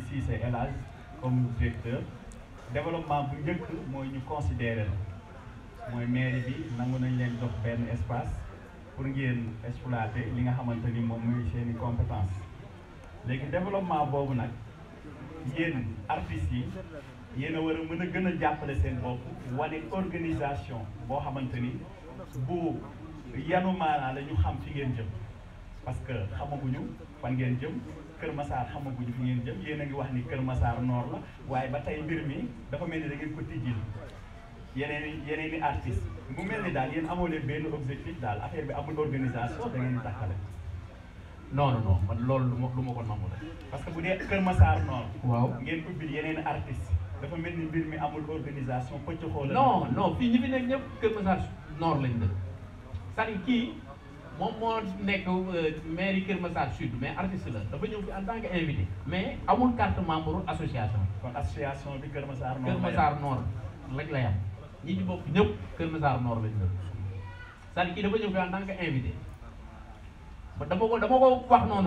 fii Cissé El Hadj comme directeur développement bu njëkk mooy ñu considérer la mooy mairie bi nangu nañ leen jox benn espace pour ngeen exploiter li nga xamante ni moom mooy seen i compétence léegi développement boobu nag yéen artistes yi yéen a war a mën a gën a jàppale seen bopp wane organisation boo xamante ni bu yanu lañu xam fi ngeen jëm parce que xamaguñu fan ngeen jëm Kër Massar xamaguñu fi ngeen jëm yéen a ngi wax ni Kër Massar Nord la waaye ba tey mbir mi dafa mel ni da ngeen ko tijjil yeneen i yeneen i artistes mu mel ni daal yéen amoo leen benn objectif daal affaire bi amul organisation da ni takkale non non non man loolu lu ma lu ma ko nangu la parce que bu dee Kër Massar Nord. waaw ngeen ubbi yeneen i artistes dafa mel ni mbir mi amul organisation pëcc xoolal. non non fii ñi fi nekk ñëpp Kër Massar Nord lañ dëkk cest moom moo nekk euh, mairie Kër Massar Sud mais artiste la dafa ñëw fi en tant que invité. mais amul carte membre association. kon association bi Kër Massar Nord. Kër Massar la yam ñi ci bokk ñëpp Kër Massar Nord lañ la. c'est-à-dire kii dafa ñëw fi en tant que invité. ba dama noonu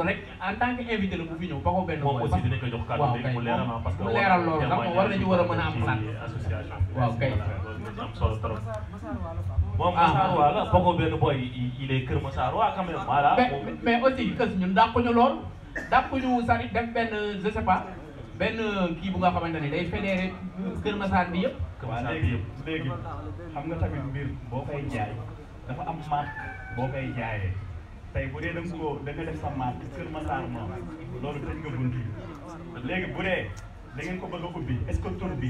rek en tant que invité la bu fi ñëw ba ko benn. parce que leeral loolu sax war nañu war a mën waaw kay. moom ah. Massaar waa la Bongo benn boy il est Kër Massaar waa quand même voilà. mais mais kës ñun dàquñu lool dàquñu sari def benn je sais benn kii bu nga xamante ne day fédéré Kër Massaar bi yëpp. Kër Massaar bi yëpp léegi xam nga tamit mbir boo koy jaay dafa am marque boo koy jaayee tey bu dee da nga koo da nga def sa marque Kër Massaar moom loolu léegi bu dee da ko bëgg a ubbi est bi.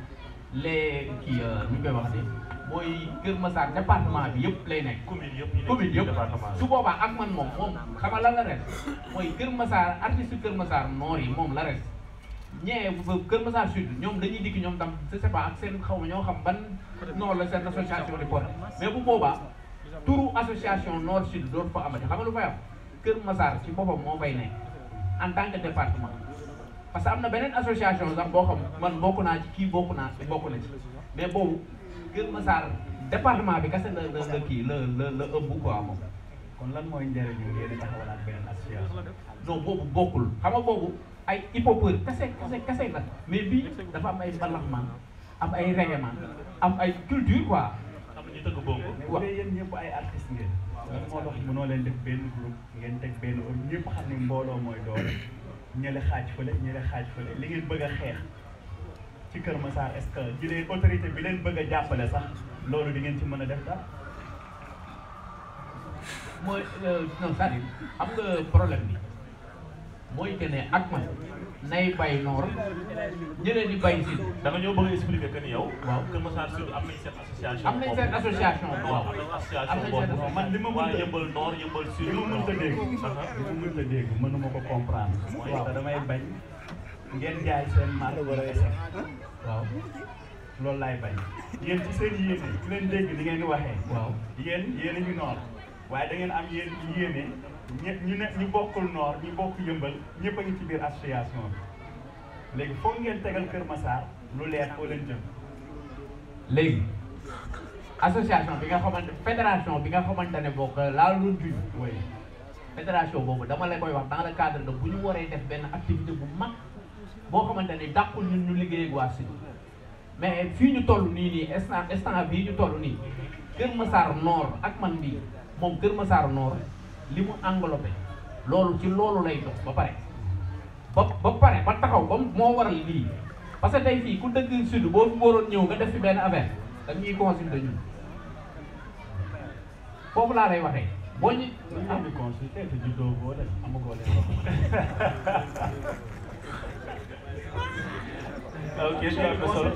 les kii ñu koy wax ni mooy Kër Massar département bi yëpp lay nekk. commune yëpp commune yëpp su boobaa ak man moom moom xam nga lan la res mooy Kër Massar artiste Kër Massar noor yi moom la res ñee Kër Massar sud ñoom dañuy dikk ñoom tam je sais pas ak seen xaw ma ñoo xam ban noor la seen association di porte mais bu boobaa turu association nord sud dootu fa amati xam nga lu fay am Kër si ci boppam moo fay nekk en tant que département. parce que am na beneen association sax boo xam man bokk naa ci kii bokk naa bokk na ci mais boobu Kër Massar département bi kese la la la kii la la la ëmb quoi moom. kon lan mooy njëriñu ngeen di taxawalaat beneen association. non boobu bokkul xam nga boobu ay hip-hopeur kese kese kese la mais bii dafa am ay mbalaxman am ay règlement am ay culture quoi. am na ñu tëgg boobu. waaw mais yéen ñëpp ay artistes ngeen. waaw lan moo tax mënoo leen def benn groupe ngeen teg benn ñëpp xam ne mbooloo mooy doole. ñële xaaj fële ñële xaaj fële li ngeen bëgg a xeex ci Kër Massar est-ce que jëlee autorité bi leen bëgg a jàppale sax loolu di ngeen ci mën a def dara. mooy non c'est-à-dire xam nga problème bi. mooy que ne ak man nay bay noor ñeneen di bay si. da nga ñëw bëgg expliquer que yow. waaw Kër Massar Sud am nañ seen association. am nañ association waaw am li ma mën a yëmbal noor yëmbal sud. li ma mën a dégg li ma mën a dégg mënuma ko comprendre. waaw te damay bañ ngeen jaay seen marque wala waaw. loolu laay bañ yéen ci seen ki leen dégg ni ngeen di waxee. waaw yéen yéen a noor. waaye da ngeen am yéen yéene ñëpp ñu ne ñu bokkul noor ñu bokk yëmbal ñëpp a ngi ci biir association bi léegi foog ngeen tegal Kër Massar lu leer foo leen jëm léegi association bi nga xamante fédération bi nga xamante ne bokk laa doon tuñ fédération boobu dama la koy wax dans le cadre de bu ñu waree def benn activité bu mag boo xamante ne dàqul ñun ñu liggéey ak waa Sine mais fii ñu toll nii nii instant instant bii ñu toll nii Kër Massar Nord ak man moom Kër Massar Nord li mu englobé loolu ci loolu lay dox ba pare ba ba pare ba taxaw ba moo waral lii parce que tey fii ku dëkk sud boo fi waroon ñëw nga def fi benn affaire da ñuy consulté ñun foofu laa lay waxee boo ñu. am di consulté te juddoo boo def amagoo leen Ah, ok, je vais appeler ça.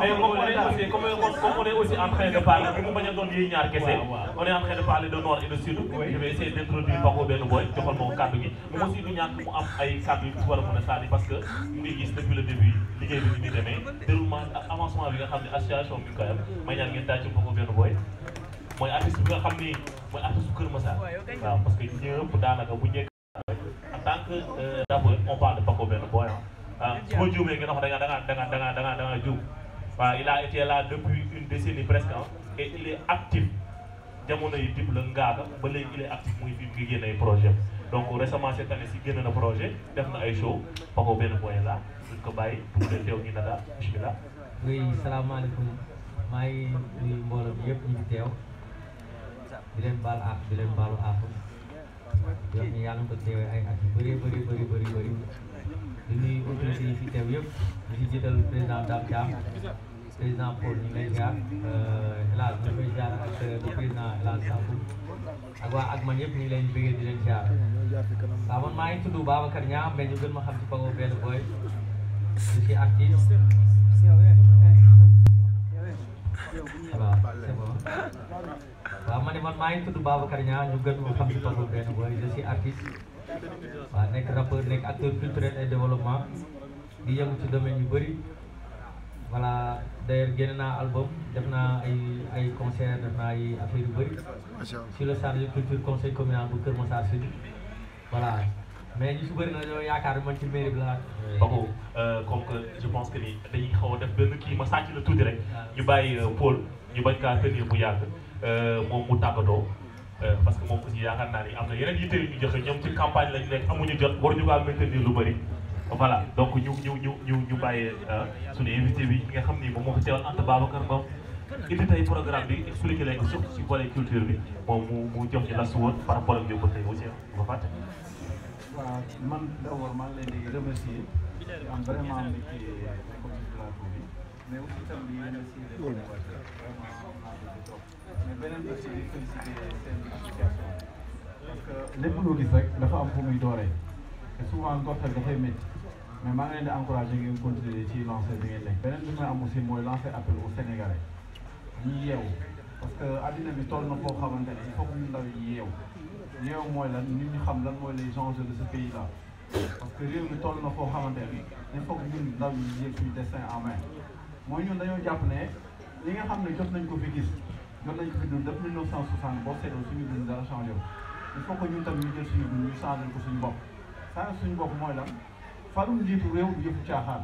Mais comme on est là, comme, comme on est aussi en train de parler, on est en train de parler de nord et de sud. Je vais essayer d'introduire Paco Ben Boy, je vais mon cadre. Mais aussi, nous avons un cadre qui doit être sali parce que nous avons depuis le début, nous avons dit demain, déroulement, avancement avec l'association Mikael, je vais vous dire Paco Ben Boy. Moi, artiste bi nga xam moi, mooy artiste Kër Massar waaw parce que ñëpp daanaka bu ñu nekk en tant que euh, rappeur on parle de Paco Benn Boy hein. boo juumee nga da nga da nga da nga da nga da nga da nga il a été là depuis une décennie presque ah et il est actif jamono yi dib la ngaaga ba léegi il est actif moy fi ngi projet donc récemment cette année ci génn na projet def na ay show pako ben point là duñ ko bàyyi pour le tew ñu nada bismillah oui salam alaykoum may ni mbolo bi yëpp ñu ngi teew di len bal ak ah, di len balu ak ah. yow yalla ko tewé eh, ay ah, ak bari bari bari bari bari di nuyu autorités yi fi teew yëpp di ci jiital président Dame Thiam président Paul ñu ngi lay ziar El Hadj ñu ngi ak ak man yëpp ñu leen bëggee di leen ziar man maa ngi tudd Babacar Niang mais ñu ma xam ci Pago benn boy je suis artiste waaw c'est bon waaw ma ne man maa ngi ci Pago waaw nekk rappeur nekk acteur culturel et développement di yëngu ci domaine yu bëri voilà d'ailleurs génn naa album def naa ay ay concert def naa ay affaire yu bëri sur le chargé culture conseil communal bu Kër Massar Sud voilà mais ñu si bëri na ñoo yaakaar man ci mairie bi laa. Paco comme que je pense que ni dañuy xaw a def benn kii ma sàcc la tuuti rek. ñu bàyyi Paul ñu bañ kaa tenir bu yàgg moom mu tàggatoo. Euh, parce que moom aussi yaakaar naa ni am na yeneen yitte yu ñu ñoom ci campagne lañ nekk amuñu jot waruñu ko maintenir lu bëri voilà donc ñu ñu ñu ñu ñu bàyyee euh, suñu invité bi nga xam ni moom moo fi teewal Anta Babacar Ngom indi tey programme bi expliqué leen ko surtout ci volet culture bi moom mu mu jox la su woon par rapport ak yóbbu tey aussi ba ngi leen di mais beneen bi aussi félicité seen explication parce que lépp loo gis rek dafa am fu muy dooree te souvent ndorteel dafay métti mais maa ngi leen di encouragé ngeen continuer ci lancer bi ngeen nekk beneen bi may am aussi mooy lancer appel au Sénégalais ñi yeewu parce que addina bi toll na foo xamante ne il faut que ñu ndaw yi yeewu yeewu mooy lan nit ñi xam lan mooy les enjeux de ce pays là parce que réew mi toll na foo xamante ne il faut que ñun ndaw yi jël suñu destin en main mooy ñun dañoo jàpp ne li nga xam ne jot nañ ko fi gis. yoon nañ ko fi dund depuis mille neuf boo seetlu suñu dund dara changé wu il faut que ñun tam ñu jël suñu dund ñu changé ko suñu bopp changé suñu bopp mooy lan falum njiitu réew du yëfu caaxaan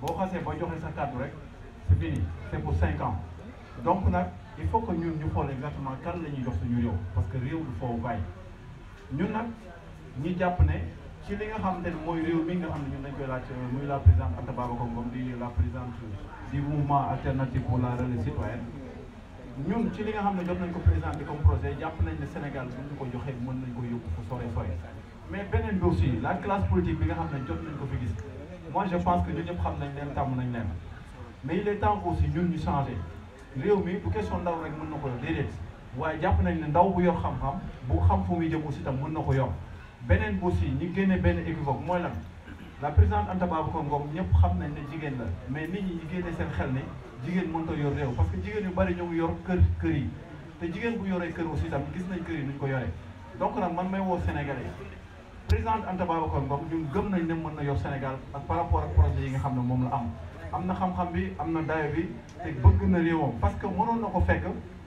boo xasee ba joxe sa kàddu rek c'est fini c'est pour cinq ans donc nag il faut que ñun ñu xool exactement kan la ñuy jox suñu réew parce que réew du foofu bàyyi ñun nag ñu jàpp ne ci li nga xamante ne mooy réew mi nga xam ne ñun dañ koy laaj muy la présidente Anta Babacar Ngom di la présidente du mouvement alternative pour la relève citoyenne ñun ci li nga xam ne jot nañ ko présenté comme projet jàpp nañ ne Sénégal bu ko joxee mën nañ ko yóbbu fu sore sore mais beneen bi aussi la classe politique bi nga xam ne jot nañ ko fi gis moi je pense que ñun ñëpp xam nañ leen tàmm nañ leen mais il est temps aussi ñun ñu changé réew mi bu question ndaw rek mën na ko yor déedéet waaye jàpp nañ ne ndaw bu yor xam-xam bu xam fu muy jëm aussi tam mën na ko yor beneen bi aussi ñu génne benn équivoque mooy lan la présidente Anta Babacar Ngom ñëpp xam nañ ne jigéen la mais nit ñi ñu génne seen xel ni jigéen mënta yor réew parce que jigéen yu bari ñoo ngi yor kër kër te jigéen bu yoree kër aussi itam gis nañ kër yi ñu ko yoree donc nag man may woo Sénégalais yi présidente Anta Babacar Ngom ñun gëm nañ ne mën na yor Sénégal ak par rapport ak projet yi nga xam ne moom la am am na xam-xam bi am na dayo bi te bëgg na réewam parce que mënoon na ko fekk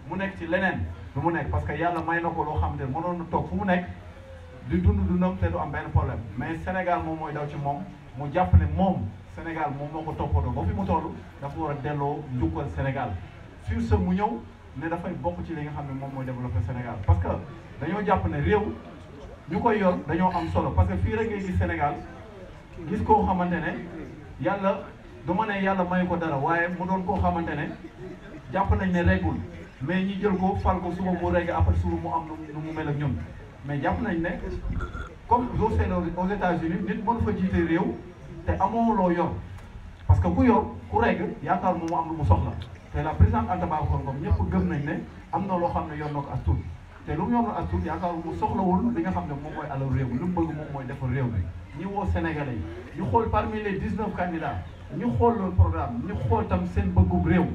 mu nekk ci leneen lu mu nekk parce que yàlla may na ko loo xam ne mënoon na toog fu mu nekk di dund dundam te du am benn problème mais Sénégal moom mooy daw ci moom mu jàpp moom Sénégal moom moo ko toppandoo ba fi mu toll dafa war a delloo njukkal Sénégal sur ce mu ñëw ne dafay bokk ci li nga xam ne moom mooy développé Sénégal parce que dañoo jàpp ne réew ñu koy yor dañoo am solo parce que fii rek ngay gis Sénégal gis koo xamante ne yàlla du ma ne yàlla may ko dara waaye mu doon koo xamante ne jàpp nañ ne reggul mais ñi jël ko fal ko suba mu regg après suba mu am nu mu mel ak ñun mais jàpp nañ ne comme au aux États-Unis nit mënu fa réew. te amoo loo yor parce que ku yor ku regg yaakaar mu am lu mu soxla te la présidente Anta Babacar Ngom ñëpp gëm nañ ne am na loo xam ne yor na ko as tuut te lu mu yor na as tuut yaakaar mu soxlawul li nga xam ne moom mooy alal réew mi mu bëgg moom mooy defar réew mi. ñi woo Sénégalais yi ñu xool parmi les dix neuf ñu xool loolu programme ñu xool tam seen bëggub réew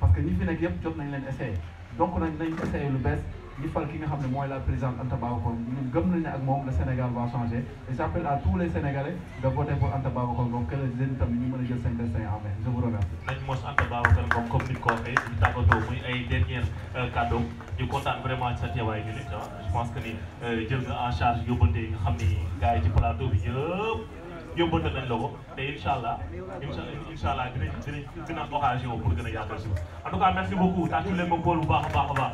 parce que ñi fi nekk yëpp jot nañ leen essayé donc nag nañ essayé lu bees. ñu fal ki nga xam ne mooy la présidente Anta Babacar ñun gëm ne ak moom le Sénégal va changer et j'appelle tous les Sénégalais de voter pour Anta Babacar Ngom que les jeunes tamit ñu mën a jël seen destin en main mos Anta Babacar Ngom comme ni muy ay dernier cadeau euh, ñu kontaan vraiment ci sa teewaay ñu ah. je pense que ni euh, jël nga en charge yóbbante yi xam ni gars yi ci plateau bi yëpp. yóbbatal nañ la ko te incha allah incha allah dinañ dinañ gën a occasion pour gën a yaatal si en tout cas merci beaucoup tàccu leen ma Paul bu baax a baax a baax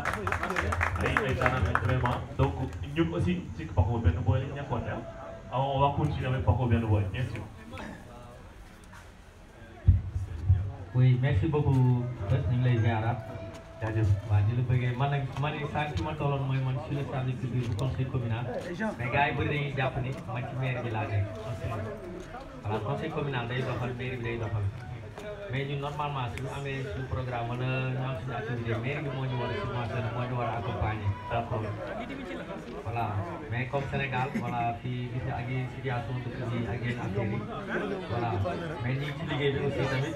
ay ay daanaan lañ vraiment donc ñun aussi ci Paco benn booy lañ nekkoon ne ah, on va continuer avec Paco benn booy bien sûr. oui merci beaucoup ñu ngi lay ziaraat. jaajëf waaw di la bëggee man nag man it sànq fi ma tolloon mooy man sur le service public bu conseil communal mais gars yi bëri dañuy jàpp ni man ci maire bi laa nekk conseil voilà conseil communal day doxal mairie bi day doxal. mais ñun normalement suñu amee suñu programme wala ñu am suñu activité mairie bi moo ñu war a subventionné moo ñu war a accompagné d'accord voilà mais comme Sénégal voilà fii gis nga ak yéen situation dëkk bi ak yéen affaire yi ci liggéey bi aussi tamit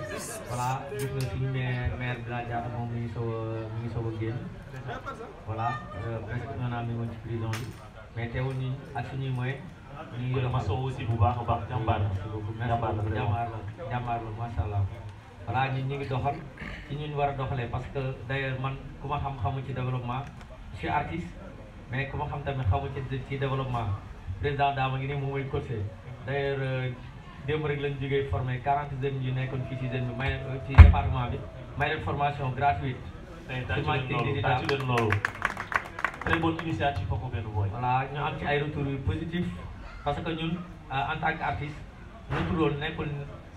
voilà gis nga suñu maire bi laa jaata moom mi ngi soog a mi ngi soog a génn voilà euh, presque un an mi ngi woon ci prison bi mais teewul ñun ak suñuy moyens ñu ngi yore ma sow baax a baax jàmbaar la jàmbaar la voilà ñun ñu ngi doxal ci ñun war a doxalee parce que d'ailleurs man ku ma xam xamu ci développement je suis artiste mais ku ma xam tamit xamu ci ci développement président Dama ngi ne moom mooy coaché d'ailleurs euh, démb rek lañ jógee forme 40 jeunes yu nekkoon fii ci jeune bi may euh, ci département bi may leen formation gratuite. tey très bonne initiative foofu benn booy. voilà ñu am ci ay retours yu parce que ñun euh, en tant qu'artiste retour loolu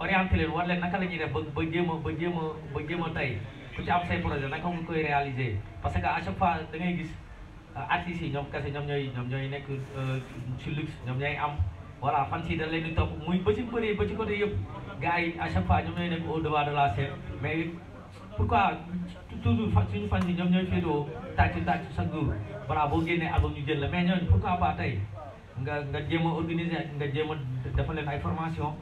orienter leen war leen naka la ñuy def à, ba ba jéem a ba jéem a ba jéem a tey ku ci am say projet naka nga koy réaliser parce que à chaque fois da ngay gis artistes yi ñoom kese ñoom ñooy ñoom ñooy nekk ci luxe ñoom ñooy am voilà fan si da leen di topp muy ba ci bëri ba ci côté yëpp gars yi à chaque fois ñoom ñooy nekk au devant de la scène mais pourquoi toujours fan suñu fan yi ñoom ñooy féetoo tàcc tàcc chaque jour voilà boo génnee album ñu jël la mais ñooñu pourquoi pas tey nga nga jéem a organiser nga jéem a defal leen ay formation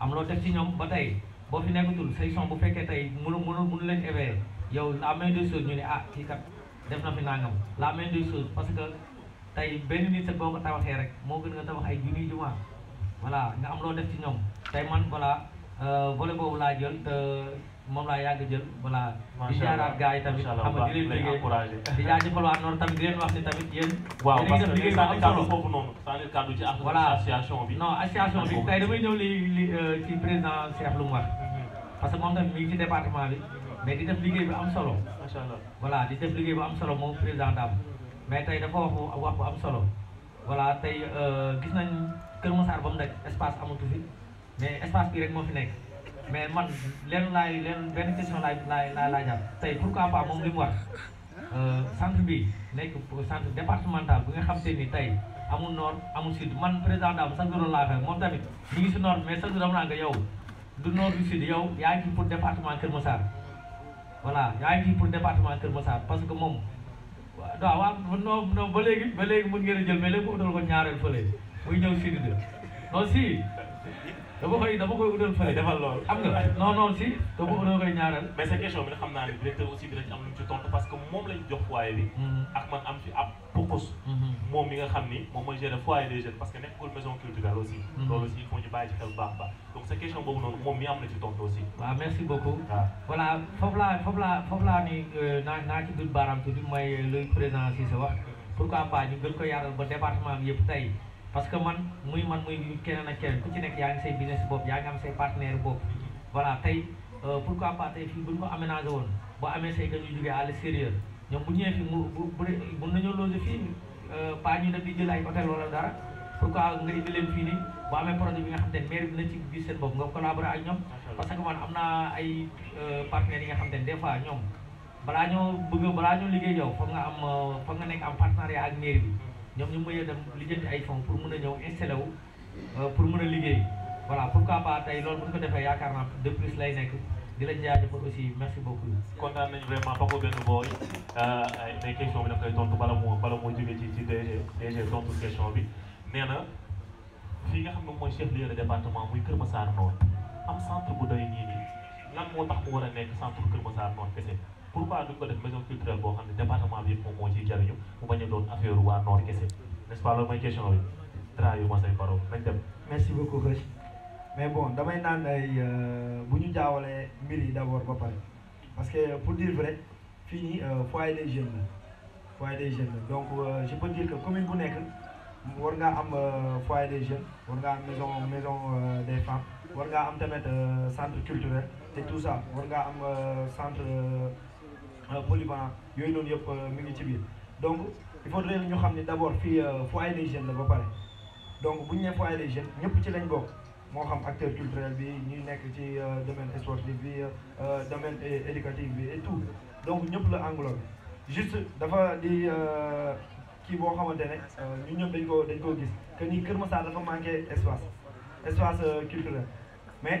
am loo def ci ñoom ba tey boo fi nekkatul say son bu fekkee tey mënu mënu mënu leen éveiller yow la main des choses ñu ne a ah, kii kat def na naa nangam la main des choses parce que tey benn nit sax boo ko tabaxee rek moo gën a tabax ay junniy jumaa voilà nga am loo def ci ñoom tey man voilà euh, volet boobu laa jël te moom laa yàgg jël voilà di jaaraat gars yi tamit xam nga di leen encouragé di jaajëfal waa noonu tamit di leen wax ni tamit yéen waaw parce que léegi sànni kàddu foofu noonu sànni kàddu ci association bi non association bi tey damay ñëw li li euh, ci président Cheikh lu mu wax mhm. parce que moom tamit mi ngi ci département bi mais di def liggéey bu am solo macha allah voilà di def liggéey bu am solo moom président Dame mais tey dafa wax wax bu am solo voilà tey euh, gis nañ Kër Massar ba mu daj espace amatu fi mais espace bi rek moo fi nekk mais man leen laay leen benn question laay laay laay laajaat tey pourquoi pas moom li mu wax centre bi nekk centre départemental bi nga xam te ni tey amul nord amul sud man président daam sax du laa fekk moom tamit ñu ngi si nord mais sax du dama naa nga yow du nord du sud yow yaa ngi pour département Kër Massar voilà yaa ngi pour département parce que moom waaw waaw non non ba léegi ba léegi mën ngeen a jël mais léegi mu dal ko ñaareel fële muy ñëw sud dama koy dama koy utal fële defal lool xam nga non non si dama dama koy ñaaral. mais sa question bi nag xam naa ne directeur aussi dinañ am lu ci tontu parce que moom lañ jox foyer bi mm-hmm. ak man am ci ab purpose mm-hmm. moom mi nga xam ni moom mooy gérer foyer des jeunes parce que nekkul maison culturelle aussi mm-hmm. loolu aussi il faut ñu bàyyi ci xel baax baax donc sa question boobu noonu moom mi am na ci tontu aussi waaw merci beaucoup voilà foofu laa foofu laa foofu laa ni euh, naa naa ci dut baaraam tuuti mooy euh, luy président si sa wax pourquoi pas ñu gën ko yaatal ba département bi yëpp tey parce que man muy man muy keneen ak keneen ku ci nek yaa ngi say business bop yaa ngi am say partenaire bop voilà tay euh pourquoi pas tay fi buñ ko aménager won bo amé say gën yu jógee à l'extérieur ñom bu ñëw fi mu bu ñu nañoo fi euh pa ñu dem di jël ay hôtel wala dara pourquoi nga indi leen fi ni bo amé projet bi nga xamné mère dina ci gis sen bop nga collaborer ak ñom parce que man amna naa ay euh, partenaire yi nga xamné des fois ñom bala ñoo bëgg bala ñoo liggéey yow fa nga am euh, fa nga nek am partenariat ak mère bi ñoom ñu mën a dem lijjanti ay fonds pour mun a ñëw installé wu euh, pour mun a liggéey voilà pourquoi pas tey loolu bu ñu ko defee yaakaar naa de lay nekk di la jaajëfal aussi merci beaucoup. kontaan nañu vraiment Papa benn booy euh, ay question bi da koy tontu bala moo bala moo jógee ci ci DG DG tontu question bi nee na fi nga xam ne mooy chef lieu de département muy Kër Massar Nord am centre bu doy nii nii lan moo tax mu war a nekk centre Kër Massar Nord pourquoi nous pas une maison culturelle le département de a n'est-ce pas question merci beaucoup mais bon demain, euh, d'abord parce que euh, pour dire vrai fini euh, foyer des jeunes foyer des jeunes donc je peux dire que comme bu foyer des jeunes maison maison des femmes centre culturel tout ça centre euh, polyvalent yooyu noonu yëpp euh, mi ngi ci biir donc il faudrait ñu xam d'abord fi euh, foyer des jeunes là ba pare donc bu ñu foyer des jeunes ñëpp ci lañ bokk moo xam acteur culturel bi ñuy nek ci domaine sportif bi domaine éducatif bi et tout donc ñëpp la englobe juste dafa di qui boo xamante ne ñun ñëpp dañ ko dañ gis que ni Kër Massar dafa manqué espace espace culturel mais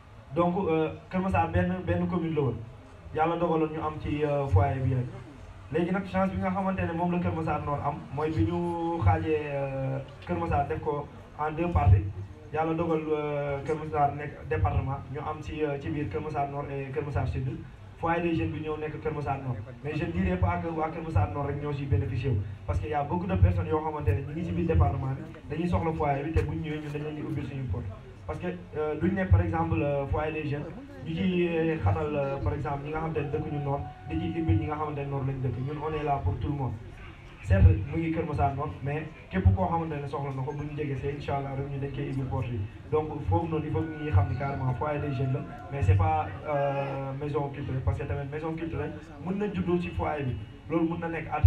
donc euh, Kër Masar benn benn commune la woon yàlla dogaloon ñu am ci euh, foyer bi rek léegi nag chance bi nga xamante ne moom la Kër Masar Nord am mooy bi ñu xaajee euh, Kër Masar def ko en deux parties yàlla dogal Kër Masar nekk département ñu am ci ci biir Kër Masar Nord et Kër Masar foyer des jeunes bi ñëw nekk Kër Masar Nord mais je ne dirais pas waa Kër Masar Nord rek ñoo ciy bénéficié parce que y a beaucoup de personnes yoo xamante ne ñu ngi ci biir département bi dañuy parce que euh, duñ ne par exemple euh, foyer des jeunes ñu ci euh, xatal par exemple ñi nga xamante ne dëkk ñu noor di ci ibbi ñi nga xamante noor lañ dëkk ñun on est pour tout le monde certes mu ngi Kër Massar noonu mais képp koo xamante ne soxla na ko bu jege see incha allah rek ñu dañ koy ubbi yi donc foofu noonu il faut que ñuy xam ni carrément foyer des jeunes la mais c' est pas maison culturelle parce que tamit maison culturelle mën na juddoo ci foyer bi loolu mën nekk à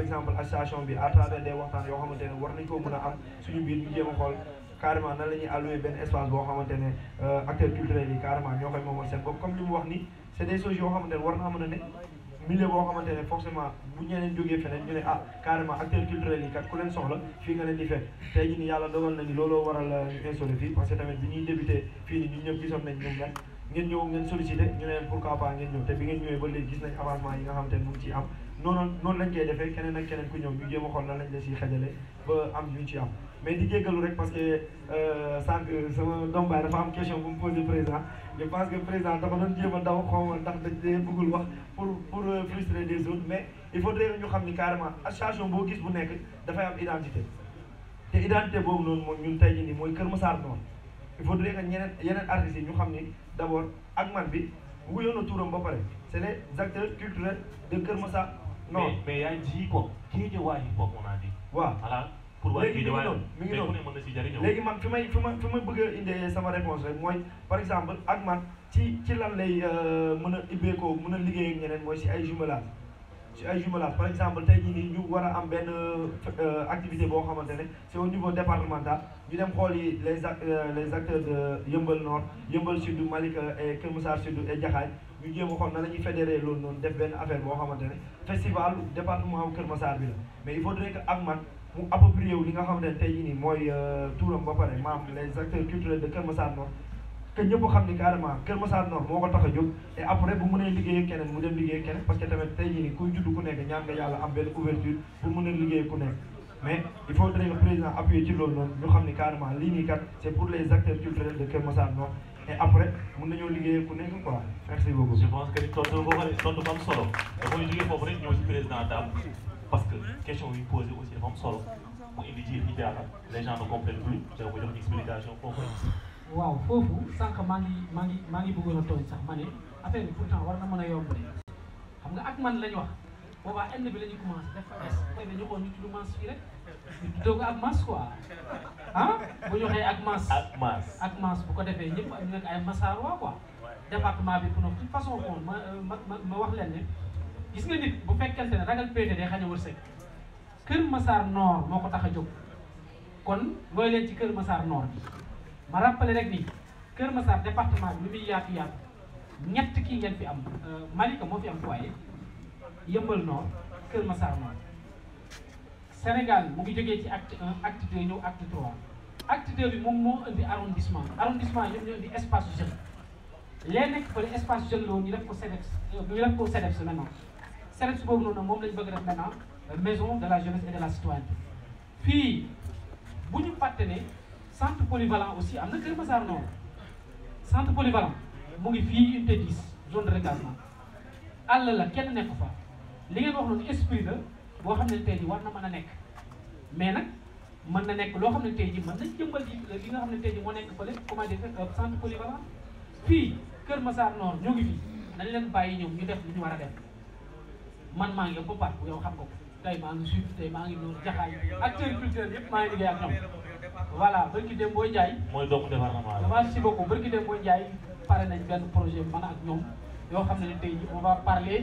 exemple association bi à travers des waxtaan yoo xamante ne war a am xool carrément nan la ñuy alloué benn espace boo xamante ne euh, acteurs culturels yi carrément ñoo koy moomal seen bopp comme li mu wax ni c'est des choses yoo xamante war naa mën a ne milieu boo xamante ne forcément bu ñeneen jógee feneen ñu ne ah carrément acteurs culturels yi kat ku leen soxla fii nga leen di fekk tey jii nii yàlla dogal na ni looloo waral ñu euh, fii parce que tamit bi ñuy débuté fii ni ñun ñëpp gisoon nañ ñoom ngeen ngeen sollicité ñu ne leen pourquoi noonu noonu lañ koy defee keneen keneen ku ñëw ñu jéem a xool lan lañ la ba am ñu ci di jéggalu rek parce que euh, sànq sama doom baay dafa am question bu mu posé président je pense que président dafa doon jéem a daw xaw ndax dañ bëggul wax pour pour euh, frustrer des autres mais il faudrait ñu xam ni carrément association boo gis bu nekk dafay am identité te identité boobu noonu moom ñun tey jii nii mooy Kër Massar noonu il faudrait que ñeneen yeneen artistes yi ñu xam ni d' abord ak man bi wuyoon na tuuram ba pare c' est les acteurs non mais mais yaay ji hip hop géejewaay hip hop on a dit. waaw voilà pour waa géejewaay mi ngi noonu mi ngi noonu léegi man fi may fi ma fi ma bëgg a indee sama réponse rek mooy par exemple ak man ci ci lan lay euh, mën a ibbeekoo mën a liggéey ak ñeneen mooy si ay jumelage si ay jumelage par exemple tey jii nii ñu war a am benn euh, activité boo xamante ne c'est au niveau départemental ñu dem xool yi les euh, les acteurs de Yëmbal Nord Yëmbal Sud Malika et Kër Massar Sud et Jaxaay ñu jéem a xool na la ñuy fédéré loolu noonu def benn affaire boo xamante ne festival département Kër Massar bi la mais il faudrait ak man mu approprié wu li nga xamante ne tey mooy euh, turam ba maam les acteurs culturels de Kër Massar Nord que ñëpp xam ni carrément Kër Massar Nord moo ko tax a jóg et après bu mënee liggéey keneen mu dem liggéey keneen parce que tamit tey jii nii kuy ku nekk ñaan nga yàlla am benn ouverture pour mën a liggéey ku nekk mais il faudrait que président appuyer et après mën nañoo liggéey ku nekk quoi merci beaucoup. je pense que tontu boo solo dafa ñu jógee foofu rek ñëw si président daal parce que question yi posé aussi dafa am solo mu indi ji di jaara les gens ne comprennent plus da ko jox explication foofu maa ngi maa ngi maa ngi bëggoon a tooñ sax ma ne affaire bi war na mën a yomb de xam nga ak man lañ wax boobaa end bi la ñu commencé def fa des dañu xool ñu tudd man fii rek. doo ko ak mas quoi ah bu ñu waxee ak mas. ak mas ak bu ko defee ñëpp ñu nekk ay masarwa quoi. département bi pour de façon kon euh, ma ma ma wax leen ne gis nga nit bu fekkente ne ragal péete day xañ a Kër Massar Nord moo ko tax a jóg kon looy leen ci Kër Massar Nord bi ma rappelé rek ni Kër Massar département bi lu muy yaatu yaatu ñett kii ngeen fi am euh, Malika moo fi am foyer yëmbal Nord Kër Massar Nord Sénégal mu ngi ci acte 1 acte 2 et acte 3 acte 2 bi moom moo indi arrondissement arrondissement ñoom ñoo indi espace jeune Les nekk fële espace jeune la woon ñu def ko CEDEPS euh, ñu ko maintenant CEDEPS boobu noonu moom lañ bëgg def maintenant maison de la jeunesse et de la citoyenneté fii bu ñu fàtte centre polyvalent aussi am na Kër Massar centre polyvalent mu ngi fii unité 10 zone de recasement àll la kenn nekk fa li ngeen wax un esprit de... boo xam ne tey jii war na man a nekk mais nag mën na nekk loo xam ne tey jii mën nañ jëmbal li nga xam ne tey jii moo nekk fële comment dire euh, centre polyvalent fii Kër Massar Nord ñoo nañ leen bàyyi ñoom ñu def lu ñu man maa ngi yow ba yow xam nga ko tey maa maa ngi nuur jaxaay acteur culturel yëpp maa ngi liggéey ak ñoom voilà barki dem booy Ndiaye. mooy doomu département bi. merci dem booy Ndiaye pare nañ benn projet bu ak ñoom yoo xam ne tey jii on va parler.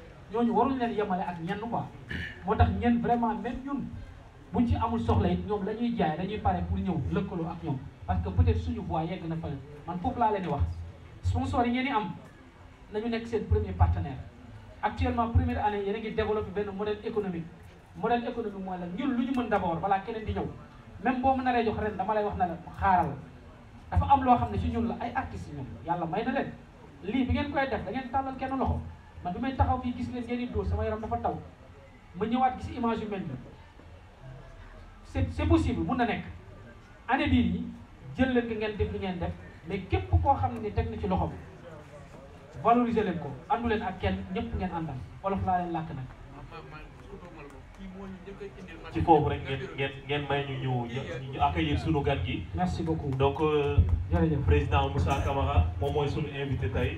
ñooñu waruñ leen yemale ak ñenn quoi moo tax ñenn vraiment même ñun buñ ci amul soxla it ñoom la ñuy jaay dañuy pare pour ñëw lëkkaloo ak ñoom parce que peut-être suñu voix yegg na fa man foofu laa leen di wax sponsor yi ngeen di am nañu nekk seen premier partenaire actuellement première année yéen a ngi développé benn modèle économique modèle économique mooy la ñun lu ñu mën d'abord balaa keneen di ñëw même boo mën naree jox ren dama lay wax na la xaaral dafa am loo xam ne ci ñun la ay artistes yàlla may na leen lii bi ngeen koy def da ngeen tàllal kenn loxo man bi taxaw fi gis leen ngeen di dóor sama yaram dafa taw ma ñëwaat gis image yu mel nii c'est c'est possible mun na nek ane bi ni jël leen ko ngeen def li ngeen def mais képp koo xam ne teg na ci loxo valoriser leen ko andu leen ak kenn ñëpp ngeen àndal wolof laa leen làkk nag. ci foofu rek ngeen ngeen ngeen may ñu ñëw ñu accueillir sunu gan gi. merci beaucoup donc. Euh, président Moussa Camara moom mooy sunu invité tey.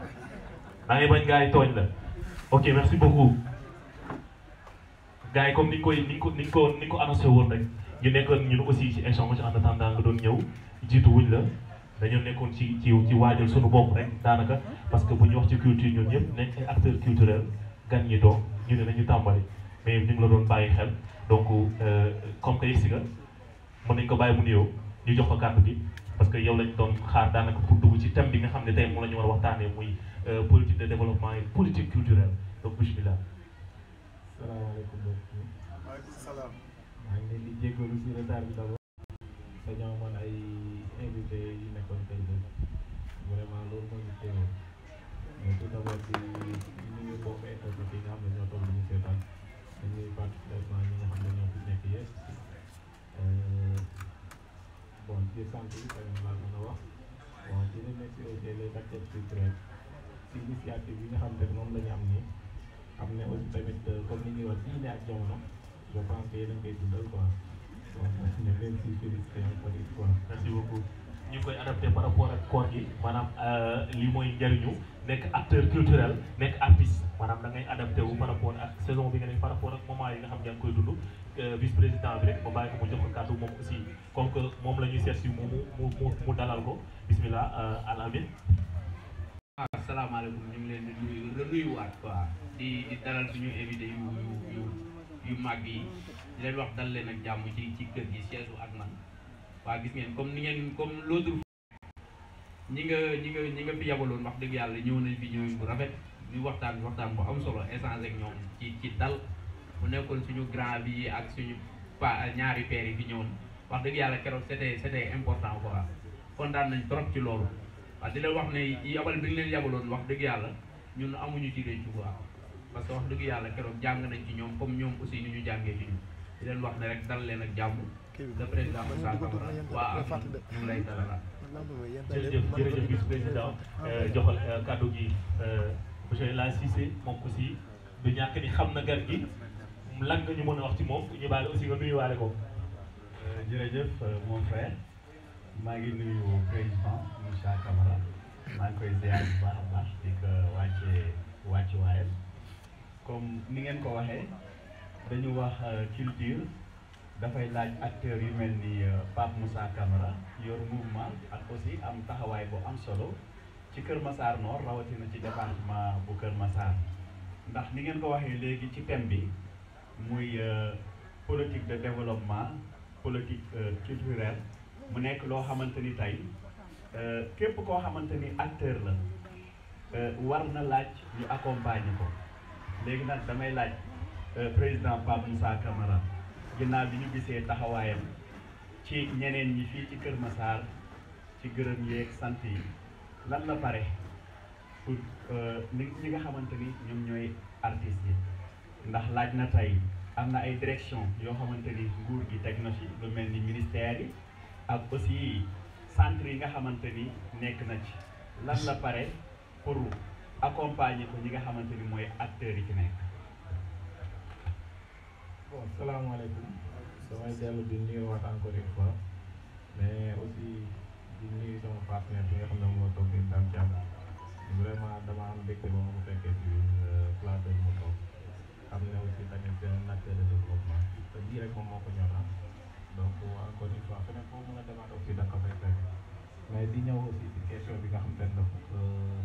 da ngay bañ gars yi tooñ la ok merci beaucoup gars yi comme ni koy ni ñu ko ni ñu ko ni ñu ko annoncé woon rek ñu nekkoon ñun aussi ci échange en attendant doon ñëw jiitu la dañoo nekkoon ci ci ci waajal suñu bopp rek daanaka parce que bu ñu wax ci culture ñun ñëpp nekk ay acteur culturel gan ñi doon ñu ne nañu tàmbali mais ñu ngi la doon bàyyi xel donc euh, comme que yegsi nga mën nañ ko bàyyi mu nuyoo ñu jox ko kàddu gi parce que yow lañ doon xaar daanaka pour dugg ci thème bi nga xam ne tey moo la ñu war a waxtaanee muy Euh, politique de développement et politique culturelle donc bismillah. salaamaaleykum mbokki. maaleykum salaam. maa ngi leen di jégalu ci retard bi d'abord. dañoo amoon ay invité yu nekkoon tey jii vraiment loolu moo ñu teewoo tout d'abord di nuyu mbokk internet yi nga xam ne ñoo toll ñu seetaan dañuy particulièrement ñi nga xam ne ñoo fi nekk yéen euh, bon di sant bi laa mën a wax bon dina nekk les acteurs culturels ci initiative yi nga xam te moom la ñu am nii am ne aussi tamit euh, comme ni ñuy wax diine ak jamono je pense que yéen a koy dundal quoi donc ñu leen si merci beaucoup ñu koy adapté par rapport ak koor gi maanaam euh, li mooy njëriñu nekk acteur culturel nekk artiste maanaam da ngay adapté wu par rapport ak saison bi nga nekk par rapport ak moment nga xam ne koy dund euh, vice président bi rek ma bàyyi ko mu jox ko moom aussi comme que moom la ñuy seet si mu mu mu dalal ko bismillah alamin asalaamaaleykum ñu ngi leen di nuyu nuyuwaat quoi di di dalal suñu invité yu yu yu mag yi di leen wax dal leen ak jàmm ci ci kër gi seesu ak man waa gis ngeen comme ni ngeen comme l'autre ñi nga ñi nga ñi nga fi wax dëgg yàlla ñëw nañ fi ñëw bu rafet ñu waxtaan waxtaan bu am solo échange ak ñoom ci ci dal mu nekkoon suñu grand bi ak suñu pa ñaari père yi fi ñëwoon wax dëgg yàlla keroog c'était c'était important quoi kontaan nañ trop ci loolu waaw di la wax ne yabal bi ñu leen yabaloon wax dëgg yàlla ñun amuñu jigéen réccu quoi parce wax dëgg yàlla keroog jàng nañ ci ñoom comme ñoom aussi ni ñu jàngee ci ñun di leen wax ne rek dal leen ak jàmm le président Moussa Camara waa am ñu ngi lay dalala jërëjëf jërëjëf vice président euh, joxal euh, kàddu gi euh, monsieur El Hadj Cissé moom aussi du ñàkk ni xam na gan gi lan nga ñu mën a wax ci moom ñu baale aussi nga nuyuwaale ko jërëjëf mon frère maa ngi nuyu président Moussa Camara maa ngi koy ziar baax a baax di wàcce waayam comme ni ngeen ko waxee dañu wax euh, culture dafay laaj acteurs yu mel ni euh, Pape Moussa Camara yor mouvement ak aussi am taxawaay bu am solo ci Kër Massar Nord rawatina ci département bu Kër Massar ndax ni ngeen ko waxee léegi ci thème bi muy euh, politique de développement politique culturelle mu nekk loo xamante ni tey euh, képp koo xamante ni acteur la euh, war na laaj ñu accompagner ko léegi nag damay laaj euh, président Pape Moussa Camara bi ñu gisee taxawaayam ci ñeneen yi fii ci Kër Massar ci gërëm yeeg sant yi lan la pare pour ni ñi nga xamante ni ñoom ñooy artistes yi ndax laaj na tey am na ay direction yoo xamante ni nguur gi teg lu mel ni ministère yi ak aussi centre yi nga xamante ni nekk na ci lan la pare pour accompagner ko ñi nga xamante ni mooy acteurs yi ci nekk. bon salaamaaleykum damay dellu di nuyu nuyuwaat encore une fois mais aussi di nuyu sama partenaire bi nga xam ne moo toog di Dame Thiam vraiment dama am mbégte ba ma ko fekkee ci euh, plateau bi mu toog xam ne aussi tamit benn acteur de développement te lii rek moom moo ko ñor ah. donc encore une fois feneen foo mën a demaat aussi da nga ko fay fekk mais di ñëw aussi ci question bi nga xam te ne dafa euh,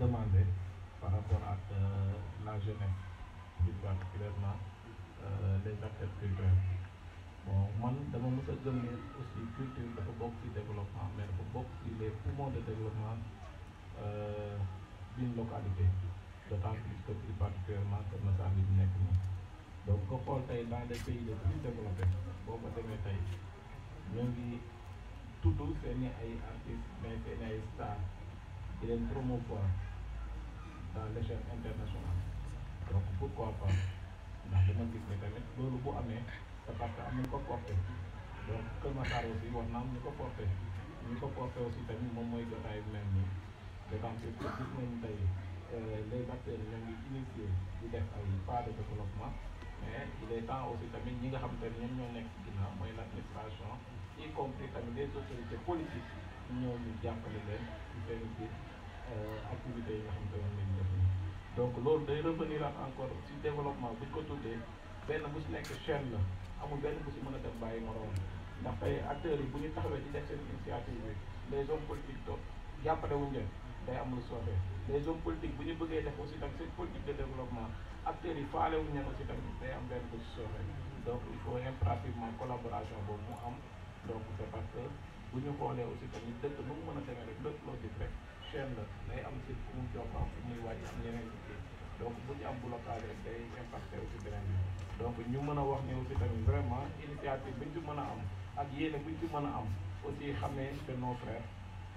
demandé par rapport ak euh, la jeunesse plus particulièrement euh, les acteurs culturels bon man dama mës a gëm ne aussi culture dafa bokk ci développement mais dafa bokk ci les poumons de développement d'une localité d'autant plus que plus particulièrement que Massar bi nekk moom donc nga xool tey dans les pays les plus développés boo ko demee tey ñoo ngi tudd seen ay artistes mais seen ay stars di leen promouvoir dans l'échelle internationale donc pourquoi pas ndax dama gis ne tamit loolu bu amee c'est parce que am nañu ko porté donc Kër Massar aussi war na am ñu ko porté ñu ko porté aussi tamit moom mooy jotaay bi mel nii d'autant plus que gis nañu tey euh, les acteurs ñoo ngi initié di def ay pas de développement. mais il est temps aussi tamit ñi nga xam te ne ñoom ñoo nekk ginnaaw mooy l' administration y compris tamit les autorités politiques ñoo ñu jàppale leen ci seen biir euh, activités yi nga xam te ne lañ def donc loolu day revenir ak encore ci développement buñ ko tuddee benn bu si nekk chaîne la amul benn bu si mën a dem bàyyi moroom ndax tey acteurs yi bu ñu taxawee di def seen initiative bi les hommes politiques toog jàppale wuñ leen day am lu soobee les hommes politiques bu ñu bëggee def aussi tamit seen politique de développement acteurs yi faale wuñ ne ko ci tam day am benn position ci donc il faut pratiquement collaboration boobu mu am donc c' est parce que bu ñu xoolee aussi tamit dëkk nu mu mën a demee rek lépp loo gis rek chaîne la day am ci fu mu jokk am fu muy wàcc am ñeneen ci donc bu ñu am blocage rek day impacté aussi beneen bi donc ñu mën a wax ne aussi tam vraiment initiative bi ñu ci mën a am ak yéene bu ñu ci mën a am aussi xam que nos frères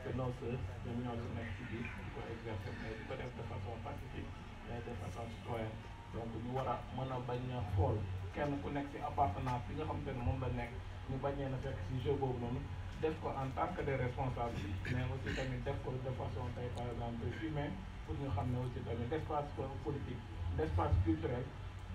que nos sœurs ñoom ñoo ci nekk ci biir di ko exercer mais di ko def de façon pacifique mais de façon citoyenne donc ñu war a mën a bañ a xool kenn ku nekk si appartenance bi nga xam te ne moom la nekk ñu bañee na fekk si jeu boobu noonu def ko en tant que des responsables mais aussi tamit def ko de façon tey par exemple humain pour ñu xam ne aussi tamit espace politique espace culturel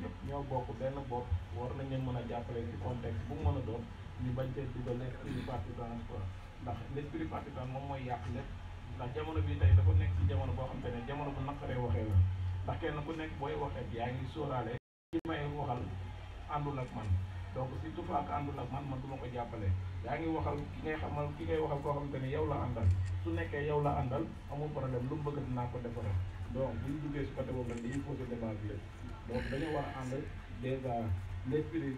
yëpp ñoo bokk benn bopp war nañu mën a jàppale ci contexte bu mu mën a doon ñu bañ cee dugal l'esprit partisan quoi ndax l'esprit partisan moom mooy yàq lépp ndax jamono bii tey dafa nekk ci jamono boo xam te ne jamono bu naqaree waxee la ndax kenn ku nekk booy wax ak yaa ngi sóoraale ci may waxal àndul ak man donc surtout faak àndul ak man man du ma ko jàppale yaa ngi waxal ki ngay xamal ki ngay waxal koo xamante ni yow la àndal su nekkee yow la àndal amul problème lu mu bëgg naa ko defaral donc bu ñu duggee si côté boobu nag dañuy posé débat bi lépp donc dañu war a ànd déjà l'esprit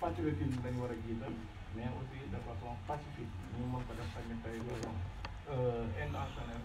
patriotisme dañu war a jiital mais aussi de façon pacifique ñu mën ko def tamit tey façon euh, intentionnelle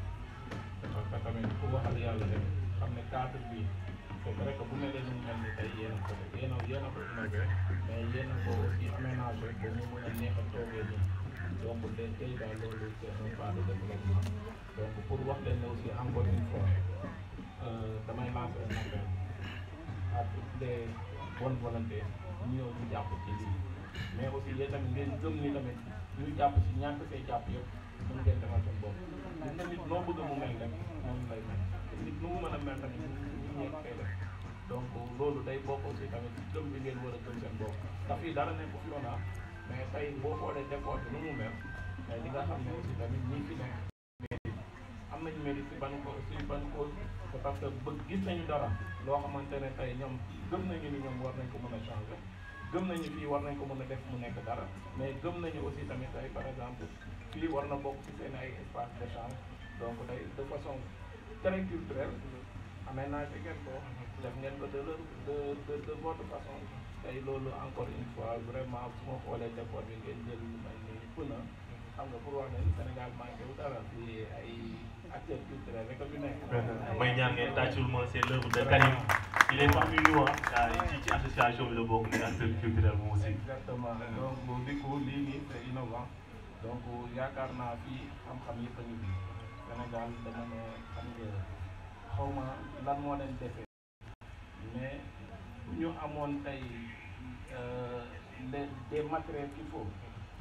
parce que tamit ku waxal yàlla rek xam ne cadre bi c'est vrai que bu mel ni mu mel ni tey yéen a ko yéen a yéen a ko innové mais yéen a ko aussi aménagé ba mu mën a neex a toogee nii donc leen tey daal loolu c'est un pas de développement donc pour wax leen ne aussi encore une fois euh, damay lancer un appel à toutes les bonnes volontés ñu ñëw ñu jàpp ci lii mais aussi yéen tamit ngeen gëm ni tamit ñu jàpp ci ñàkk see jàpp yëpp mën ngeen defal seen bopp te nit noo bëgg mu mel rek moom lay mel te nit nu mu mën a mel donc loolu day bokk aussi tamit gëm bi ngeen war a gëm seen bopp ndax fii dara nekk fi a ah, mais tey boo xoolee dépôt bi nu mu mel mais li nga xam ne aussi tamit ñii fi nekk am nañ mérite si ban ko si ban koo c'est parce que bëgg gis nañu dara loo xamante ne tey ñoom gëm nañu ni ñoom war nañ ko mën a changer gëm nañu fii war nañ ko mën a def mu nekk dara mais gëm nañu aussi tamit ay par exemple fii war na bokk ci se ay espace d'échange don tey de façon très culturelle aménagé ngeen ko def ngeen ko de de de de votre façon tey loolu encore une fois vraiment su ma xoolee dépôt bi ngeen jël lu mel ni pën xam a pour wax ne Sénégal manqué wu dara fii ay acteurs culturels rek a fi nekk. may ñaan ngeen tàccul ma c'est l'œuvre de Karim il est parmi nous ah ci ci association bi la bokk ni acteur culturel moom aussi. exactement donc bu dikku lii nii c'est innovant. donc yaakaar naa fii xam-xam yëpp a ngi fi Sénégal dama ne xam ngeen xaw ma lan moo leen defee mais ñu amoon tey euh, les des matériels qu'il faut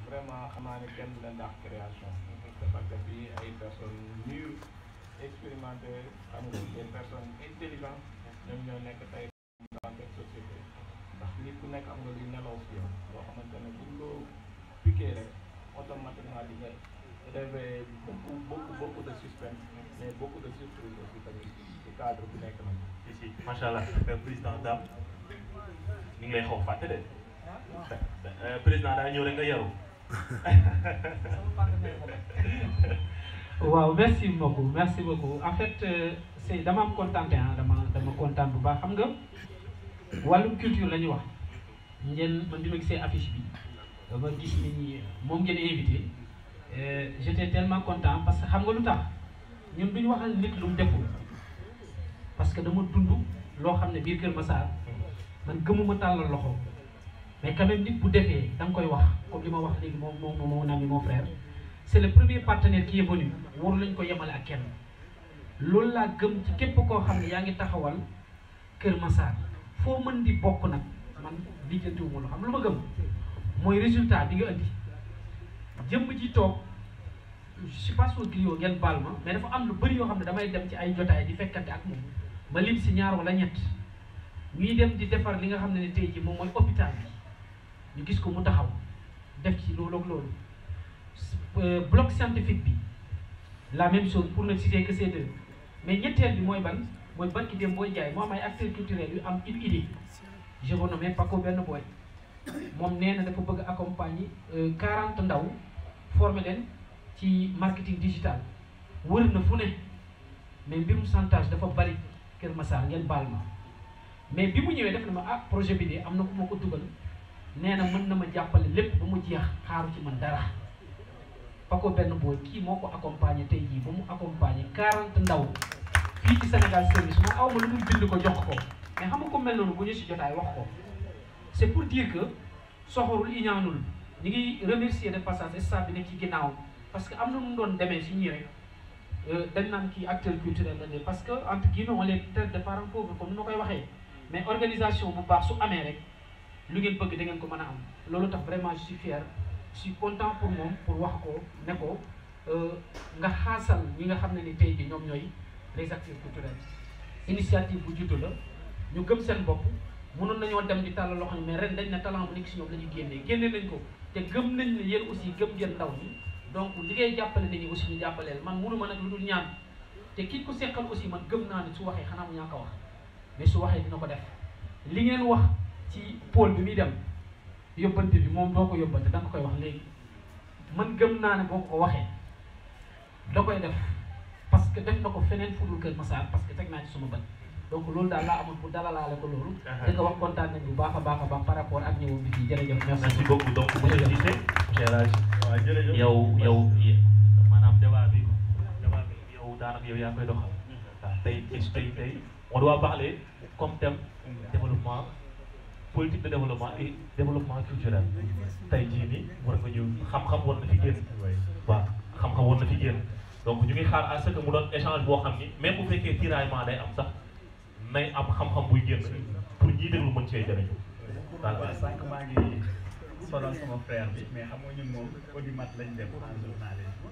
vraiment xamaa ne kenn du leen ndax création parce que fii ay personnes mûres expérimentées xam nga des personnes intelligentes ñoo nekk tey dans cette société ndax nit ku nekk am nga lu nelaw fi yow loo xamante ne buñ rek xamante ne li ngay rêvé beaucoup beaucoup beaucoup de suspense mais beaucoup de surprise aussi tamit ci cadre bu nekk si si macha allah président Dame ñu ngi lay xaw a fàtte de président daa ñëw rek nga yaru. waaw merci beaucoup merci beaucoup en fait c' est dama am contenté ah dama dama content bu baax xam nga wàllu culture la wax ngeen man bi gisee affiche bi. ba gis nit ñi moom ngeen invité euh, j'étais tellement content parce que xam nga lu tax ñun duñu waxal nit lu mu parce que dama dund loo xam ne biir Kër Massar man gëmuma tàllal loxo mais quand même nit bu defee da nga koy wax comme li wax léegi moom moom mon ami mon frère c'est le premier partenaire qui est venu war lañ ko yemale ak kenn loolu laa gëm ci képp koo xam ne yaa ngi taxawal Kër Massar foo mën di bokk nag man lijjantiwuma loo xam lu ma gëm moy résultat bi nga indi jëm ji toog je sais pas soo griyo ngeen baal ma mais dafa am lu bëri yoo xam ne damay dem ci ay jotaay di fekkante ak moom ma lim si ñaar wala ñett ñuy dem di defar li nga xam ne ne tey ji moom mooy hôpital bi ñu gis ko mu taxaw def ci loolu ak loolu euh, bloc scientifique bi la même chose pour ne citer que ces deux mais ñetteel bi mooy ban mooy barki dem booy jaay moo am ay acteurs culturels yu am une idée je renommé Paco benn booy mom neena dafa bëgg accompagner 40 euh, ndaw former len ci marketing digital wër na fu ne mais mbirum santage dafa bari Kër Massar ngeen baal ma mais bi mu ñëwee def na ma ah projet bi de amna ko moko nee neena mën na ma jappalé lepp bu mu jeex xaaru ci man dara Paco benn boy ki moko accompagner tay ji bu mu accompagner 40 ndaw fi ci Sénégal service mo aw lu bind ko jox ko mais xam mel bu ñu si jotay wax ko. c'est pour dire que soxorul iñaanul ñi ngi remercier de passage staff bi nekk ci parce que amna na mu doon demee si ñii euh dañ nan ki acteur culturel la né parce que entre guillemets on les traite de parents pauvres comme nous ma koy mais organisation bu baax su amé rek lu ngeen bëgg da ngeen ko mëna am lolu tax vraiment je suis fier je suis content pour moom pour wax ko né ko euh, nga xaasal ñi nga xamné ni tay bi ñom ñoy les acteurs culturels initiative bu juddu la ñu gëm seen bopp mënon nañu dem di talal loxo mais ren dañ na talent bu nek ci ñom lañu génné génné nañ ko té gëm nañ ni yeen aussi gëm gën ndaw ni donc li ngay jappalé nit aussi ñu jappalé man mënu ma nak luddul ñaan té ki ko sékkal aussi man gëm na ni su waxé xana mu ñaka wax mais su waxé dina ko def li ngeen wax ci pôle bi mi dem yobante bi mom doo yobante dang koy wax léegi man gëm na ni boko waxé da koy def parce que def nako fenen fudul keur massa parce que tek na ci suma bëtt donc loolu daal laa amul bu dalalaale ko loolu. Ah, ah. di nga wax kontaan nañu bu baax a baax a baax par rapport ak ñëw bi fii jërëjëf. merci beaucoup donc monsieur Cissé. jërëjëf yow yow maanaam débat bi débat bi yow daanaka yow yaa koy doxal. waaw tey tey tey on doit parler comme thème développement politique de développement et développement culturel tey jii nii war nga ñëw xam-xam war na fi génn. waaw xam-xam war na fi génn donc ñu ngi xaar à ce que mu doon échange boo xam ni même bu fekkee tiraillement day am sax. nay am xam-xam buy génn pour ñiy déglu mën cee jëriñu. waaw sànq maa ngi sonal sama frère bi mais xam nga ñun moom audimat lañ def en journalisme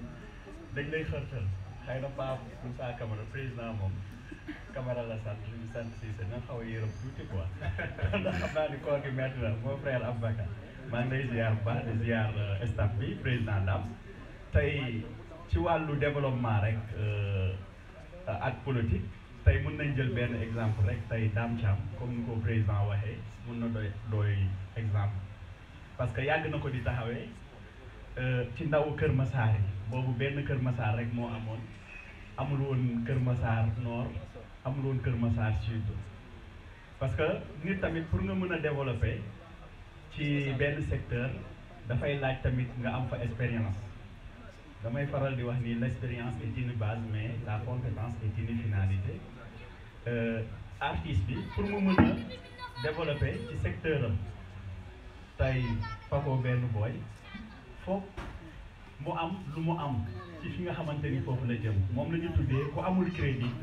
dañ lay xërtal xëy na Pape Moussa Camara président moom Camara la sant ñu sant Cissé na xaw a yërëm tuuti quoi ndax xam naa ni koor gi metti la moo frère Aboubacar maa ngi lay ziar bu baax di ziar euh, staff bi président Dame tey ci wàllu développement rek euh, ak politique. tey mun nañ jël benn exemple rek tey daam Thiam comme ni ko président waxee mun na doy doy exemple parce que yàgg na ko di taxawee euh, ci ndaw Kër Massar yi boobu benn Kër Massar rek moo amoon amul woon Kër Massar nord amul woon Kër Massar sud parce que nit tamit pour nga mën a développer ci benn secteur dafay laaj tamit nga am fa expérience damay faral di wax ni l'expérience est une base mais la compétence est une finalité euh, artiste bi pour mu mën a ci secteur am tey fako benn booy foog mu am lu mu am ci fi nga xamante ni foofu la jëm moom la ñu tuddee ku amul crédit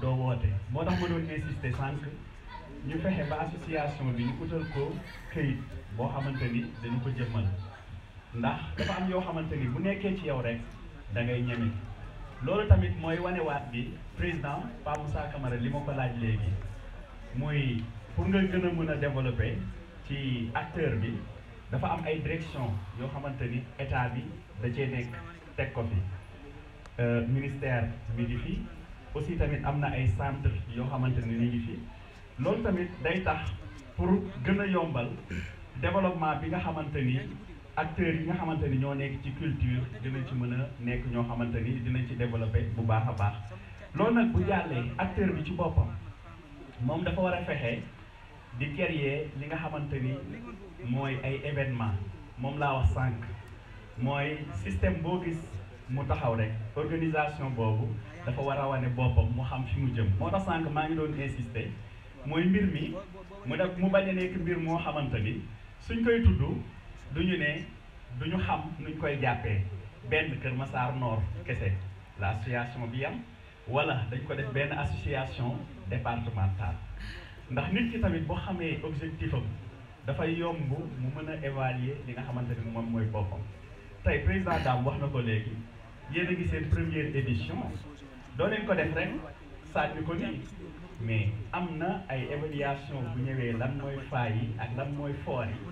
doo woote moo tax ma doon insister sànq ñu fexe ba association bi ñu utal ko këyit boo xamante ni dañu ko jëmmal ndax dafa am yoo xamante ni bu nekkee ci yow rek da ngay ñeme loolu tamit mooy wanewaat bi président Pape Moussa Camara li ma ko laaj léegi mooy pour nga gën a mën a développer ci acteur bi dafa am ay direction yoo xamante ni état bi da cee nekk teg ko fi euh, ministère mi ngi fi aussi tamit am na ay centre yoo xamante ni ngi fi loolu tamit day tax pour gën a yombal développement bi nga xamante acteurs yi nga xamante ni ñoo nekk ci culture dinañ ci mën a nekk ñoo xamante ni dinañ ci développé bu baax a baax loolu nag bu jàllee acteur bi ci boppam moom dafa war a fexe di créer li nga xamante ni mooy ay événement moom laa wax sànq mooy système boo gis mu taxaw rek organisation boobu dafa war a wane boppam mu xam fi mu jëm moo tax sànq maa ngi doon insister mooy mbir mi mu def mu bañ a nekk mbir moo xamante ni suñ koy tudd du ñu ne du ñu xam nuñ koy jàppee benn Kër Massar Nord kese la association bi yam wala dañ ko def benn association départementale ndax nit ki tamit boo xamee objectif am dafay yomb mu mën a évaluer li nga xamante ni moom mooy boppam tey président Dame wax na ko léegi yéen a seen première édition doo leen ko def ren sànni ko nii mais am na ay évaluation bu ñëwee lan mooy faay yi ak lan mooy foor yi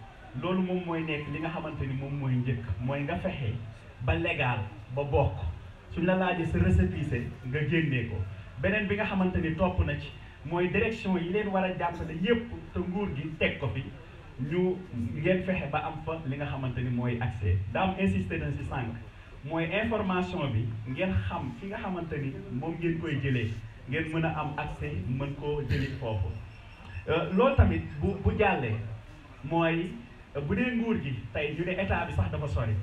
loolu moom mooy nekk li nga xamante ni moom mooy njëkk mooy nga fexe ba légal ba bokk suñ la laajee sa récépissé nga génnee ko beneen bi nga xamante ni topp na ci mooy direction yi leen war a jàppale yépp te nguur gi teg ko fi ñu ngeen fexe ba am fa li nga xamante ni mooy accès daam insister na si sànq mooy information bi ngeen xam fi nga xamante ni moom ngeen koy jëlee ngeen mën a am accès mën koo jëli foofu euh, loolu tamit bu bu jàllee mooy bu dee nguur gi tey ñu ne état bi sax dafa sori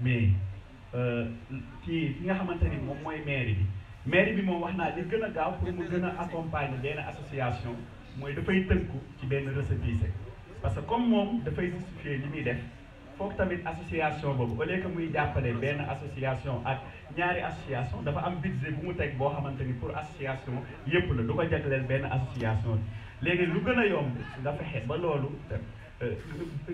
mais euh, kii ki nga xamante ni moom mooy mairie bi mairie bi moom wax naa li gën a gaaw pour mu gën a accompagner benn association mooy dafay tënku ci benn récépissé parce que comme moom dafay justifier li muy def foog tamit association boobu au lieu que muy jàppale benn association ak ñaari association dafa am budget bu mu teg boo xamante ni pour association yëpp la du ko jagleel benn association léegi lu gën a yomb nga fexe ba loolu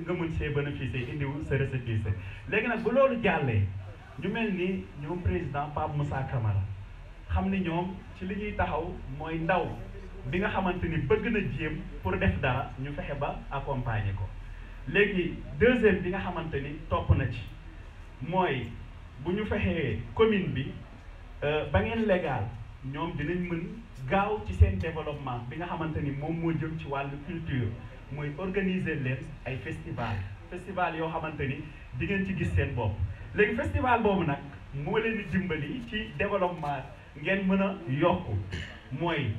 nga mën see bénéficier indiw sa récépissé léegi nag bu loolu jàllee ñu mel ni ñoom président Pape Moussa Camara xam ni ñoom ci li ñuy taxaw mooy ndaw bi nga xamante ni bëgg na jéem pour def dara ñu fexe ba accompagner ko léegi deuxième bi nga xamante ni topp na ci mooy bu ñu fexee commune bi euh, ba ngeen légal ñoom dinañ mën gaaw ci seen développement bi nga xamante ni moom moo jëm ci wàll culture mooy organiser leen ay festival festival yoo xamante ni di ngeen ci gis seen bopp léegi festival boobu nag moo mu di dimbali ci développement ngeen mën a yokk mooy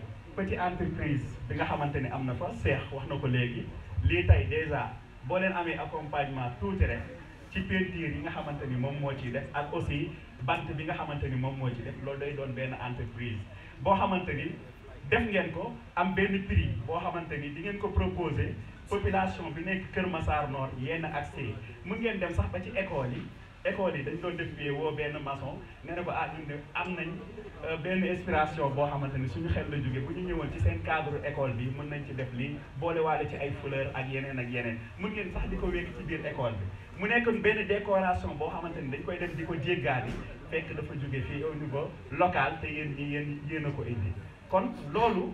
ci entreprise bi nga xamante ni am na fa seex wax na ko léegi lii tey déjà boo leen amee accompagnement tuuti rek ci peinture yi nga xamante ni moom moo ciy def ak aussi bant bi nga xamante ni moom moo ci def loolu day doon benn entreprise boo xamante ni def ngeen ko am benn prix boo xamante ni di ngeen ko proposé population bi nekk Kër Massar Nord yenn accès yi mën ngeen dem sax ba ci école yi école yi dañ doon def woo benn mason nee ba ko ah ñun de am nañ euh, benn inspiration boo xamante ni suñu xel la jugee bu ñu ñëwoon ci seen cadre école bi mën nañ ci def lii boolewaale ci ay fleur ak yeneen ak yeneen mën ngeen sax di ko wékk ci biir école bi mu nekk benn décoration boo xamante ni dañ koy def di ko jéggaani fekk dafa jóge fii au niveau local te yéen ñi yéen yéen a ko indi kon loolu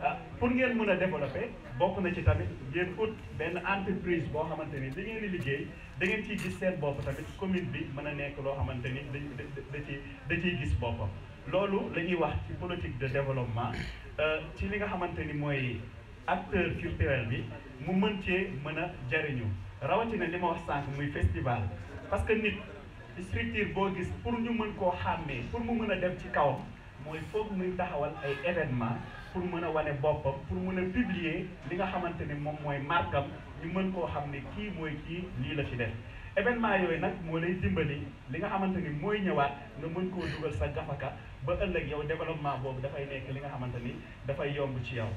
ah, pour ngeen mën a développer bokk na ci tamit ngeen ut benn entreprise boo xamante ni li ngeen di liggéey da ngeen ciy gis seen bopp tamit commune bi mën a nekk loo xamante ni dañ da ciy da ciy gis boppam. loolu la ñuy wax ci politique de développement euh, ci li nga xamante ni mooy acteur culturel bi mu mën cee mën a jariñu rawatina li ma wax sànq muy festival parce que nit structure boo gis pour ñu mën koo xàmmee pour mu mën a dem ci kawam. mooy foog muy taxawal ay événement pour mën a wane boppam pour mën a publier li nga xamante ni moom mooy markam li mën koo xam ne kii mooy kii lii la fi def événement yooyu nag moo lay dimbali li nga xamante ni mooy ñëwaat nga mën koo dugal sa gafaka ba ëllëg yow développement boobu dafay nekk li nga xamante ni dafay yomb ci yow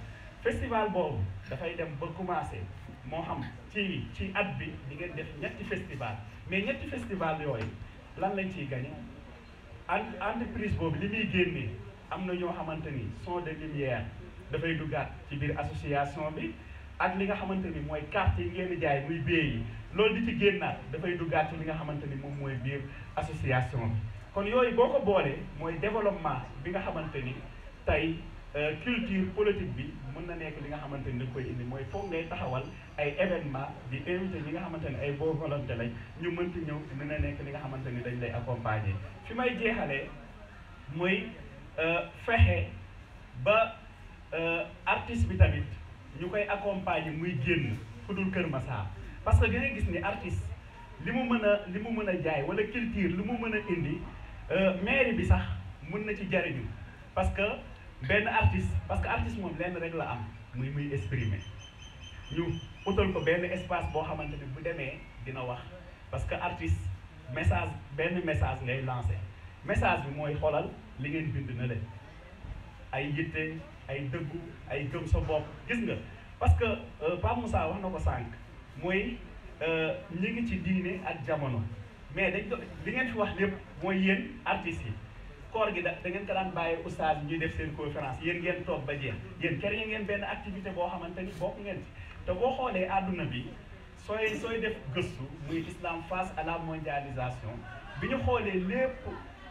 festival boobu dafay dem ba commencé moo xam ci ci at bi di ngeen def ñetti festival mais ñetti festival yooyu lan lañ ciy gañe entreprise boobu li muy génnee am na ñoo xamante ni son de lumière dafay duggaat ci biir association bi ak li nga xamante ni mooy carte yi ngeen di jaay muy bee yi loolu di ci génna dafay duggaat ci li nga xamante ni moom mooy biir association bi kon yooyu boo ko boolee mooy développement bi nga xamante ni tey euh, culture politique bi mën na nekk li nga xamante ni dañ koy indi mooy foog ngay taxawal ay événement bi invité ñi nga xamante ni ay boo volonté lañ ñu mënti ñëw mën na nekk li nga xamante ni dañ lay accompagner fi mooy Euh, fexé ba euh, artiste bi tamit ñukay accompagner muy génn fudul dul Kër Massar parce que dangay gis ni artiste limu mëna limu mëna jaay wala culture limu mëna indi euh indi bi sax mën na ci jarignu parce que ben artiste parce que artiste mom lén rek la am muy muy exprimer ñu utal ko ben espace bo xamanteni bu démé dina wax parce que artiste message ben message lay lancer. message bi mooy xoolal li ngeen bind na la ay yitte ay dëggu ay gëm sa bopp gis nga parce que euh, Pape Moussa wax na ko sànq mooy euh, ñu ngi ci diine ak jamono mais dañ ko li ngeen fi wax lépp mooy yéen artistes yi koor gi da da ngeen ko daan bàyyi oustaz ñuy def seen conférence yéen ngeen toog ba jeex yéen créé ngeen benn activité boo xamante ni bokk ngeen ci te boo xoolee àdduna bi sooy sooy def gëstu muy islam fas à la mondialisation bi ñu xoolee lépp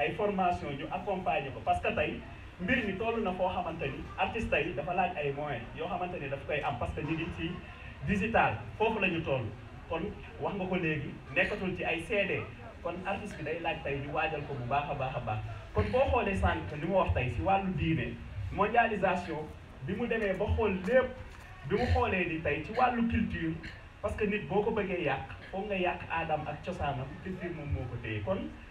ay formation ñu accompagner ko parce que tey mbir mi toll na foo xamante ni artiste yi dafa laaj ay moyens yoo xamante ni daf koy am parce que ñu ngi ci digital foofu la ñu toll kon wax nga ko léegi nekkatul ci ay CD kon artiste bi day laaj tey ñu waajal ko bu baax a baax a baax kon boo xoolee sànq li mu wax tey si wàllu diine mondialisation bi mu demee ba xool lépp bi mu xoolee ni tey ci wàllu culture parce que nit boo ko bëggee yàq foog nga yàq aadam ak cosaanam culture moom moo ko téye kon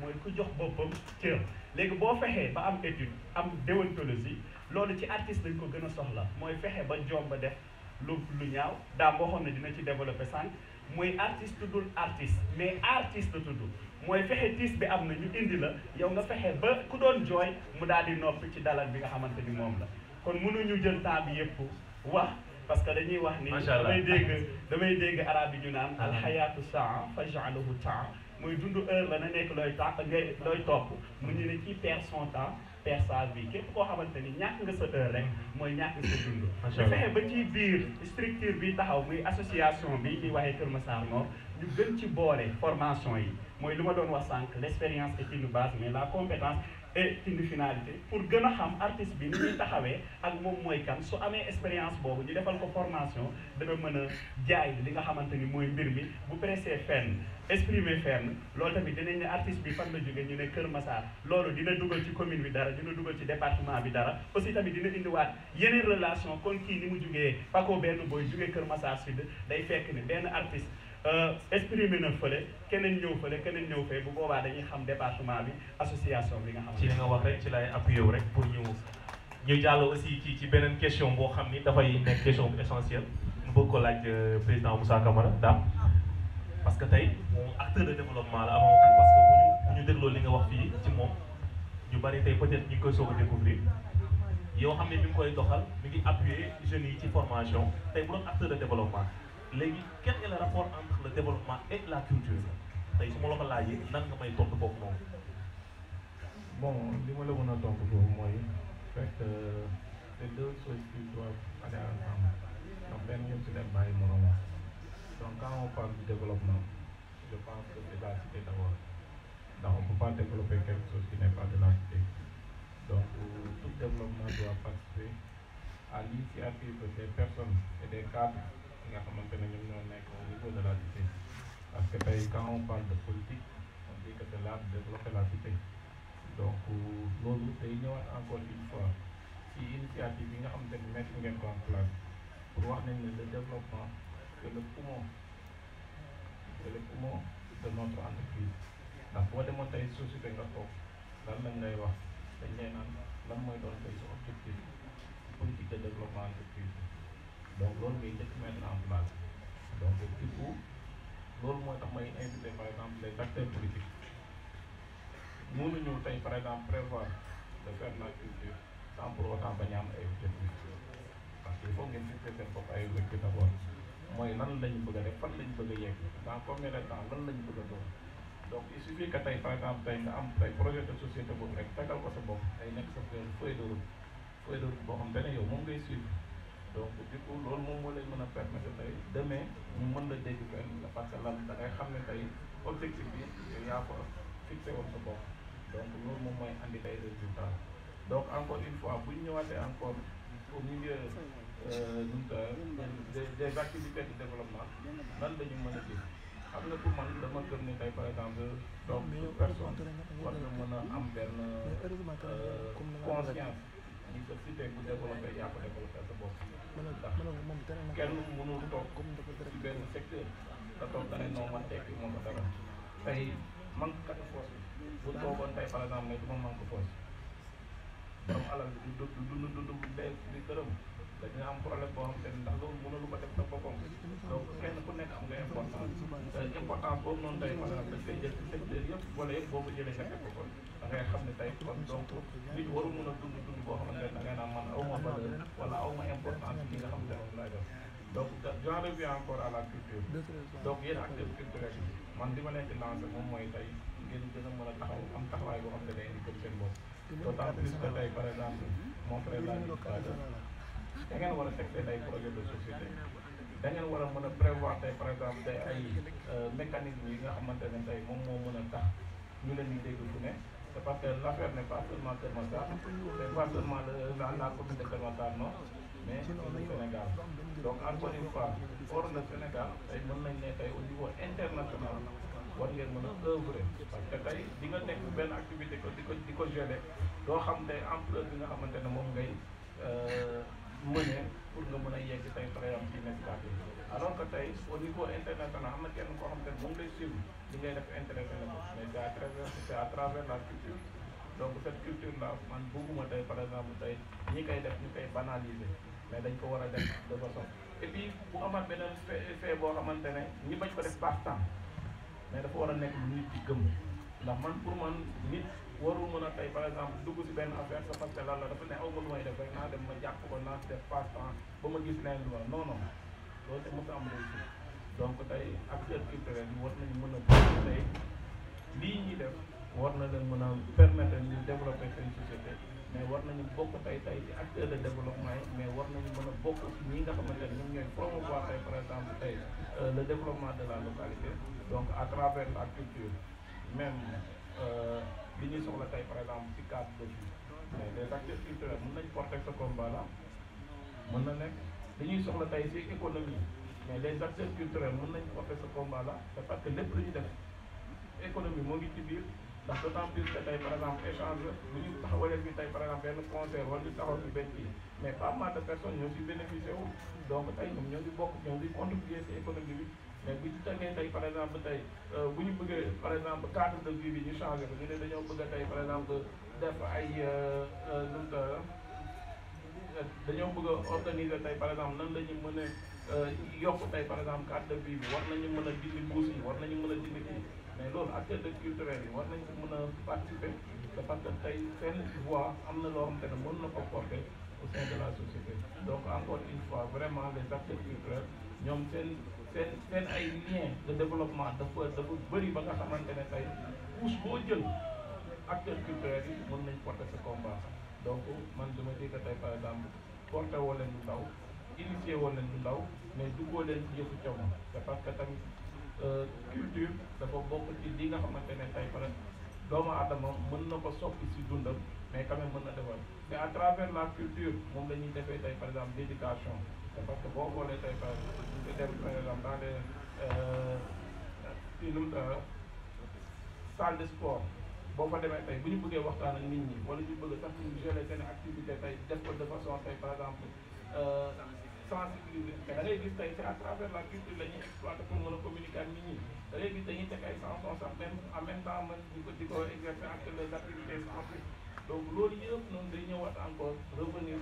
mooy ku jox boppam cër léegi boo fexee ba am étude am déontologie loolu ci artiste dañ ko gën a soxla mooy fexe ba jom ba def lu lu ñaaw daam boo xam ne dina ci développé sànq mooy artiste tuddul artiste mais artiste tudd mooy fexe tiis bi am na ñu indi la yow nga fexe ba ku doon jooy mu daal di noppi ci dalal bi nga xamante ni moom la kon mënuñu jël temps bi yëpp wax parce que dañuy wax ni damay dégg damay dégg arab ñu naan alxayaatu saa fajaalahu temps muy dund heure la na nekk looy tàq ngay looy topp mu ñu ne kii perd son temps perd sa vie képp koo xamante ni ñàkk nga sa heure rek mooy ñàkk nga sa dund su fexe ba ci biir structure bi taxaw muy association bi ñuy waxee Kër Massar Nord ñu gën ci boole formation yi mooy lu ma doon wax sànq l' expérience est une mais la compétence et finalité pour gën a xam artiste bi ni ñuy taxawee ak moom mooy kan su amee expérience boobu ñu defal ko formation danga mën a jaay li nga xamante ni mooy mbir mi bu pressé fenn exprimer fenn loolu tamit dinañ ne artiste bi fan la jóge ñu ne Kër Massar loolu dina dugal ci commune bi dara dina dugal ci département bi dara aussi tamit dina indiwaat yeneen relation kon kii ni mu jógee Paco benn booy jógee Kër Massar Sud day fekk ni benn artiste exprimer euh, na fële keneen ñëw fële keneen ñëw fee bu boobaa dañuy xam département bi association bi nga xam ci li nga wax rek ci lay appuyé wu rek pour ñu ñu jàll aussi ci ci beneen question boo xam ni dafay nekk question bu essentielle ñu bëgg ko laaj euh, président Moussa Camara daam parce que tey moom acteur de développement la avant tout parce que bu ñu bu ñu dégloo li nga wax fii ci moom ñu bari tey peut-être ñu koy soog a découvrir yoo xam ne mi ngi koy doxal mi ngi appuyer jeunes yi ci formation tey bu doon acteur de développement quel est le rapport entre le développement et la culture Tay ko nan nga bon li ma la mën tontu euh, les deux choses qui doivent aller ensemble donc bien dem donc quand on parle du développement je pense que c'est la cité d'abord donc on peut pas développer quelque chose qui n'est pas de la cité donc tout développement doit participer à l'initiative des personnes et des cadres nga xamante ne ñoom ñoo nekk au niveau de la cité parce que tey quand on parle de politique on dit que c'est l'art de développer la cité donc loolu day ñëwaat encore une fois ci initiative yi nga xamante ne mettre ngeen ko en place pour wax nañ ne le développement c'est moo poumon c'est le poumon de notre entreprise ndax boo demoon tey société nga toog lan lañ ngay wax dañ lay naan lan mooy doon tey sa objectif politique de développement donc loolu ngay njëkk mettre en place donc ci faut loolu mooy tax may invité par exemple les acteurs politiques mun nañu tey par exemple prévoir de faire la culture sans pour autant bañ am ay objectifs parce que il faut ngeen fixer seen bopp ay objectifs d' abord mooy lan lañ bëgg a def fan lañ bëgg a yegg dans combien de temps lan lañ bëgg a doon donc il suffit que tey par exemple tey nga am tey projet de société boobu rek tegal ko sa bopp day nekk sa feuille de route feuille de route boo xam te yow moom ngay suivre donc du coup loolu moom moo lay mën a permettre tey demee ñu mën la dégg fenn la parce que lan da ngay xam ne tey objectif bi yow yaa ko fixé woon sa bopp donc loolu moom mooy andi tey résultat donc encore une fois bu ñu ñëwaatee encore au milieu euh, des des activités de développement lan la ñu mën a gis xam nga pour man dama gëm ne tey par exemple donc personne war nga mën a am benn euh, conscience ni que si bu développé yaa ko développé sa bopp kenn mënul toog ci benn secteur da toog da ne non man tekki moom la dara tey man kat force bi bu toogoon tey par exemple ne du ma man ko force bi. alal bi du du du du du du dërëm. dañu am problème boo xam te ne ndax loolu mënul ko def sa boppam donc kenn ku nekk am nga importance euh, importance boobu noonu tey maanaam dañ koy jël ci secteur yëpp wala yëpp boo ko jëlee nga teg ko kon da ngay xam ne tey kon donc nit waru mën a dund dund boo xam ne da ngay naan man aw ma valeur wala aw ma importance bi nga xam te ne laa def donc j'en reviens encore à la culture donc yéen acteurs culturels man li ma leen di lancer moom mooy tey ngeen gën a mën a taxaw am taxawaay boo xam ne day indi kër seen bopp d'autant plus que tey par exemple mon frère laa da ngeen war a teg seen ay projet de société da ngeen war a mën a par exemple tey ay euh, mécanisme yi nga xamante ne tey moom moo mën a tax ñu leen di dégg fu ne c'est parce que l'affaire n'est pas seulement Kër Massar c'est pas seulement la la commune de Kër Massar non mais le Sénégal donc encore une fois hors le tey mën nañ ne tey au international war ngeen a œuvrer parce que tey di nga nekk benn activité ko di ko di ko gérer doo xam tey ampleur bi nga xamante ne moom ngay euh, mënee pour nga mën a yegg tey par exemple ci nekk kàddu alors que tey au niveau international am na kenn koo xam te moom lay suivre li ngay def intéressé mais c'est à travers la culture donc cette culture là man bëgguma tey par exemple tey ñi koy def ñu koy banaliser mais dañ ko war a def de façon et puis bu amaat beneen fait boo xamante ne ñi bañ ko def par temps mais dafa war a nekk lu nit ci ndax man pour man nit warul mën a tey par exemple dugg si benn affaire a parce que la dafa ne aw ma lu may def dem ma jàpp ko naa def passe temps ba ma gis leen lu war non non loolu te mos a am réussite donc tey acteur culturel yi war nañu mën a tey lii ñuy def war na leen mun a permettre ñu développer seen société mais war nañu bokk tey tey ci acteur de développement yi mais war nañu mën a bokk ci ñi nga xamante ne ñoom ñooy promouvoir tey par exemple tey euh, le développement de la localité donc à travers la culture même li euh, ñuy soxla tey par exemple ci cadre de vie mais les acteurs culturels mën nañ porter ce combat là mën na nekk li ñuy soxla tey ci économie mais les acteurs culturels mën nañ porter ce combat là c'est parce que lépp lu ñu def économie moo ngi ci biir ndax d'autant plus que tey par exemple échange bu ñu taxawalee fii tey par exemple concert wala ñu taxaw ci benn kii mais pas mal de personnes ñoo ci bénéficié wu donc tey ñoom ñoo ngi bokk ñoo ngi contribuer ci bi mais bi ñu tegee tey par exemple tey euh, bu ñu bëggee par exemple cadre de vie bi ñu changé ko ñu ne dañoo bëgg a tey par exemple def ay euh, euh, nu mu dañoo bëgg a organiser tey par exemple nan la ñu mën a yokk tey par exemple cadre de vie bi war nañu mën a dindi bourse yi war nañu mën a dindi kii mais loolu acteur de culturel yi war nañ ko mën a participer te parce que tey seen voix am na loo xam te ne na ko porter au sein de la société donc encore une fois vraiment les acteurs ñoom seen seen seen ay lien de développement dafa dafa bëri ba nga xamante ne tey pousse boo jël acteurs culturels yi mën nañ porter ce combat donc man dama dégg tey par exemple porter woo leen lu ndaw initié woon leen lu ndaw mais duggoo leen ci yëfu caw ma c'est parce que tamit euh, culture dafa bokk ci lii nga xamante ne tey par doomu aadama mën na ko soppi si dundam mais quand mën na defal mais à travers la culture moom la ñuy defee tey par exemple l'éducation parce que boo boolee tey par dem par exemple dans les fii nu mu salle de sport boo fa demee tey bu ñu bëggee waxtaan ak nit ñi wala ñu bëgg sax ñu gérer seen activité tey def ko de façon tey par exemple euh, sensibiliser mais da ngay gis tey c'est à travers la culture la ñuy exploiter pour mën a communiquer ak nit ñi da ngay gis dañuy teg ay chansons sax même en même temps mën di ko di ko exercer ak les activités sportives donc encore revenir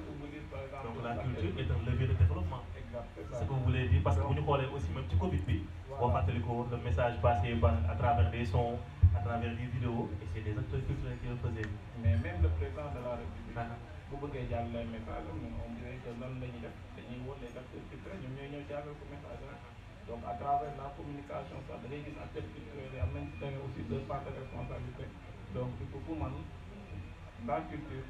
par donc la culture est un levier de développement. C'est ce que vous voulez dire parce que vous nous parlez aussi même du Covid On boo le message passé à travers des sons à travers des vidéos et c'est des acteurs culturels qui le faisaient. mais même le président de la République. vous bëggee jàllale message on dirait que lan la ñuy les acteurs culturels ñoom ñooy ñëw jàllale le message donc à travers la communication ça devient des acteurs culturels et à même, c'est aussi deux parties de responsabilité donc il faut sans culture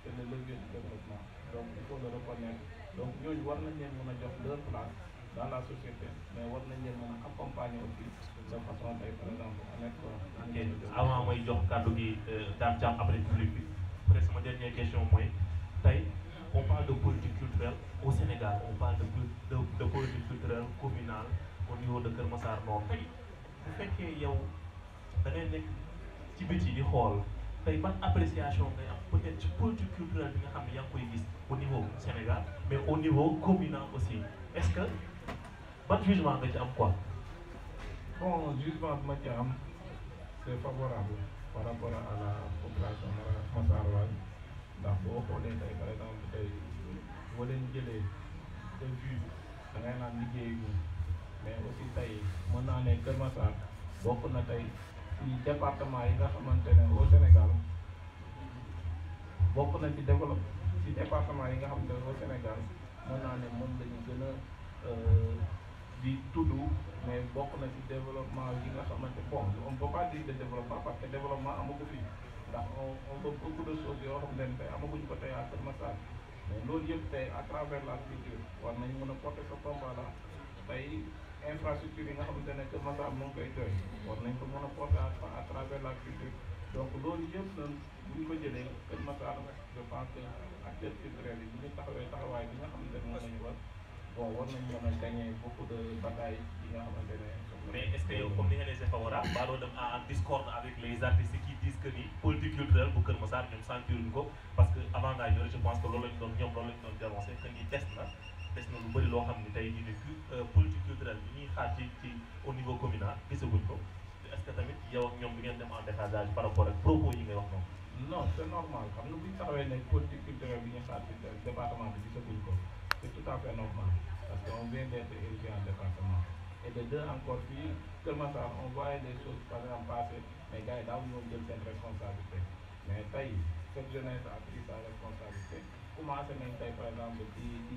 c'est le levier du développement donc il faut le reconnaître donc ñooñu war nañ leen mën a jox leur place dans la société mais war nañ leen mën a accompagner aussi de façon tey par exemple à nekk avant mooy jox kàddu gi euh, Dame Thiam après public bi presque ma dernière question mooy tey on parle de politique culturelle au Sénégal on parle de de de politique culturelle communale au niveau de Kër Massar Nord tey bu fekkee yow da ngay nekk ci biti di xool. tey ban appréciation am peut-être culturelle au niveau Sénégal mais au niveau communal aussi est-ce que ban jugement nga quoi. jugement c'est favorable par rapport à la population par exemple tey boo leen vue da ngay mais aussi ci département yi nga xamante ne au Sénégal bokk na ci développe si département yi nga xamante ne au Sénégal mën naa ne moom lañu gën a euh, di tudd mais bokk na ci développement yi nga xamante bon on peut pas dire de développement parce que développement amagu fi o on on peut beaucoup de choses yoo xam ne tey amaguñu ko tey à Kër Massar mais loolu yëpp tey à travers la culture war nañu mën a porter ce combat là tey. infrastructure yi nga xamante ne que Matam mu koy doy war nañ ko mën a porter à travers la culture donc loolu yëpp nag bu ñu ko jëlee kër Matar je pense que acteurs culturels yi bu ñu taxawee taxawaay bi nga xamante ne moom la ñu war bon war a gagner beaucoup ne. mais est-ce que yow comme ni nga leen Fawara baaloo discorde avec les artistes qui disent ni politique culturelle bu Kër Massar ñoom sentir ko parce que avant nga ñëw je pense que loolu lañ doon ñoom loolu lañ doon dénoncer que ni des na. des na lu bëri loo xam ne tey ñu ne euh, politique culturelle bi ñuy xaar ci ci au niveau communal gisaguñ ko est-ce que tamit yow ak ñoom bi des dem en décalage par rapport ak propos yi wax non c'est normal xam nga bu que taxawee politique culturelle bi ñuy xaar département bi gisaguñ ko c'est tout à fait normal parce que on vient d'être élu en département et de deux encore plus, tellement ça, on voit des choses par exemple passer mais gars yi daaw ñoo jël seen responsabilité mais tey cette jeunesse a pris sa responsabilité commencé nañ tey par exemple di di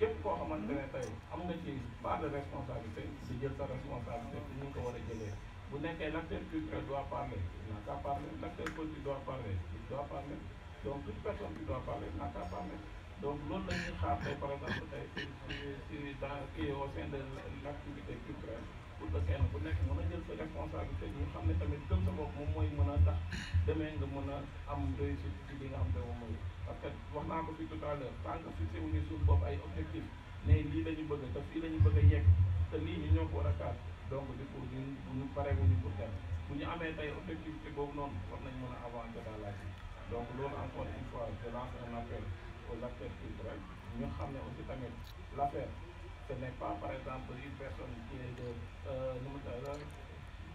képp koo xamante ne tey am nga ci part de responsabilité si jël sa responsabilité ko war a jëlee bu nekkee l'acteur culturel doit parler n'a qu'à parler l'acteur politique doit parler il doit parler donc toute personne qui doit parler n'a qu'à parler donc loolu la ñuy xaar tey par exemple tey si si dans kii au sein de l' activité culturelle pour que kenn ku nekk mën a jël sa responsabilité ñu xam ne tamit gëm sa bopp moom mooy mën a tax demee nga mën a am réussite ci li nga xam ne mooy parce que wax naa ko fi tout à l'heure tant que fixé wuñu suñu bopp ay objectif ne lii la ñu bëgg te fii la ñu bëgg a yegg te lii ñu ñoo ko kaat donc du coup ñun bu ñu paree wuñu pour dem bu ñu amee tey objectif te boobu noonu war nañ mën a avancer dans la vie donc loolu encore une fois je lance un appel aux acteurs culturels ñu xam ne aussi tamit l' affaire ce n' est pas par exemple une personne qui euh, nu mu euh,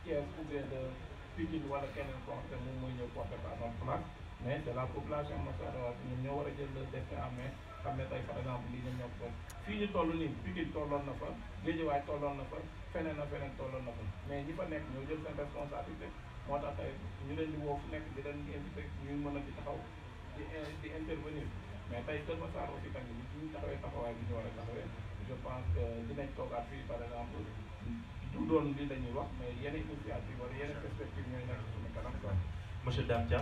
Thiès ou bien de war wala keneen koo xam ne moom mooy ñëw porter par exemple place mais c'est la population mosarawaat ñun ñoo war a jël le destin en main xam ne tey par exemple lii ñoom ñoo ko bokk fii ñu toll nii Pikine tolloon na fa Guédiawaye tolloon na fa feneen na feneen tolloon na fa mais ñi fa nekk ñoo jël seen responsabilité moo tax tey ñu leen di woo fu nekk di leen invité ñuy mën a di taxaw di di intervenir mais tey Kër Massar aussi tamit ñi ñu taxawee taxawaay bi ñu war a taxawee je pense que dinañ toogaat fii par exemple du doon li dañuy wax mais yeneen initiative wala yeneen perspective ñooy nekk suñu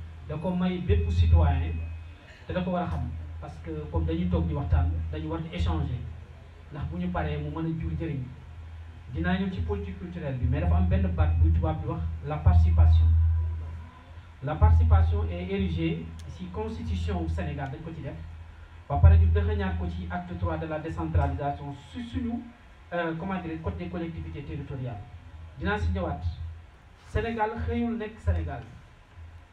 da ko may bépp citoyen te da ko war a xam parce que comme dañuy toog di waxtaan dañu war di échanger ndax bu ñu paree mu mën a jur jëriñ dinaa ci politique culturelle bi mais dafa am benn baat bu tubaab bi wax la participation la participation est érigée si constitution Sénégal dañ ko ci def ba pare ñu dëxëñaat ko ci acte 3 de la décentralisation su suñu euh, comment dire code des collectivités territoriales dinaa si ñëwaat Sénégal xëyul nekk Sénégal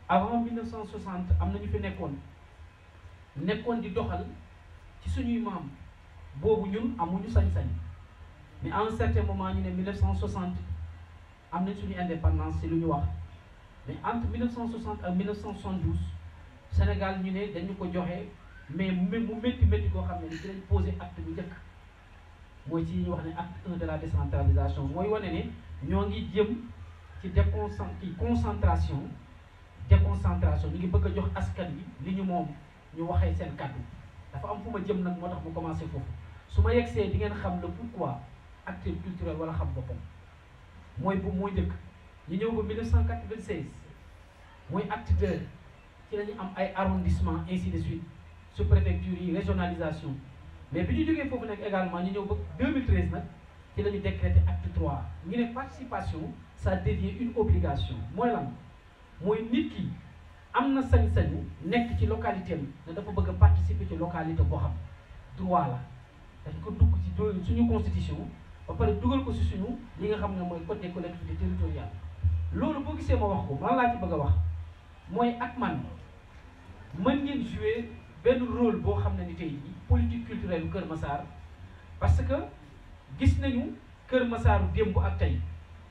avant 1960 amna ñu fi di doxal ci suñuy maam boobu ñun amuñu sañ-sañ mais à certain moment ñu 1960 am suñu indépendance ci lu wax mais entre 1960 et 1972 Sénégal ñu ne dañu mais mu métti métti koo posé acte bu acte de la décentralisation mooy wane ne ñoo ngi jëm ci concentration de ñu ngi bëgg a jox askan yi li ñu moom ñu waxee seen kàddu dafa am fu ma jëm nag moo tax mu commencé foofu su ma yegsee di ngeen xam le pourquoi l'acte culturel wala xam boppam a bu mooy dëkk ñu ñëw ba 1996 mooy acte 2 ci la ñu am ay arrondissement ainsi de suite sous préfecture yi régionalisation mais bi ñu jógee foofu nag également ñu ñëw ba 2013 nag ci la ñu décrété acte 3 La participation ça devient une obligation mooy mooy nit ki am na sañ-sañu nekk ci localité am ne dafa bëgg a ci localité boo xam droit la dañ ko dugg ci doy suñu constitution ba pare dugal ko si suñu li nga xam ne mooy code des collectivités territoriales loolu boo gisee ma wax ko lan laa ci bëgg a wax mooy ak man ngeen jouer benn rôle boo xam ne ni tey jii politique culturelle Kër Massar parce que gis nañu Kër Massaaru démb ak tey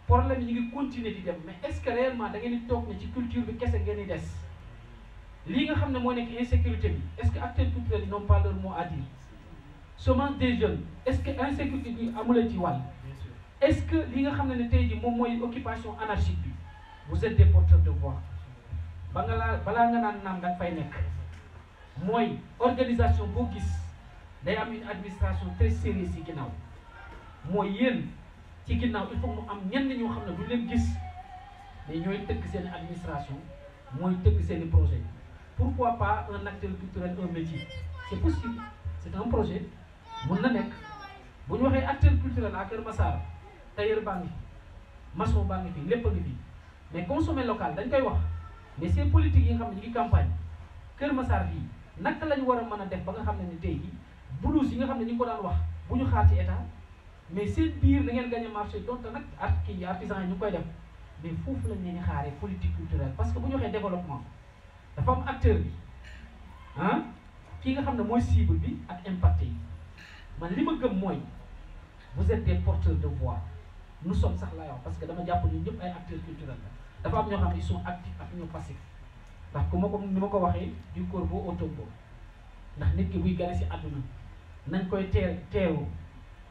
problème yi ngi continuer di dem mais est-ce que réellement da ngeen di toog ne ci culture bi kese ngeen di des lii nga xam ne moo nekk insécurité bi est-ce que acteurs culturels n'ont pas leur mot à dire Seulement des jeunes est-ce que insécurité bi amula ci wàll est-ce que li nga xam ne ne tey ji moom mooy occupation anarchique bi vous êtes des de voix ba nga laa balaa nga naan naam fay nekk mooy organisation boo gis day am une administration très sérieuse ci ginnaaw mooy yéen ci ginnaaw il faut mu am ñenn ñoo xam ne duñ leen gis mais ñooy tëgg seen administration mooy tëgg seen i projet pourquoi pas un acteur culturel un métier c'est possible c'est un projet mën na nekk bu ñu waxee acteur culturel à Kër Massar tailleur baa ngi fi maçon baa ngi fi lépp a ngi fi mais consommer local dañ koy wax mais seen politiques yi nga xam ne ñu ngi campagne Kër Massar fii naka la ñu war a mën a def ba nga xam ne ni tey jii blouse yi nga xam ne ñu ko daan wax bu ñu xaar ci mais seen biir da ngeen gagné marché donte nag art kii artisan yi ñu ngi koy def mais foofu lañ leen di xaaree politique culturelle parce que bu ñu développement dafa am acteur bi ah hein, kii nga xam ne mooy cible bi ak impact yi man li ma gëm mooy vous êtes des porteurs de voix nous sommes sax lay wax parce que dama jàpp ni ñëpp ay acteurs culturels la dafa am ñoo xam ne ils sont actifs ak ñoo passifs ndax ku ma ko ni ma ko waxee du corbeau au tombeau ndax nit ki buy gane si àdduna nañ koy teel teewu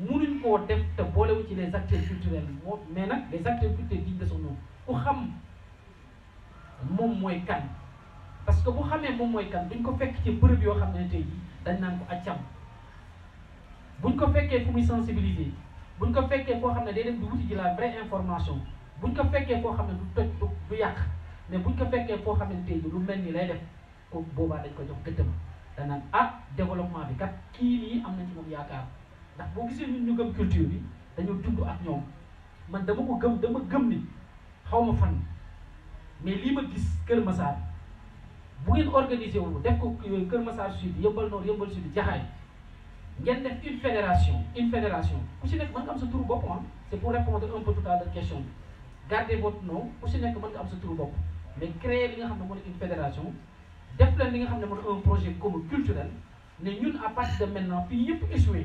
Nous koo def te les acteurs culturels mais les acteurs culturels dignes de son nom ku xam moom parce que bu xamee moom mooy kan duñ ko fekk ci bërëb yoo xam ne tey dañ naan ko accam buñ ko fekkee fu muy sensibiliser buñ ko fekkee foo dem di la vraie information buñ ko fekkee foo xam du toj du mais buñ ko fekkee foo xam ne tey lu lay def ko boobaa dañ ko ah, développement bi kat ci ndax boo gisee ñun ñu gëm culture bi dañoo tudd ak ñoom man dama ko gëm dama gëm ni xaw ma fan mais lii ma gis Kër Massar bu ngeen organisé wu def ko euh, Kër Massar sud yëmbal nord yëmbal sud jaxaay ngeen def une fédération une fédération ku si nekk mën nga am sa turu bopp ah c'est pour répondre un peu tout à la question bi gardez votre nom ku si nekk mën nga am sa turu bopp mais créer li nga xam ne moo une fédération def leen li nga xam ne moo un projet commun culturel ne ñun à partir de maintenant fii yëpp échoué.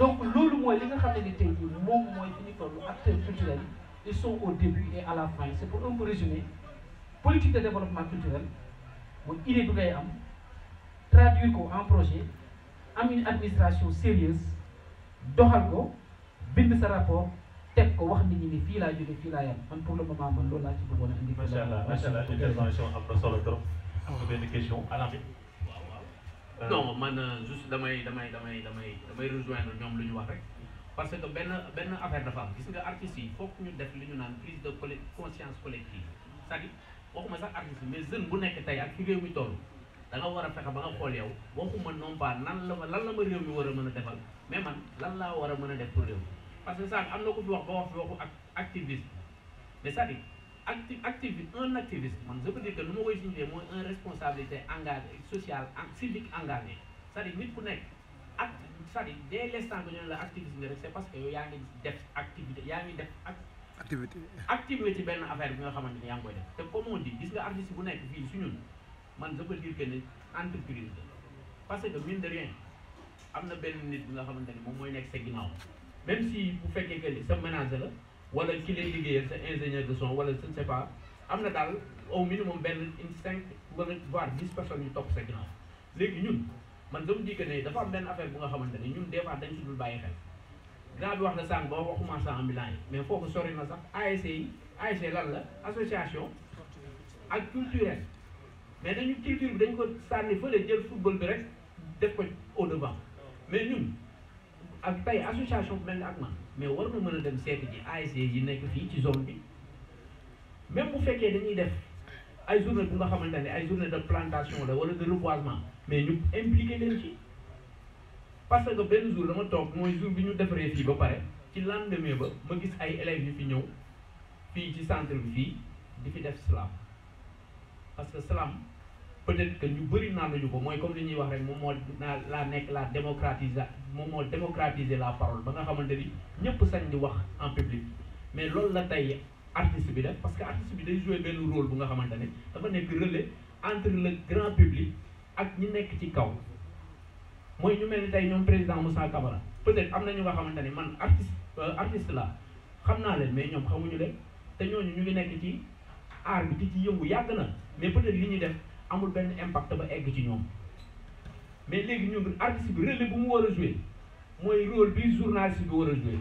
donc loolu moy li nga xamné ni tey mom moy fini fi acteur toll ils sont au début et à la fin C'est pour un peu résumer politique de développement culturel mooy idée bi ngay am traduire ko en projet am une administration sérieuse doxal ko bind sa rapport teg ko wax nit ñi ni fii laa jóge fii laa yam man pour le moment man loolu laa ci bëggoon a indi. macha allah macha allah intervention am na solo trop. am na benn question à la Euh, non man euh, juste damay damay damay damay damay rejoindre ñoom lu ñu wax rek parce que benn benn affaire dafa am gis nga artistes yi foog ñu def li ñu naan prise de conscience collective c'est-à-dire waxuma sax artiste mais jeune bu nekk tey ak fi réew mi toll da nga war a fexe ba nga xool yow waxuma non pas nan la ma lan la ma réew mi war a defal mais man lan laa war a def pour réew parce que sax am na ko fi wax ba wax fi waxu ak activiste mais c'est-à-dire acti activiste un activiste man je peux dire que nous ma une responsabilité engagée, sociale ak civique engagée. c'est-à-dire nit ku nekk cest dire dès l'instant que nous ne la activisme rek c'est parce que yow yaa ngi def activité yaa ngi def ak activité activité benn affaire bi nga xamante ni yaa ngi koy def te comme on dit gis nga artiste bu nekk fii suñun man je peux dire que une entreprise parce que mine de rien am na benn nit bi nga xamante ni moom mooy sa ginnaaw même si bu fekkee que c'est ménage la wala ki lay liggéeyal sa ingénieur de son wala je ne sais pas am na daal au minimum benn une cinq wala voire dix personnes yu topp sa ginnaaw léegi ñun man dama di que ne dafa am benn affaire bu nga xamante ne ñun des fois dañ si dul bàyyi xel grand bi wax na sànq boo waxumaa sa ambulant yi mais foofu sori na sax ASC yi ASC lan la association ak culturelle mais dañu culture bi dañ ko sànni fële jël football bi rek def ko au devant mais ñun ak tey association bu mel ni ak man mais war na mën a dem seeti ji não yi nekk fii ci zone bi même bu fekkee dañuy def ay journée bu nga xamante ne ay journée de plantation la wala de reboisement mais ñu impliqué leen ci parce que benn jour dama toog mooy jour bi ñu defaree fii ba pare ci lendemain ba ma gis ay élèves yu fi ñëw fii ci centre bi fii di fi def slam parce que slam peut-être que ñu bëri naan nañu ko mooy comme li ñuy wax rek moo moo naa laa nekk la démocratiser moom moo démocratiser la parole ba nga xamante ni ñëpp sañ di wax en public mais loolu la tey artiste bi def parce que artiste bi day jouer benn rôle bu nga xamante ne dafa nekk rele entre le grand public ak ñi nekk ci kaw mooy ñu mel ni tey ñoom président Moussa Camara peut-être am na ñu nga xamante ni man artiste euh, artiste la xam naa leen mais ñoom xamuñu leen te ñooñu ñu ngi nekk ci art bi di ci yëngu yàgg na mais peut li ñuy def. amul benn impact ba egg ci ñoom mais léegi ñoom artiste bi relais bu mu war a jouer mooy rôle bi journaliste bi war a jouer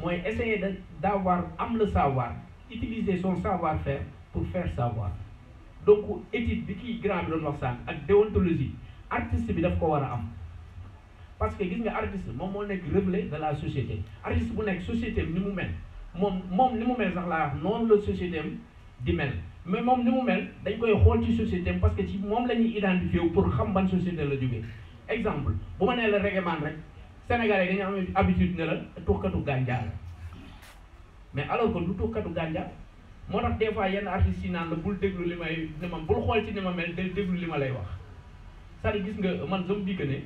mooy essayer de d'avoir am le savoir utiliser son savoir-faire pour faire savoir donc éthique bi kii grand bi doon wax sànq ak déontologie artiste bi daf ko war a am parce que gis nga artiste moom moo nekk reflet de la société artiste bu nekk société ni mu mel moom moom ni mu mel sax la wax noonu la société am di mel mais moom ni mu mel dañ koy xool ci société parce que ci moom la ñuy identifié pour xam ban société la jógee exemple bu ma nee la man rek sénégalais dañu am habitude ne la tuxkatu ganja, la mais alors que du tuxkatu gànjaa moo tax des fois yenn artistes yi naan la bul déglu li may ni ma bul xool ci ni ma mel de déglu li ma lay wax c'est gis nga man je me que ne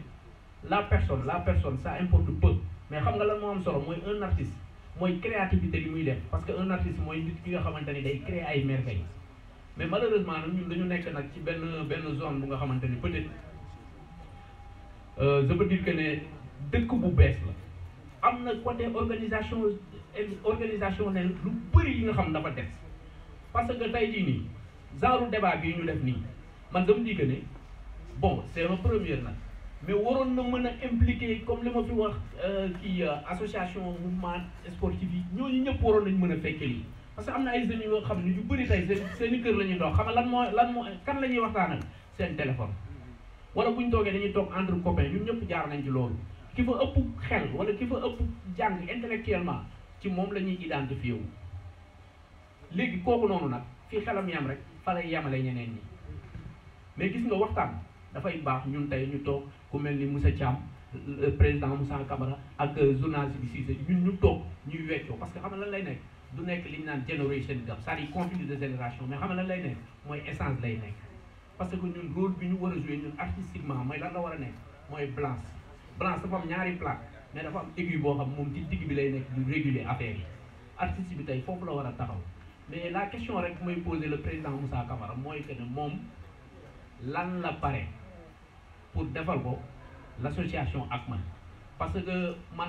la personne la personne ça importe peu mais xam nga lan moo am solo mooy un artiste mooy créativité bi muy def parce que un artiste mooy nit ki nga xamante ni day créer ay merveilles mais malheureusement nag ñun dañu nekk nag ci benn benn zone bu nga xamante ni peut-être euh, je peux dire dëkk bu bees la am na côté organisation organisation nen lu bëri yi nga xam dafa des parce que tey jii nii genre débat bii ñu def nii man dama di que ne bon c'est ma première nag mais waroon na mën a impliquer comme li ma fi wax euh, kii euh, association mouvement sportif yi ñooñu ñëpp waroon nañ mën a fekkee lii parce que am na ay jeunes yoo xam ne ñu bëri tey seen kër la ñuy dox xam nga lan moo lan moo kan la ñuy waxtaanal seen téléphone. wala bu ñu toogee dañuy toog entre copains ñun ñëpp jaar nañ ci loolu ki fo ëpp xel wala ki fa ëpp jàng intellectuellement ci moom la ñuy identifié wu. léegi kooku noonu nag fii xelam yam rek fa lay yamale ñeneen ñi mais gis nga waxtaan dafay baax ñun tey ñu toog ku mel ni Moussa Thiam président Moussa Camara ak euh, journaliste bi Cissé ñun ñu toog ñuy weccoo parce que xam nga lay nekk. du nekk generation cest conflit de génération mais xam lay essence parce que nous rôle bi ñu artistiquement mooy la war blanche mais dafa am aiguille xam bi lay réguler affaire mais la question rek poser le président Moussa Kamara, c'est que ne moom lan la pour defal parce que man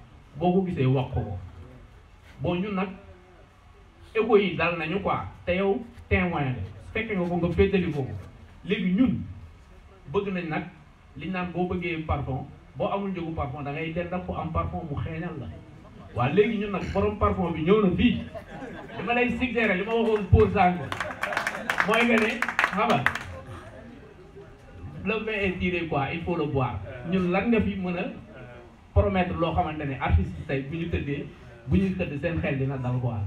boo ko gisee wax ko bon ñun nag égo yi dal nañu ko te yow témoin la fekk nga ko nga féetali ko léegi ñun bëgg nañ nag liñ naan boo bëggee parfum boo amul njëgu parfum da ngay dend ak ku am parfum mu xeeñal la waaw léegi ñun nag borom parfum bi ñëw na fii dama lay suggérer li ma waxoon pause sànq mooy que ne xam nga le vin est tiré quoi il faut le boire ñun lan nga fi mën a. promettre loo xamante ne artiste tey bu ñu tëddee bu ñu tëdd seen xel dina dal quoi.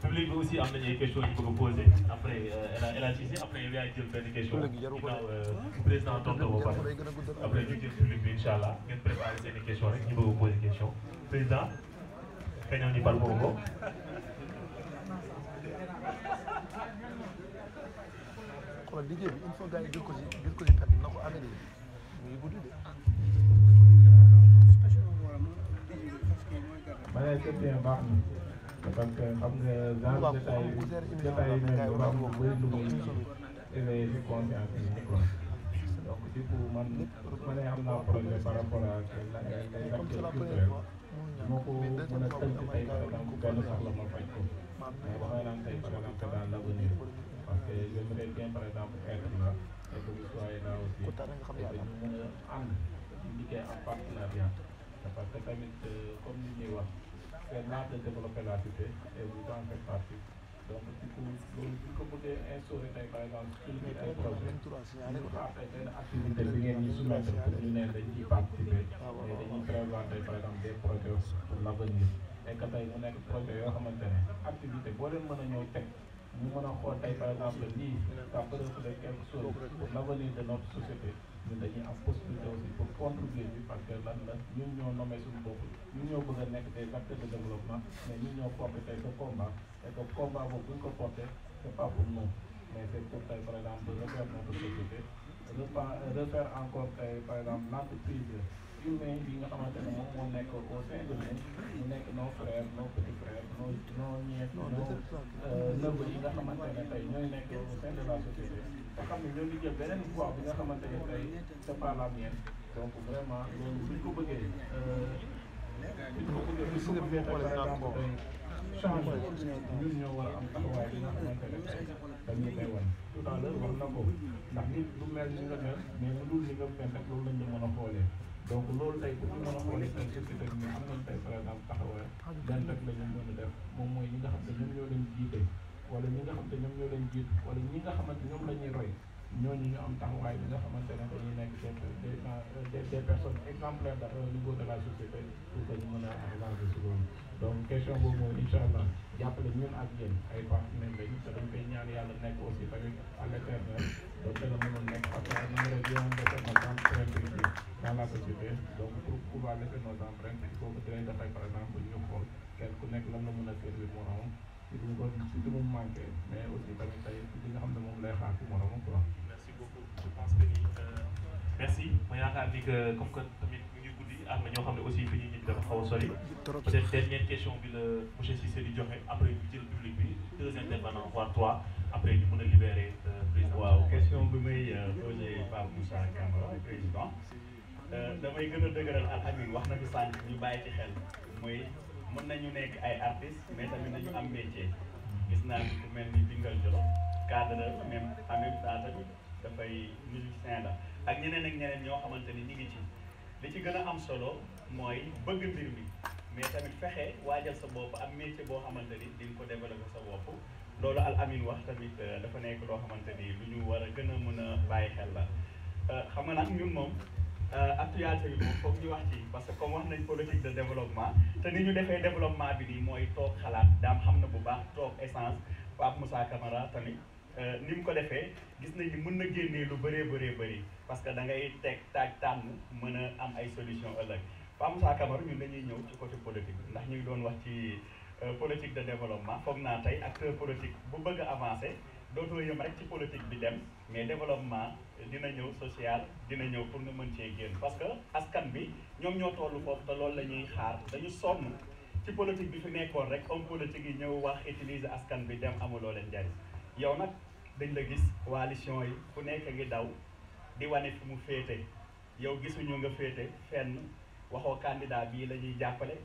public bi aussi am nañu ay questions yu bëgg a posé après euh, El Hadj après yow yaay jël benn question ginnaaw euh, président Tonto ba pare après ñu jël public bi incha allah ngeen préparé seen i questions rek ñu bëgg a posé question président kañam ñu par boobu kon liggéey bi il faut gars yi jël ko ci jël ko ci perte na ko amee mu ngi gudd de ma ne c'est bien baax na parce que xam nga genre jotaay jotaay yu mel dafa am lu bëri lu muy éveillé ci conscience bi quoi donc du coup man ma ne am naa projet par rapport ak ay acteurs culturels moo ko mën a tënk tey par exemple benn soxla ma faj ko mais damay naan tey par exemple dans l'avenir parce que j'aimerais bien par exemple être là et que vous soyez là aussi et que ñu mën a ànd liggéey en partenariat parce que tamit euh, comme li ñuy wax they're not a development architect, and we don't have architect. So people people put their answer in their background, still make a problem. And then actually they begin instrument to put in and they keep activate, and they keep around their background, their project to level it. Et que ça, il y a un projet, activité, bonne manière, Nous avons encore, par exemple ni ça peut de quelque chose pour l'avenir de notre société nous dañuy une possibilité aussi pour contribuer parce que là, là, nous ñoo nommé sur bopp nous nous des acteurs de développement mais nous avons porté tey ce combat et que combat vous pouvez le porter, ce n'est pas pour nous mais c'est pour faire, par exemple refaire notre société refaire encore par exemple l'entreprise humain bi nga xamante ne moom moo nekk au sein de nekk nos frères nos petits frères nos nos nièces nos neveux yi nga xamante ne tey ñooy nekk au sein de la société te xam ne ñoo ngi jël beneen poids bi nga xamante ne tey c'est pas la mienne donc vraiment loolu bu ñu ko bëggee bu ñu ko bëggee bu ñu ko bëggee tey changement a am taxawaay bi nga xamante ne tey dañuy koy wan tout à l'heure na ko ndax nit lu mel ni nga mel mais lu dul li nga mel rek loolu lañ mën a xoolee donc loolu tey bu ñu mën a xoolee tey société bi am nañ tey par exemple taxawaay gan rek la ñu mën a def moom mooy ñi nga xam te ñoom ñoo leen jiite wala ñi nga xam te ñoom ñoo leen jiit wala ñi nga xamante ñoom la ñuy roy ñooñu ñu am taxawaay bi nga xamante ne dañuy nekk des euh, des des personnes exemplaires au niveau de la société pour que ñu mën a avancer si loolu donc question boobu mooy incha allah jàppale ñun ak yéen ay partenaires lañu te dañ koy ñaan yàlla nekk aussi tamit à l'éternel donc la mënoon nekk parce que nous de faire nos empreintes dans la société donc pour pouvoir laisser nos empreintes il faut que dinañ dafay par exemple ñu xool kenn ku nekk lan la mën a servir moroomam ci li ko ci li mu manqué mais aussi tamit tey li nga xam ne moom lay xaar ci moroomam quoi. merci beaucoup je pense que ni euh, am na ñoo xam ne aussi fi ñu ñibbi dafa xaw a sori. peut-être dernière question bi la monsieur Cissé di joxe après ñu jël public bi deux intervenants voire trois après ñu mën a libérer euh, président. waaw question bi may euh, posé Pape Moussa Camara président euh, damay gën a dëgëral ak wax nañu sànq ñu bàyyi ci xel mooy mën nañu nekk ay artistes mais tamit nañu am métier gis naa ni ku mel ni Bingal Jolof cadre même en même temps tamit dafay la ak ñeneen ak ñeneen ñoo xamante ni ñu ngi ci. li ci gën a am solo mooy bëgg mbir mi mais tamit fexe waajal sa bopp ak métier boo xamante ni di nga ko développé sa bopp loolu al amin wax tamit euh, dafa nekk loo xamante ni lu ñu war a gën a mën a bàyyi xel la euh, xam nga nag ñun moom euh, actualité bi moom foog ñu wax ci parce que comme wax nañ politique de développement te ni ñu defee développement bi nii mooy toog xalaat daam xam na bu baax toog essence Pape Moussa Camara tamit Euh, ni mu ko defee gis nañu mën na génnee lu bëree bëree bëri parce que da ngay teg taaj tànn mën a am ay solution ëllëg Pa Moussa ñu ñun ñuy ñëw ci côté politique ndax ñu ngi doon wax ci euh, politique de développement foog naa tey acteur politique bu bëgg avancé avancer dootoo yëm rek ci politique bi dem mais développement dina ñëw social dina ñëw pour nga mën cee génn parce que askan bi ñoom ñoo tollu foofu te loolu la ñuy xaar dañu sonn ci politique bi fi nekkoon rek homme politique yi ñëw wax utiliser askan bi dem amuloo leen njariñ yow nag dañ la gis coalition yi ku nekk ngi daw di wane fi mu féete yow gisuñu nga féete fenn waxoo candidat bii la ñuy jàppale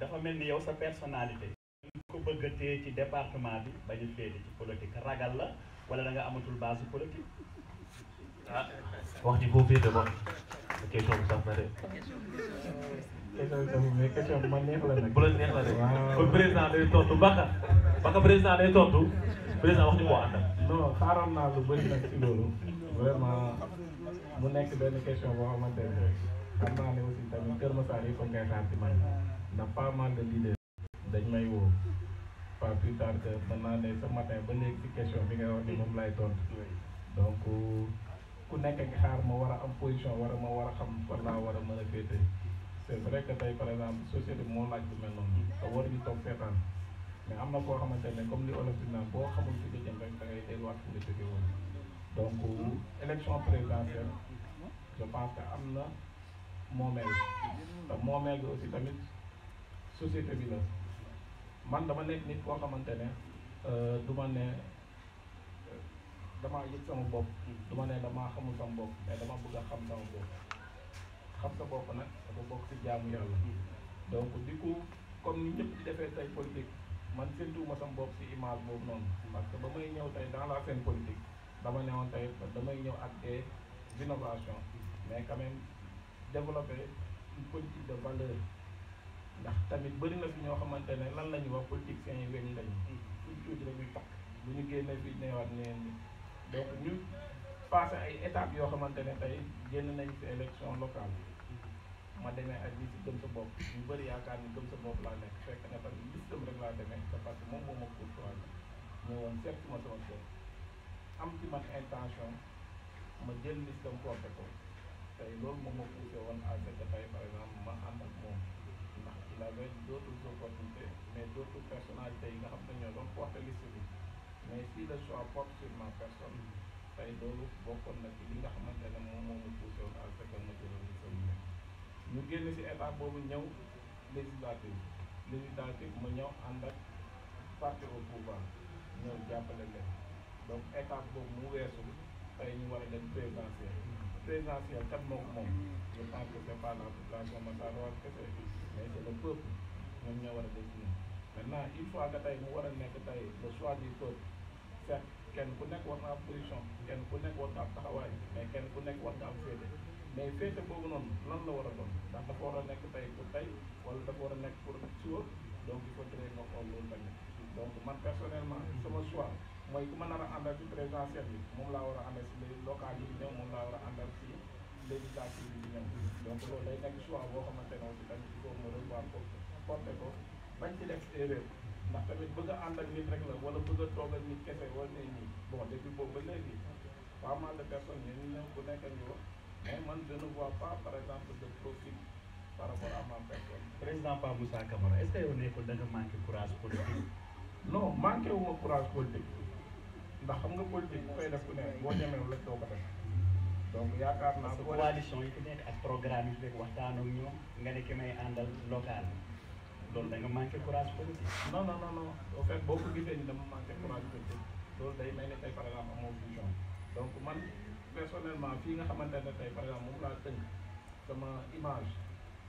dafa mel ni yow sa personnalité ñu ko bëgg a téye ci département bi ba ñu féete ci politique ragal la wala da nga amatul base politique ah wax ji boobu de bon question bi sax na de question bi man neex la nag bu la neex la de kon président day tontu baka baka président day tontu président wax ni moo àndal. non xaaroon naa lu bëri nag ci loolu vraiment mu nekk benn question boo xamante ne xam naa ne aussi tamit Kër Massar yi comme ngay xaar ci man ndax pas mal de leaders dañ may woo pas plus tard que mën naa ne ce matin ba léegi ci question bi nga wax ni moom lay tontu donc ku nekk nga xaar ma war a am position war a ma war a xam fan laa war a mën a féete c'est vrai que tey par exemple société moo laaj bu mel noonu te war ñu toog seetaan. mais am na koo xamante ne comme li olof di naan boo xamul fi nga jëm rek da ngay delluwaat fi nga jóge woon donc élection présidentielle je pense que am na moomeel te moomeel gi aussi tamit société bi la dama nekk nit koo xamante ne euh, du ma ne euh, damaa yëg sama bopp du ma ne damaa xamul sama bopp mais dama bëgg a xam sama bopp xam sa bopp nag dafa bokk ci jaamu yàlla donc du coup comme ni ñëpp defee tey politique man séntuwuma sama bopp si image boobu noonu parce que ba may ñëw tey dans la scène politique dama ne woon tey damay ñëw ak des innovations mais quand même développer une politique de valeur ndax tamit bëri na fi ñoo xamante ne lan la ñuy wax politiciens yi weñ lañu suñ tuuti la ñuy takk bu ñu génnee fii neewaat neen ni donc ñu passé ay étapes yoo xamante ne tey génn nañ si élection locale ma demee ak gis gëm sa bopp ñu bëri yaakaar ni gëm sa bopp laa nekk fekk na parce que rek laa demee te parce que moom moo ma courtois ñëwoon seet ma sama bopp am ci man intention ma jël listam porté ko tey loolu moom ma poussé woon à cette tey par exemple ma ànd ak moom ndax il avait d'autres opportunités mais d'autres personnalités yi nga xam ne ñoo doon porté liste bi mais si le choix porte sur ma personne tey loolu bokkoon na ci li nga xamante ne moom moo ma poussé ñu génn si état boobu ñëw législative législative ma ñëw ànd ak parti au pouvoir ñëw jàppale leen donc état boobu mu weesu tey ñu war a dem présidentiel présidentiel kat moo ko moom je pense que c'est pas la population Massaroa kese mais c'est le peuple ñoom ñoo war a désigner maintenant il faut que tey mu war a nekk tey le choix du peuple certes kenn ku nekk war na am position kenn ku nekk war na am taxawaay mais kenn ku nekk war na am féete mais féete boobu noonu lan la war a doon war a nekk tey pour wala dafa war a nekk pour suba donc il faut que nga xool loolu tamit donc man sama choix mooy ku ma a àndal ci présidentiel moom laa war a àndal si les locales yi di ñëw moom laa war a àndal si législative yi di ñëw donc loolu day nekk choix boo xamante ne aussi tamit il faut ma revoir ko porté ko bañ ci def erreur ndax tamit bëgg a ànd ak rek la wala bëgg a toog ak nit kese wala ne nii bon depuis boobu ba léegi pas mal de personnes yi ñu ñëw ku nekk ak ñu mais man je ne vois pas par exemple de profil par rapport à ma personne. président Pape Moussa Camara est ce que yow nekkul da nga manqué courage wu ma courage politique ndax xam nga politique bu koy def ku ne boo ñemee lépp doo ko def donc naa. parce que coalition yi fi nekk ak programme yi fi nekk waxtaan ak ñoom nga ne ki may àndal local loolu da nga manqué courage politique. non non non non au fait boo ni dama manqué courage politique day mel ni tey vision donc man. personnellement fii nga xamante ne tey par exemple moom laa tënk sama image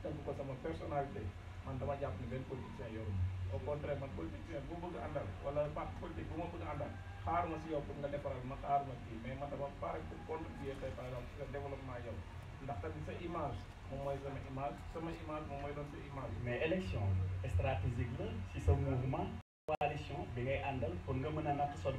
tënk ko sama personnalité man dama jàpp ni benn politicien yoru au contraire man politicien bu bëgg àndal wala parti politique bu ma bëgg àndal xaar ma si yow pour nga defaral ma xaar ma kii mais man dama pare pour contribuer tey par exemple sa développement yow ndax tamit sa image moom mooy sama image sama image moom mooy doon sa image. mais élection stratégique la si sa mouvement coalition bi ngay àndal pour nga mën a natt sa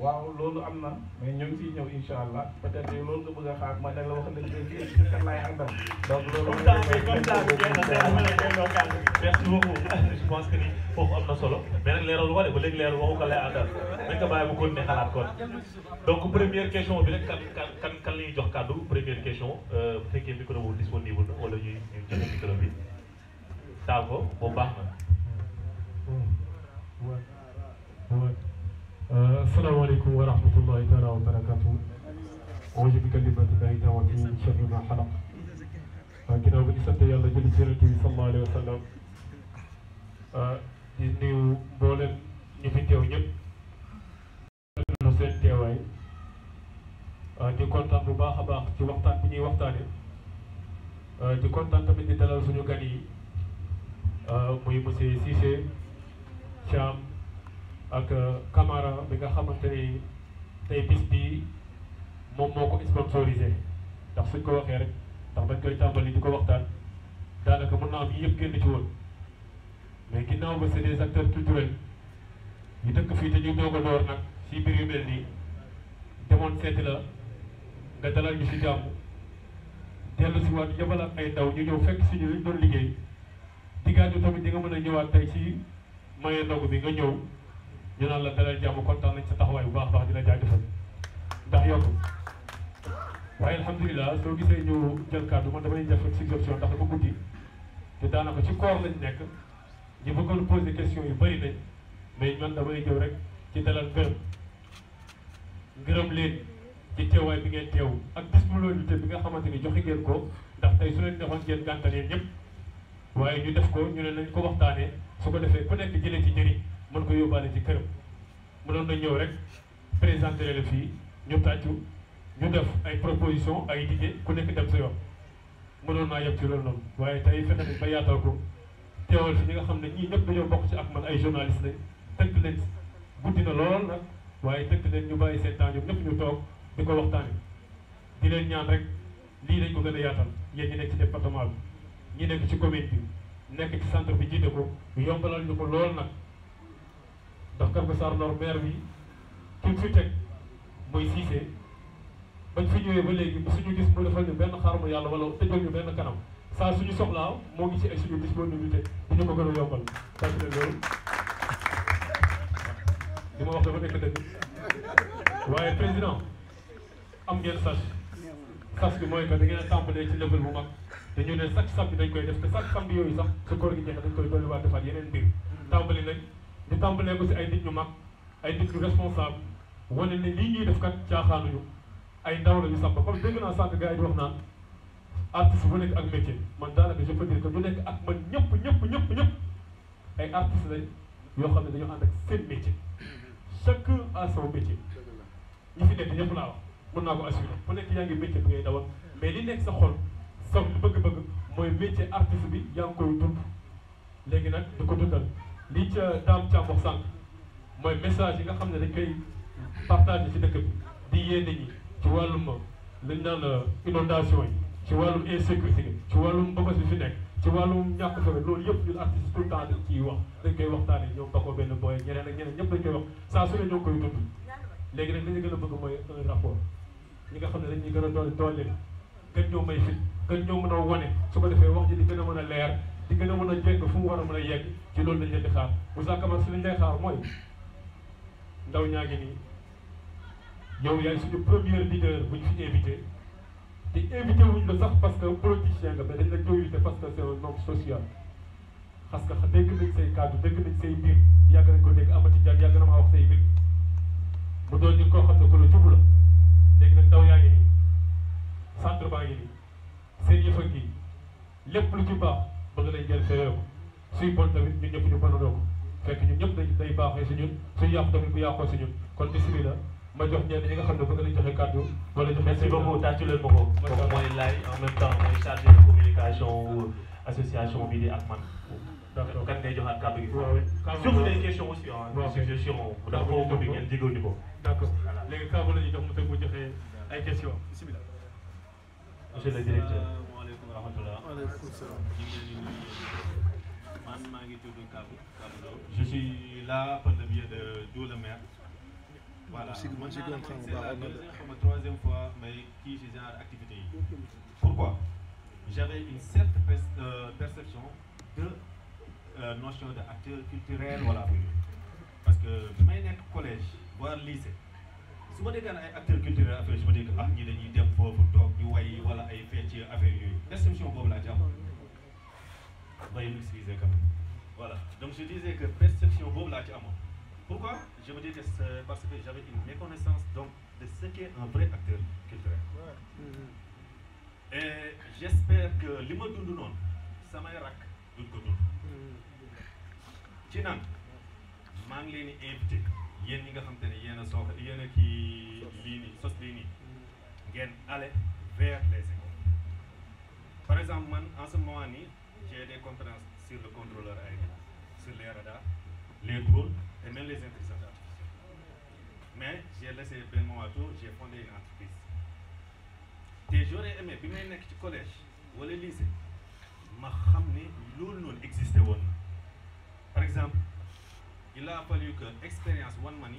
waaw loolu am na mais ñoo ngi ciy ñëw incha allah peut être loolu nga bëgg a xaar mooy nag la wax dëgg yàlla ci kër laay àndal. donc loolu comme ça bi comme ça bi jeex na tey am na delloo kàddu gi. na solo mais nag leeral ko de ba léegi leeral waxu ko lay àndal bi rek kan kan kan kan la ñuy jox kàddu première question euh, bu fekkee micro bu disponible na wala ñuy ñu joxe micro bi taal ko boobu baax السلام عليكم ورحمة الله تعالى وبركاته. أوجه بكلمة الله تعالى وفي شر ما خلق. لكن أبو نسبة يا الله جل سيرة النبي صلى الله عليه وسلم. آه، نيو بولن نفتي ونب. نسيت يا واي. جكون آه، تام ربا خبا في وقت بني وقت عليه. آه، جكون تام تبدي تلاو سنو كني. مي مسيسيسي. شام ak euh, Camara bi nga xamante ni tey bis bi moom moo ko sponsorisé ndax suñ ko waxee rek ndax dañ koy tàmbali di ko waxtaan daanaka mën naa am yëpp génn ci woon mais ginnaaw ba c'est des acteurs culturels ñu fii te ñu doog a si biir yu mel nii demoon seeti la nga dalal ñu si jàmm dellu si waat yebalaat ay ndaw ñu ñëw fekk si ñu luñ doon liggéey diggaat ñu tamit di nga mën a ñëwaat tey si maye ndogu bi nga ñëw ñu naan la dalal jàmm kontaan nañ ci taxawaay bu baax baax dina jaajëfal ndax yokku waaye alhamdulilah soo gisee ñu jël kàddu man damay def suggestion ndax dafa guddi te daanaka ci koor lañ nekk ñu bëggoon poser question yu bëri nañ mais man damay jëw rek ci dalal gërëm gërëm leen ci teewaay bi ngeen teew ak disponibilité bi nga xamante ni joxe ngeen ko ndax tey su leen defoon ngeen gàntaleen ñëpp waaye ñu def ko ñu ne nañ ko waxtaanee su ko defee ku nekk jëlee ci njëriñ mën ko yóbbaale ci këram mënoon na ñëw rek présenté fii ñu tàccu ñu def ay proposition ay idée ku nekk dem sa yoon mënoon naa yem ci loolu noonu waaye tey fexe nañ ba yaatal ko teewal fi ñi nga xam ne ñii ñëpp bokk ci ak man ay journaliste lañ tënk leen guddi na lool waaye tënk leen ñu bàyyi seen temps ñoom ñu toog di ko waxtaane di leen ñaan rek lii dañ ko gën a yaatal yéen ñi nekk ci département bi ñi nekk ci commune bi nekk ci centre bi jiite ko yombalal ñu ko lool nag ndax Kër Massar Nord maire bi ki fi teg mooy Cissé bañ fi ñëwee ba léegi suñu gis mu defal ñu benn xarmu yàlla wala tëjal ñu benn kanam saa suñu soxlaa moo ngi ci ay suñu disponibilité bu ñu ko gën a yombal tànk na loolu ma wax dafa nekk dëgg waaye président am ngeen sas sas bi mooy que da ngeen a tàmbalee ci level bu dañ koy def te chaque samedi yooyu sax su koor gi dañ koy dolliwaat defaat yeneen mbir tàmbali nañ ñu tàmbalee ko si ay nit ñu mag ay nit ñu responsable wane ne lii ñuy def kat caaxaanuñu ay ndaw la ñu sàmp comme dégg naa sànq gars yi di wax naan artiste bu nekk ak métier man daanaka je peux dire que bu nekk ak man ñëpp ñëpp ñëpp ñëpp ay artiste lañ yoo xam ne dañoo ànd ak seen métier chacun a son métier ñi fi nekk ñëpp laa wax mën naa ko assurer bu nekk yaa ngi métier bi ngay dawal mais li nekk sa xol sa bëgg-bëgg mooy métier artiste bi yaa ngi koy dund léegi nag di ko dundal li ca daam ca wax mooy message yi nga xam ne dañ koy partager ci dëkk bi di yéene ñi ci wàllum lañ naan euh, inondation yi ci wàllum insécurité bi ci wàllum mbëbës bi fi nekk ci wàllum ñàkk fexe loolu yëpp ñun artiste tout le temps dañ ciy wax dañ koy waxtaane ñoom ba ko benn booy ñeneen ak ñeneen ñëpp dañ koy wax saa su ne ñoo koy dund léegi nag li ñu gën a bëgg mooy un rapport ñi nga xam ne dañuy gën a doole doole gën ñoo may fit gën ñoo mën a wane su ko defee wax ji a mën a leer di a fu mu war a mën a ci loolu lañ leen di xaar Moussa Camara si lañ xaar mooy ndaw ñaa ngi nii yow yaay suñu premier leader bu ñu fi invité te invité wuñ la sax parce que politicien nga mais dañ parce que c'est un parce que dégg nañ say kàddu dégg nañ say mbir ko dégg Amady Diagne yàgg na maa wax say mbir mu doon ñu koo la jublu la léegi nag ndaw yaa ngi nii centre baa ngi nii seen yëfa lu ci baax ba nga lay jël sa si bon tamit ñun ñëpp ñu bonandoo ko fekk ñun ñëpp day day baaxee si ñun suy yàqu tamit bu yàqoo si ñun kon bisimilah ma jox ñenn ñi nga xam ne bëgg nañ joxe kàddu wala joxe merci beaucoup tàccu leen ma ko kooku de bi di ak man d'accord kan ngay joxaat kàddu gi surtout les questions aussi ah des suggestions ndax boo ko di ngeen jigéen ñu ko d'accord léegi kàddu la ñuy jox mu tëgg mu joxe ay questions bisimilah monsieur le directeur euh, waaleykum rahmatullah Je suis là par le biais de Dieu le maire. Voilà. C'est la deuxième ou troisième fois mais qui j'ai à activité. Pourquoi J'avais une certaine euh, perception de euh, notion d'acteur culturel. Voilà. Parce que je suis au collège, voire lycée. si je suis ay acteur culturel, je me dis que ah ñi dañuy dem foofu toog ñu way wala ay fecc affaire yooyu perception boobu laa ci voilà. Donc je disais que perception Pourquoi? Je me disais euh, parce que j'avais une méconnaissance donc de ce qu'est un vrai acteur culturel. Et j'espère que les ma samay mm-hmm. invité mm-hmm. vers les écoles. Par exemple en ce moment j'ai des compétences sur le contrôleur aérien, sur les radars, les drones et même les intelligences Mais j'ai laissé pleinement à j'ai fondé une entreprise. Et j'aurais aimé je may nekk ci collège ou lycée ma je ne loolu pas existé l'on par exemple il a fallu que expérience one money.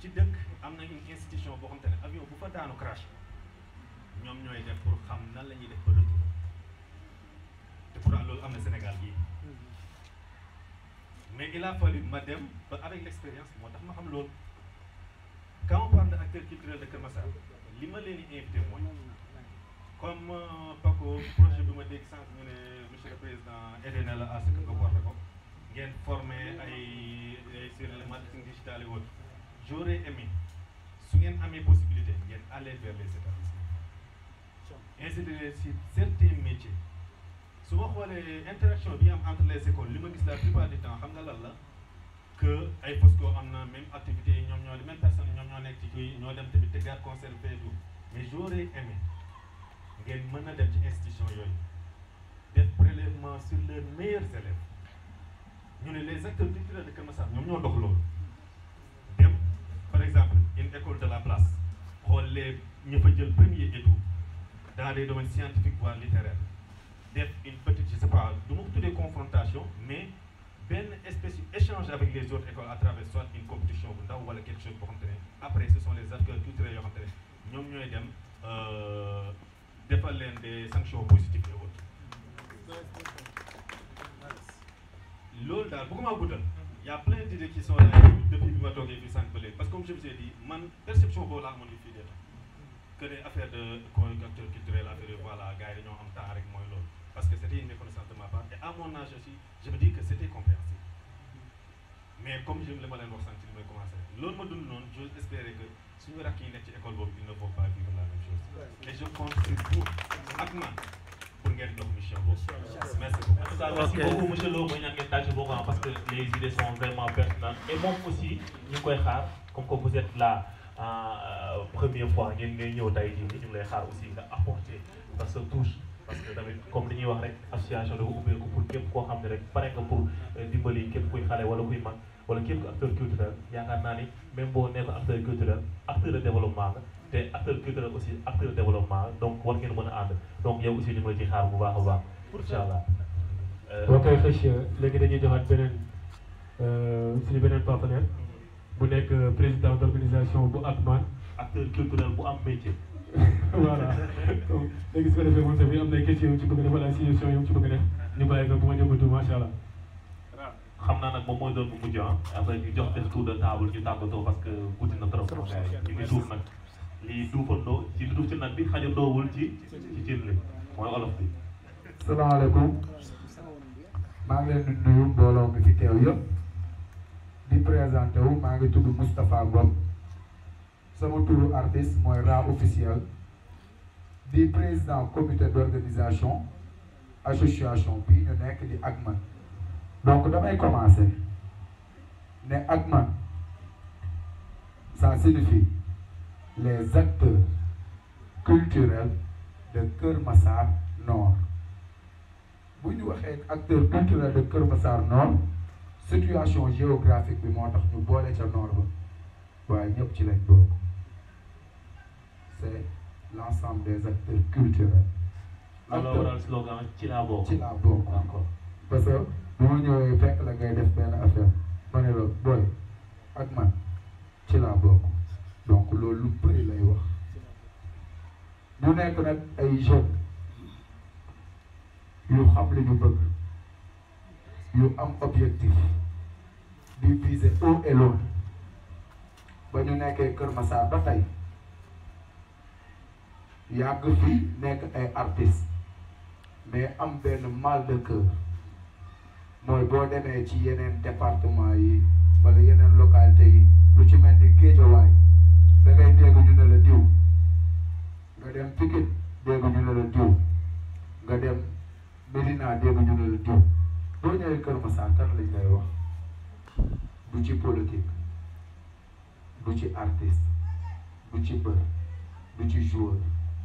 ci dëkk am une institution boo xam te ne avion bu fa daanu crash ñoom ñooy def pour xam nan la def pour pourtant loolu Sénégal mm-hmm. mais il a fallu madame, avec l'expérience, moi, moo tax xam quand on parle d'acteurs culturels culturel de Kermassa, Massar li ma invité comme euh, Paco projet de ma dégg sànq monsieur le président RNL à ce que nga porte ko ngeen formé ay ay sur le marketing digital et autres j'aurais aimé su vous avez possibilité possibilités, aller vers les établissements Ainsi, certains métiers su ma les interaction bi entre les écoles li ma gis la plupart du temps xam nga lan la que ay POSCO am na même activité les mêmes personnes, même personne ñoom ñoo nekk ci kii ñoo dem tamit concert tout mais j'aurais aimé ngeen mën a dem ci institution yooyu prélèvement sur les meilleurs élèves Nous, les acteurs culturels de Keur Massar ñoom ñoo dox dem par exemple une école de la place xool les ñu fa premier et dans les domaines scientifiques voire littéraires d'être une petite je sais pas de ma confrontations, mais ben espèce échange avec les autres écoles à travers soit une compétition ou ndaw wala quelque chose pour entrer après ce sont les acteurs qui yoo xamante nous. Nous, nous, dem euh, des sanctions positives et autres loolu daal il y' a plein d'idées qui sont là depuis bi ma toogee du sànq parce que comme je vous ai dit man perception boobu laa que les affaires de co culturels, affaire voilà gars yi dañoo am temps moi parce que c'était une méconnaissance de ma part. Et à mon âge aussi, je me dis que c'était compréhensible. Mais comme je me le mal ressentir, je me commencé. L'autre mot non, j'espérais j'espère que si nous dit une école, ils ne vont pas vivre la même chose. Et je compte sur vous, avec pour pour gagner de mission. Merci beaucoup. Merci beaucoup, monsieur Lo, ah, parce que les idées sont vraiment pertinentes. Et moi aussi, nous comme vous êtes là, ah, euh, première fois, nous sommes venus nous aussi, apporter, parce que touche. parce que tamit comme li ñuy wax rek association dafa ubbeeku pour képp koo xam ne rek pare nga pour euh, dimbali képp kuy xale wala kuy mag wala képp ku acteur culturel yaakaar naa ni même boo nekk acteur culturel acteur de développement nga te acteur culturel aussi acteur de développement donc war ngeen mën a ànd donc yow aussi ñu ngi ci xaar bu baax a baax incha allah. Euh, boo koy xëcc léegi dañuy joxaat beneen euh, suñu beneen partenaire bu nekk président d' bu ACMAN acteur culturel bu am métier. voilà donc léegi su ko defee moom tamit am na ay questions yu ci bëgg a def wala suggestions yu ci bëgg a def ñu bàyyi ko bu ma jëmbatoo macha allah. xam naa nag moom mooy doon bu mujj ah après ñu jox def tour de table ñu tàggatoo parce que guddi na trop. trop ñu ngi duuf nag lii duufandoo ci duuf ci nag bi xajandoowul ci ci cin li mooy olof bi. salaamaaleykum maa ngi leen di nuyu mbooloo mi fi teew yëpp di présenté wu maa ngi tudd Moustapha Ngom. sama tour artiste moy Ra officiel du président comité d'organisation association bii ñu que di Agman donc damay commencer ne Agman ça signifie les acteurs culturels de Kër Massar Nord bu ñu des acteurs culturels de Kër Massar Nord situation géographique bi moo tax ñu boole le Nord ci l'ensemble des acteurs culturels. alors le slogan c'est parce que nous, avons fait la ngay def affaire boy ak man donc le donc loolu lu nous lay wax. Nous jeunes Nous xam li Nous Nous objectif Nous haut et Nous ba ñu Kër yàgg fi nekk ay artistes mais am benn mal mooy boo demee ci yeneen département yi wala yeneen localité yi lu ci mel ni Géejawaay da ngay dégg ñu ne la diw nga dem Pikine dégg ñu ne la diw nga dem Médina dégg ñu ne la diw boo ñëwee Kër Masar kan lañ lay wax du ci politique du ci artiste du ci bër du ci joueur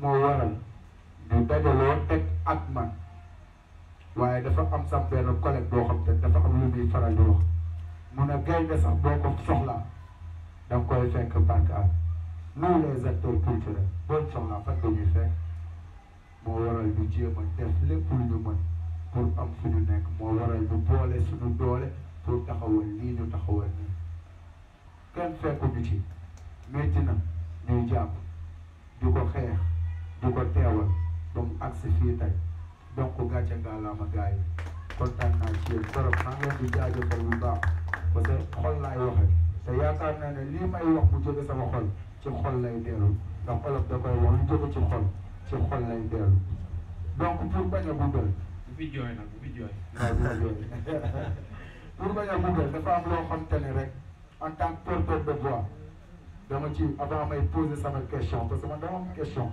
moo waral du dajaloo teg ak man waaye dafa am sax benn collègue boo xam te dafa am lu muy faral di mun a gaynde sax boo ko soxlaa da nga koy fekk Barkaal nous les acteurs culturels boo soxlaa fan la ñuy fekk moo waral ñu jéem a def lépp lu ñu mën pour am nekk moo waral ñu boole suñu doole pour taxawal lii ñu taxawal nii kenn fekkuñu ci métti na ñuy jàpp di ko xeex. bu ko teewal ba mu agsi fii tey donc gàcce ngaalaama gars yi kontaan naa ci yéen trop maa ngi leen di jaajëfal bu baax parce que xol laay waxe te yaakaar naa ne lii may wax mu jóge sama xol ci xol lay dellu ndax olof da koy wax lu jóge ci xol ci xol lay dellu donc pour bañ a guddal bu fi jooy nag bu fi jooy pour bañ a guddal dafa am loo xam te ne rek en tant que porteur de voix dama ci avant may poser sama question parce que man dama am question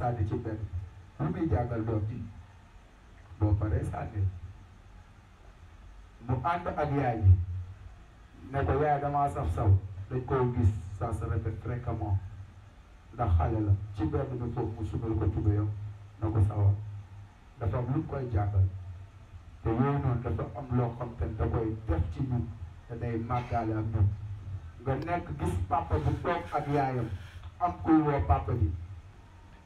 sànni ci benn lu muy jàngal boo paree sànni mu ànd ak yaay ji ne ko yaay damaa saf saw dañ koo gis ça se répète fréquemment xale la ci benn bi foofu mu sumal ko tubéyam na ko sawar dafa am koy jàngal te yooyu noonu dafa am loo xam te da koy def ci ñun te nekk gis papa bu toog ak yaayam am kuy woo papa bi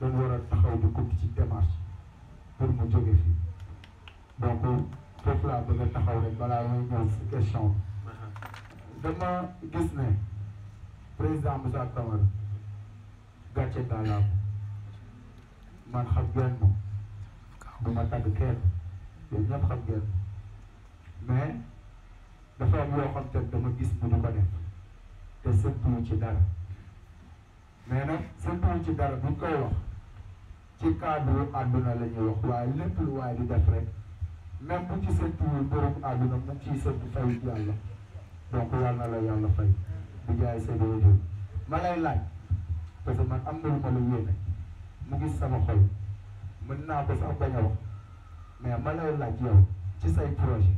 dañu war a taxaw di ko ci démarche pour mu jóge fi donc foofu laa bëgg a taxaw rek balaa may ñëw si question dama gis ne président Moussa Camara gàcce gàllam man xam ngeen ma du ma tàgg kenn yéen ñëpp xam ngeen mais dafa am yoo xam te dama gis bu du ko def te sëntuwu ci dara mais nag santuñ ci dara buñ koy wax ci cadre àdduna la ñuy wax waaye lépp lu waaye di def rek même bu ci santuwul borom àdduna mu ciy sant fay yàlla donc yal na la yàlla fay di jaay sa dojo ma lay laaj parce que man am na lu ma la mu gis sama xol mën naa ko sax bañ a wax mais ma lay laaj yow ci say projet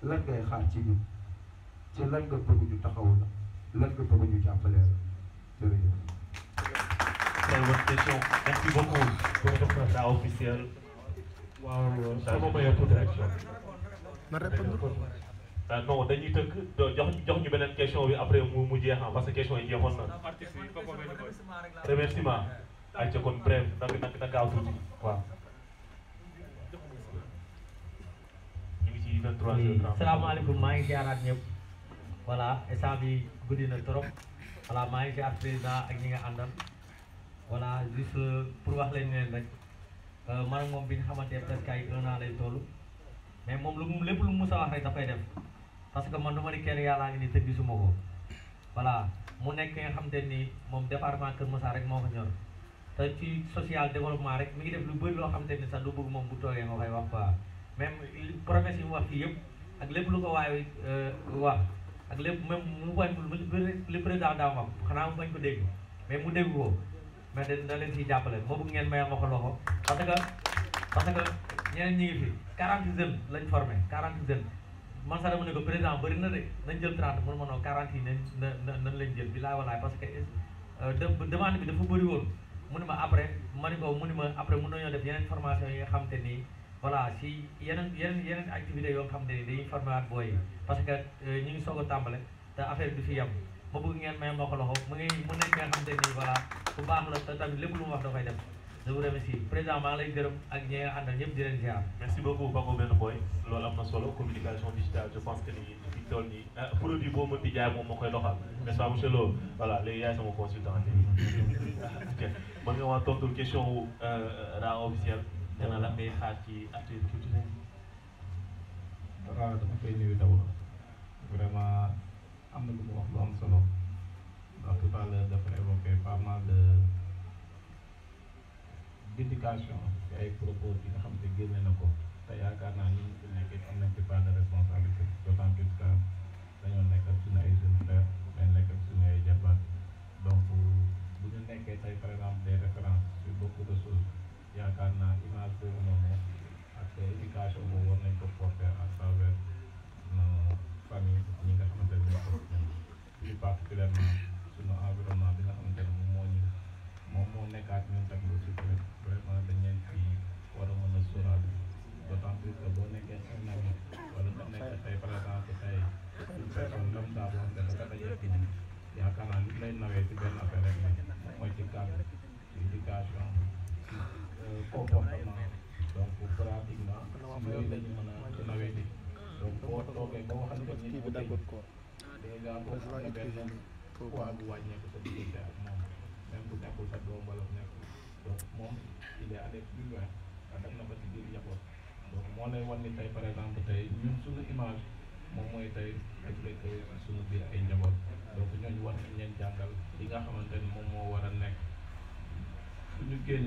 lan ngay xaar ci ñun ci lan nga bëgg ñu taxawu la lan nga bëgg ñu jàppale la jërëjëf tey votre question merci beaucoup pour le contrat officiel. waaw sama maye tuuti rek. na répondre ah non dañuy tënk jox jox ñu beneen question bi après mu mu jeexam parce que question yi jeexoon na. remerciement. ayca kon bref nag nag na gaaw tuuti waaw. ñu ngi ci 23 heures. salaamaaleykum maa ngi jaaraat ñëpp. voilà instant bi guddi na trop. voilà maa ngi jaar président ak ñi nga àndal. voilà juste pour wax leen ne rek euh, man ak moom bi ñu xamante presque ay un an lay toll mais moom lu mu lépp lu mu mës a wax rek dafay def parce que man dama di kenn yàllaa ngi ni te gisuma ko voilà mu nekk nga xam te ni moom département Kër Massar rek moo ko ñor te ci social développement rek mi ngi def lu bëri loo xam te ni sax lu bëgg moom bu toogee nga koy wax quoi même promesse yi mu wax fii yëpp ak lépp lu ko waaye euh, wax ak lépp même mu koy li président daa wax xanaa mu bañ ko dégg mais mu dégg mais da da leen ciy jàppale ma bëgg ngeen mayal ma ko loxo parce que parce que ñeneen ñi ngi fi 40 jeunes lañ formé 40 jeunes man ko président bëri na de nañ jël 30 mun ma noo 40 yi nañ na nañ lañ jël bilaay walaay parce que euh, demande bi dafa bëri woon mu ne ma après ma ne ko mu ne ma après mën nañoo def yeneen formation yi nga xam te nii voilà si yeneen yeneen yeneen activités yoo xam te ni dañuy formé waat booy parce que euh, ñu ngi soog a te affaire bi fi yem ma bëgg ngeen may ma ko loxo mu ngi mu nekk nga xam te ni voilà bu baax la te tamit lépp lu mu wax da koy dem je vous remercie président maa ngi lay gërëm ak ñi boy loolu am na solo communication digitale je pense que ni fi toll nii eh, produit boo mënti jaay moom moo koy loxal n'est-ce pas monsieur Lo voilà léegi yaay sama consultant ok mën nga waa tontul question wu raa officiel dana la ngay xaar ci actualité culturelle. waaw dama koy nuyu d'abord vraiment am na lu mu wax lu am solo ndax tout à l'heure dafa évoqué pas mal de dédication ci ay propos yi nga xam te génne na ko te yaakaar naa ni ñu fi nekkee am nañ ci part de responsabilité d'autant plus que dañoo nekk ak suñu ay jeunes frères dañ nekk ak suñu ay jabar donc bu ñu nekkee tey par exemple des références sur beaucoup de choses yaakaar naa image boobu noonu ak éducation boobu war nañ ko porter à travers famille ñi nga xamante ne ñoo ko plus particulièrement suñu environnement bi nga xamante ne moom moo ñu moom moo nekkaat ñun tamit aussi vraiment dañ leen fi war a mën a sóoraal d'autant plus que boo nekkee un ami wala nga nekk tey par exemple tey une personne lambda daa boo xam ne dafa dajee ci ñun yaakaar naa li lay nawee ci benn affaire rek mooy ci cadre ci éducation ci euh, comportement donc pratiquement yooyu la ñu mën a nawee donc boo toogee ba wax nga ni mu dëgg dèjà boo xam ne benn poids bu wàññeeku sa diggante ak moom même bu nekkul sa doom wala bu nekkul donc moom il est allé plus loin dem na ba ci biir njaboot donc moo lay wan ni tey par exemple tey ñun suñu image moom mooy tey refléter suñu biir ay njaboot donc ñooñu war nañ leen jàngal li nga xamante ni moom moo war a nekk suñu génn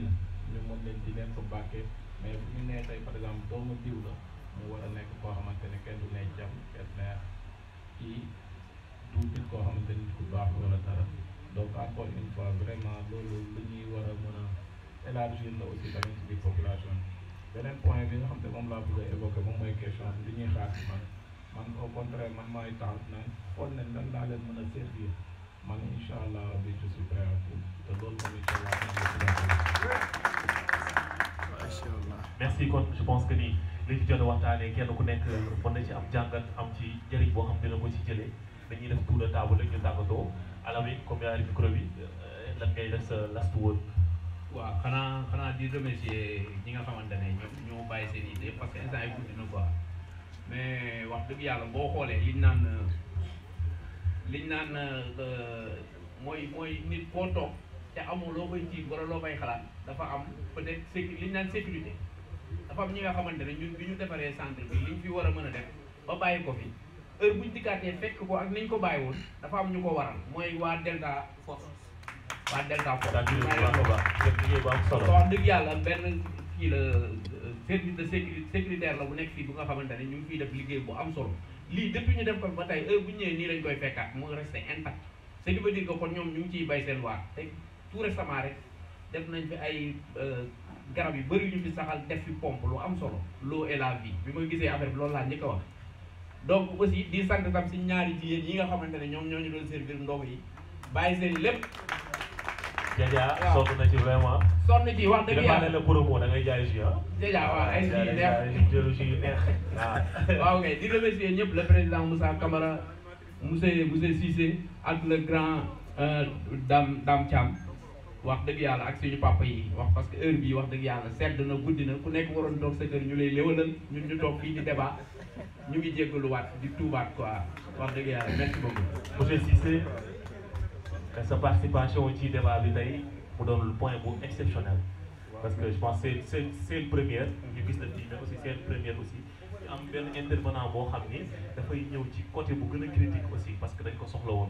ñu mën leen di leen ko bàkkee mais bu ñu nee tey par exemple doomu diw la. mu war a nekk koo xamante ne kenn du ne jam kenn ne kii du nit koo xamante nit ku baax wala dara donc encore une fois vraiment loolu lu ñuy war a mën a élargir la aussi tamit ci biir population beneen point bi nga xam te moom laa bëgg a évoquer moom mooy question bi ñuy xaar ci man man au contraire man maay tax na xool nañ lan laa leen mën a servir man incha allah bi je suis prêt à tout te loolu moom incha allah merci kon je pense que nii li ci jot a waxtaanee kenn ku nekk mën na ci am jàngat am ci njëriñ boo xam dina ko ci jëlee dañuy def tour de table rek ñu tàggatoo alami comme yaa ngi micro bi euh, lan ngay def sa last word. waaw xanaa xanaa di remercier ñi nga xamante ne ñoom ñoo bàyyi seen idée parce que instant yi guddi na mais wax dëgg yàlla boo xoolee liñ naan liñ naan euh, mooy mooy nit koo toog te amul loo koy jiib wala loo koy xalaat dafa am peut-être sécu liñ naan sécurité. dafa am ñi nga xamante ne ñun bi ñu defaree centre bi fi war a mën a def ba bàyyi ko fi heure buñ dikkaatee fekk ko ak nañ ko bàyyi woon dafa am ñu ko waral mooy waa Delta Force waa Delta Force so wax dëgg yàlla benn kii la euh, service de sécurité sécuritaire la bu nekk fii bu nga xamante ne ñu ngi def liggéey bu am solo lii depuis ñu def ko ba tey heure bu ñu ñëwee nii lañ koy fekkaat mu resté intact ce qui veut dire que kon ñoom ñu ngi ciy bay seen waar te tout récemment rek def nañ fi ay euh, garab yu bëri ñu fi saxal def fi loo am solo l'eau et la vie bi ma gisee affaire bi loolu laa njëkk a wax donc aussi di sant tam si ñaari jigéen yi nga xamante ne ñoom ñoo ñu doon servir ndogu yi bàyyi seen lépp Jaja sonn na ci vraiment. sonn ci wax dëgg yàlla la promo da ngay jaay jus ah. Jaja waaw ay jus neex jus neex waaw. waaw kay di remercier ñëpp le président Moussa Camara monsieur monsieur Cissé ak le grand euh, Dame Dame wax dëgg yàlla ak suñu papa yi wax parce que heure bii wax dëgg yàlla sedd na guddi na ku nekk waroon toog sa kër ñu lay léwalal ñun ñu toog fii di débat ñu ngi jéggaluwaat di tuubaat quoi wax dëgg yàlla merci beaucoup. monsieur Cissé sa participation ci débat bi tey mu doon le point bu exceptionnel. parce que je pense que c'est c'est une première. ñu gis na fii mais aussi c'est une première aussi. am benn intervenant boo xam ni dafay ñëw ci côté bu gën a critique aussi parce que dañ ko soxla woon.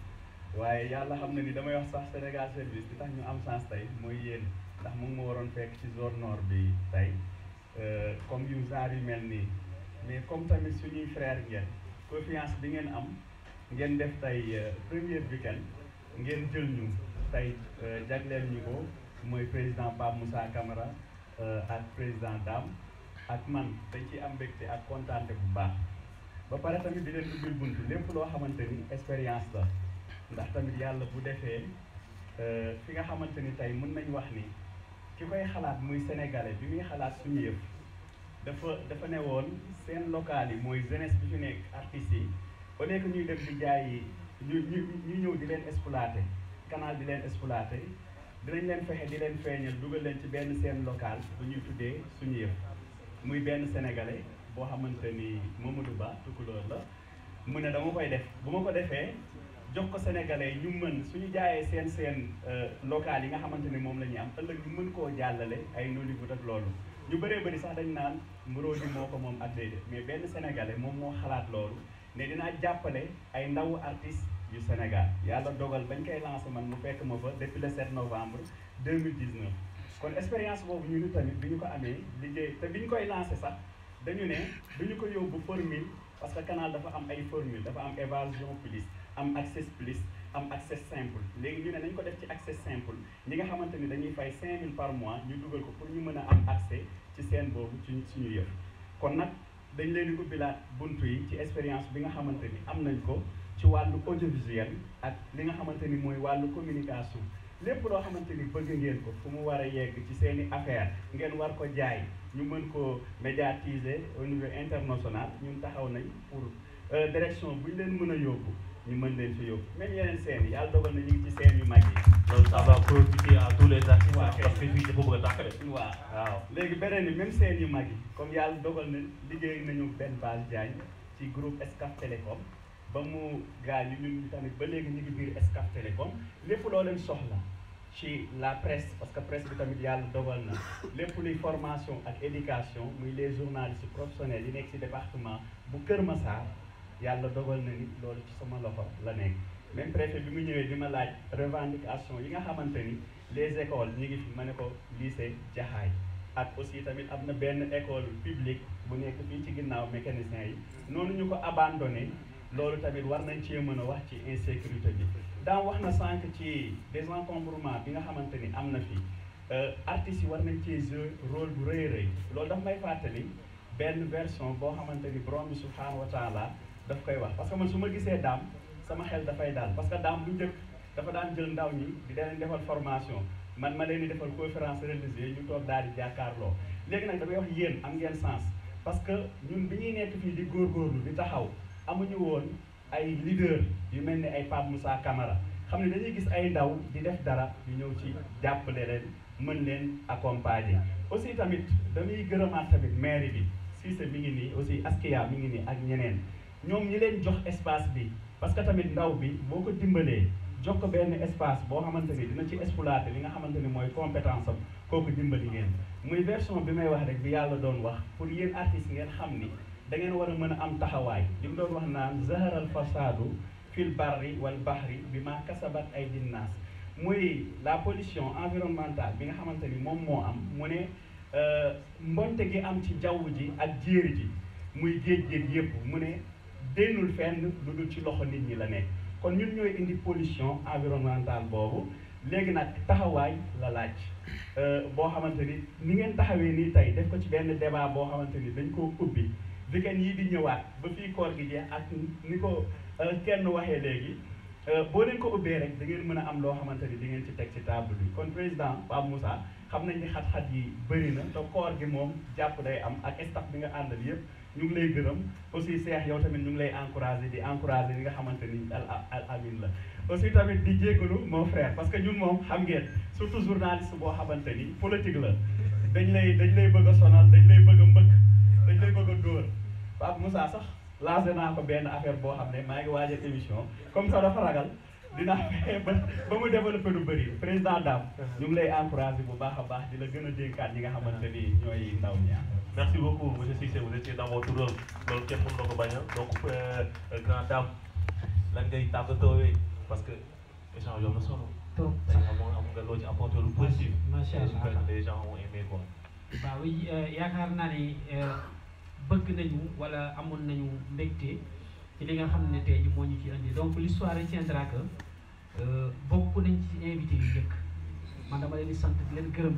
waaye yàlla xam na ni damay wax sax Sénégal service bi tax ñu am chance tey mooy yéen ndax mu ma waroon fekk ci zone nord bi tey euh, comme yu genre yu mel nii mais comme tamit suñuy frère ngeen confiance bi ngeen am ngeen def tey euh, premier weekend ngeen jël ñu tey euh, jagleel ñu ko mooy président Pape Moussa Camara ak président Dame ak man dañ ci am mbégte ak kontaante bu baax ba pare tamit di leen ubbil bunt lépp loo xamante ni expérience la ndax tamit yàlla bu defee euh, fi nga xamante ni tey mën nañ wax ni ki koy xalaat muy sénégalais bi muy xalaat suñu yëf dafa dafa ne woon seen local yi mooy jeunesse bi ñu nekk artistes yi au ñuy def di jaay ñu ñu ñu ñëw di leen exploité kanaal di leen exploité dinañ leen fexe di leen feeñal dugal leen ci benn seen local bu ñuy tuddee suñu yëf muy benn sénégalais boo xamante ni Mamadou Ba tukulóor la mu ne dama koy def bu ma ko defee jox ko sénégalais ñu mën suñu jaayee seen seen euh, locale yi nga xamante ne moom la ñuy am ëllëg ñu mën koo jàllale ay Nollywood ak loolu ñu bëree bëri sax dañ naan Marodi moo ko moom ak déedéet mais benn sénégalais moom moo xalaat loolu ne dinaa jàppale ay ndawu artiste yu Sénégal yàlla dogal bañ koy lancé man mu fekk ma fa depuis le 7 novembre 2019 kon expérience boobu ñu ni tamit bi ñu ko amee liggéey te bi ñu koy lancé sax dañu ne du ñu ko yóbbu parce que canal dafa am ay formule dafa am évasion police am accès plus am accès simple léegi ñu ne nañ ko def ci accès simple ñi nga xamante ni dañuy fay 5000 par mois ñu dugal ko pour ñu mën a am accès ci seen boobu ci suñu yëf kon nag dañ leen di ubbilaat buntu yi ci expérience bi nga xamante ni am nañ ko ci wàllu audiovisuel ak li nga xamante ni mooy wàllu communication lépp loo xamante ni bëgg ngeen ko fu mu war a yegg ci seen i affaire ngeen war ko jaay ñu mën ko médiatiser au niveau international ñun taxaw nañ pour euh, direction bu ñu leen mën a yóbbu ñu mën leen fi yóbbu même yeneen seen yàlla dogal na ñu ngi ci seen yu mag yi. loolu ça va profiter à tous les artistes. waaw parce que fii dafa bëgg a tàqale. waaw waaw léegi beneen bi même seen yu mag yi comme yàlla dogal na liggéey nañu benn base Diagne ci groupe Escaf Télécom ba mu gaañ ñu ñun tamit ba léegi ñu ngi biir Escaf Télécom lépp loo leen soxla ci la presse parce que presse bi tamit yàlla dogal na lépp luy formation ak éducation muy les journalistes professionnels yi nekk ci département bu Kër Massar. yàlla dogal na ni loolu ci sama loxo la nekk même préfet bi mu ñëwee di ma laaj revendication yi nga xamante ni les écoles ñu ngi ma ne ko lycée Jaxaay ak aussi tamit am na benn école publique bu nekk fii ci ginnaaw mécanicien yi noonu ñu ko abandonné loolu tamit war nañ cee mën a wax ci insécurité bi daaw wax na sànq ci désencombrement bi nga xamante ni am na fi euh, artistes yi war nañ cee jouer rôle bu rëy rëy loolu daf may fàttali benn version boo xamante ni borom bi subhaanahu wa daf koy wax parce que man suma gisee daam sama xel dafay daal parce que daam bu njëkk dafa daan jël ndaw ñi di leen defal formation man ma leen di defal conférence religieuse ñu toog daal di jàkkaarloo léegi nag damay wax yéen am ngeen sens parce que ñun bi ñuy nekk fii di góorgóorlu di taxaw amuñu woon ay leader yu mel ni ay Pape Moussa Camara xam ne dañuy gis ay ndaw di def dara ñu ñëw ci jàppale leen mën leen accompagner aussi tamit dañuy gërëmaat tamit maire bi Cissé mi ngi nii aussi Askia mi ngi nii ak ñeneen ñom ñi leen jox espace bi parce que tamit ndaw bi boko ko jox ko ben espace bo xamanteni dina ci exploiter li nga xamanteni moy compétence am kooku dimbali ngeen muy version bi may wax rek bi yàlla doon wax pour yéen artiste ngeen xamni da ngeen wara a am taxaway li doon wax naan al fasad fil barri wal bahri bima ma kasabat ay nas muy la pollution environnementale bi nga xamanteni mom mo am mune euh mbonte gi am ci jaww ji ak jéeri ji muy géej géej yépp mune génnul fenn lu dul ci loxo ni ñi la nekk kon ñu ñooy indi pollution environnementale boobu léegi nag taxawaay la laaj euh, boo xamante ni ni ngeen taxawee nii tey def ko ci benn débat boo xamante ni dañ koo di weekend yi di ñëwaat ba fii koor gi jeex ak ni ko euh, kenn waxee léegi euh, boo leen ko ubbee rek da ngeen mën a am loo xamante ni di ngeen ci teg ci table bi kon président Pape musa xam nañ ni xat-xat yi bëri na te koor gi moom jàpp day am ak staff bi nga àndal yëpp ñu ngi lay gërëm aussi Cheikh yow tamit ñu ngi lay encouragé di encouragé li nga xamante ni al al amin la. aussi tamit di jéggalu mon frère parce que ñun moom xam ngeen surtout journaliste boo xamante ni politique la dañ lay dañ lay bëgg sonal dañ lay bëgg a mbëkk dañ lay bëgg a dóor Pape Moussa sax lancé naa ko benn affaire boo xam ne maa ngi waajal émission comme ça dafa ragal. dina ba ba mu développé lu bëri président Dame ñu lay encouragé bu baax a baax di la gën a dénkaat ñi nga xamante ni ñooy ndaw ñaa merci beaucoup monsieur Cissé vous étiez dans votre rôle loolu kenn mën na donc euh, euh, grand dame lan ngay tàggatoowee parce que échange yoon na solo. trop tey amoon am nga loo ci apporté lu positif. macha allah les gens ont aimé quoi. Bah waaw euh, yaakaar naa ne bëgg nañu wala amoon nañu mbégte ci li nga xam ne tey jii moo ñu ci indi donc l'histoire retiendra que bokk nañ ci invité yu njëkk man dama leen di sant di leen gërëm.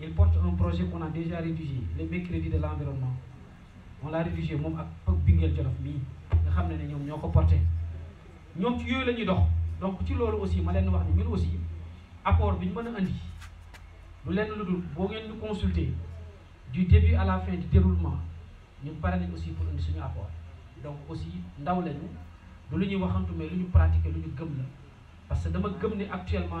il porte un projet qu'on a déjà rédigé les crédits de l'environnement on l'a rédigé mom ak ak Bingel Jolof nga xamné ñom ñoko ci donc ci aussi ma aussi apport consulter du début à la fin du déroulement ñun Nous aussi pour apport donc aussi ndaw lañu du mais parce que dama gëm actuellement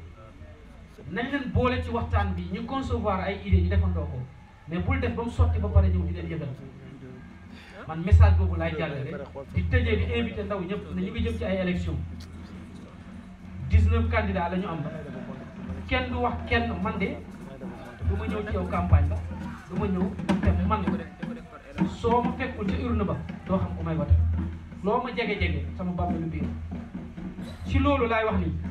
nañ boole ci waxtaan bi ñu concevoir ay idées ñu defandoo ko mais bul def ba mu sotti ba pare ñëw ñu leen yëgal man message boobu laay jàllale di tëjee di invité ndaw ñëpp ne ñu ngi jëm ci ay élection dix-neuf candidats la am kenn du wax kenn man de du ma ñëw ci yow campagne la du ma ñëw te man soo ma fekkul ci urne ba doo xam ko may wote loo ma jege jege sama bàmmeelu biir ci loolu laay wax nii.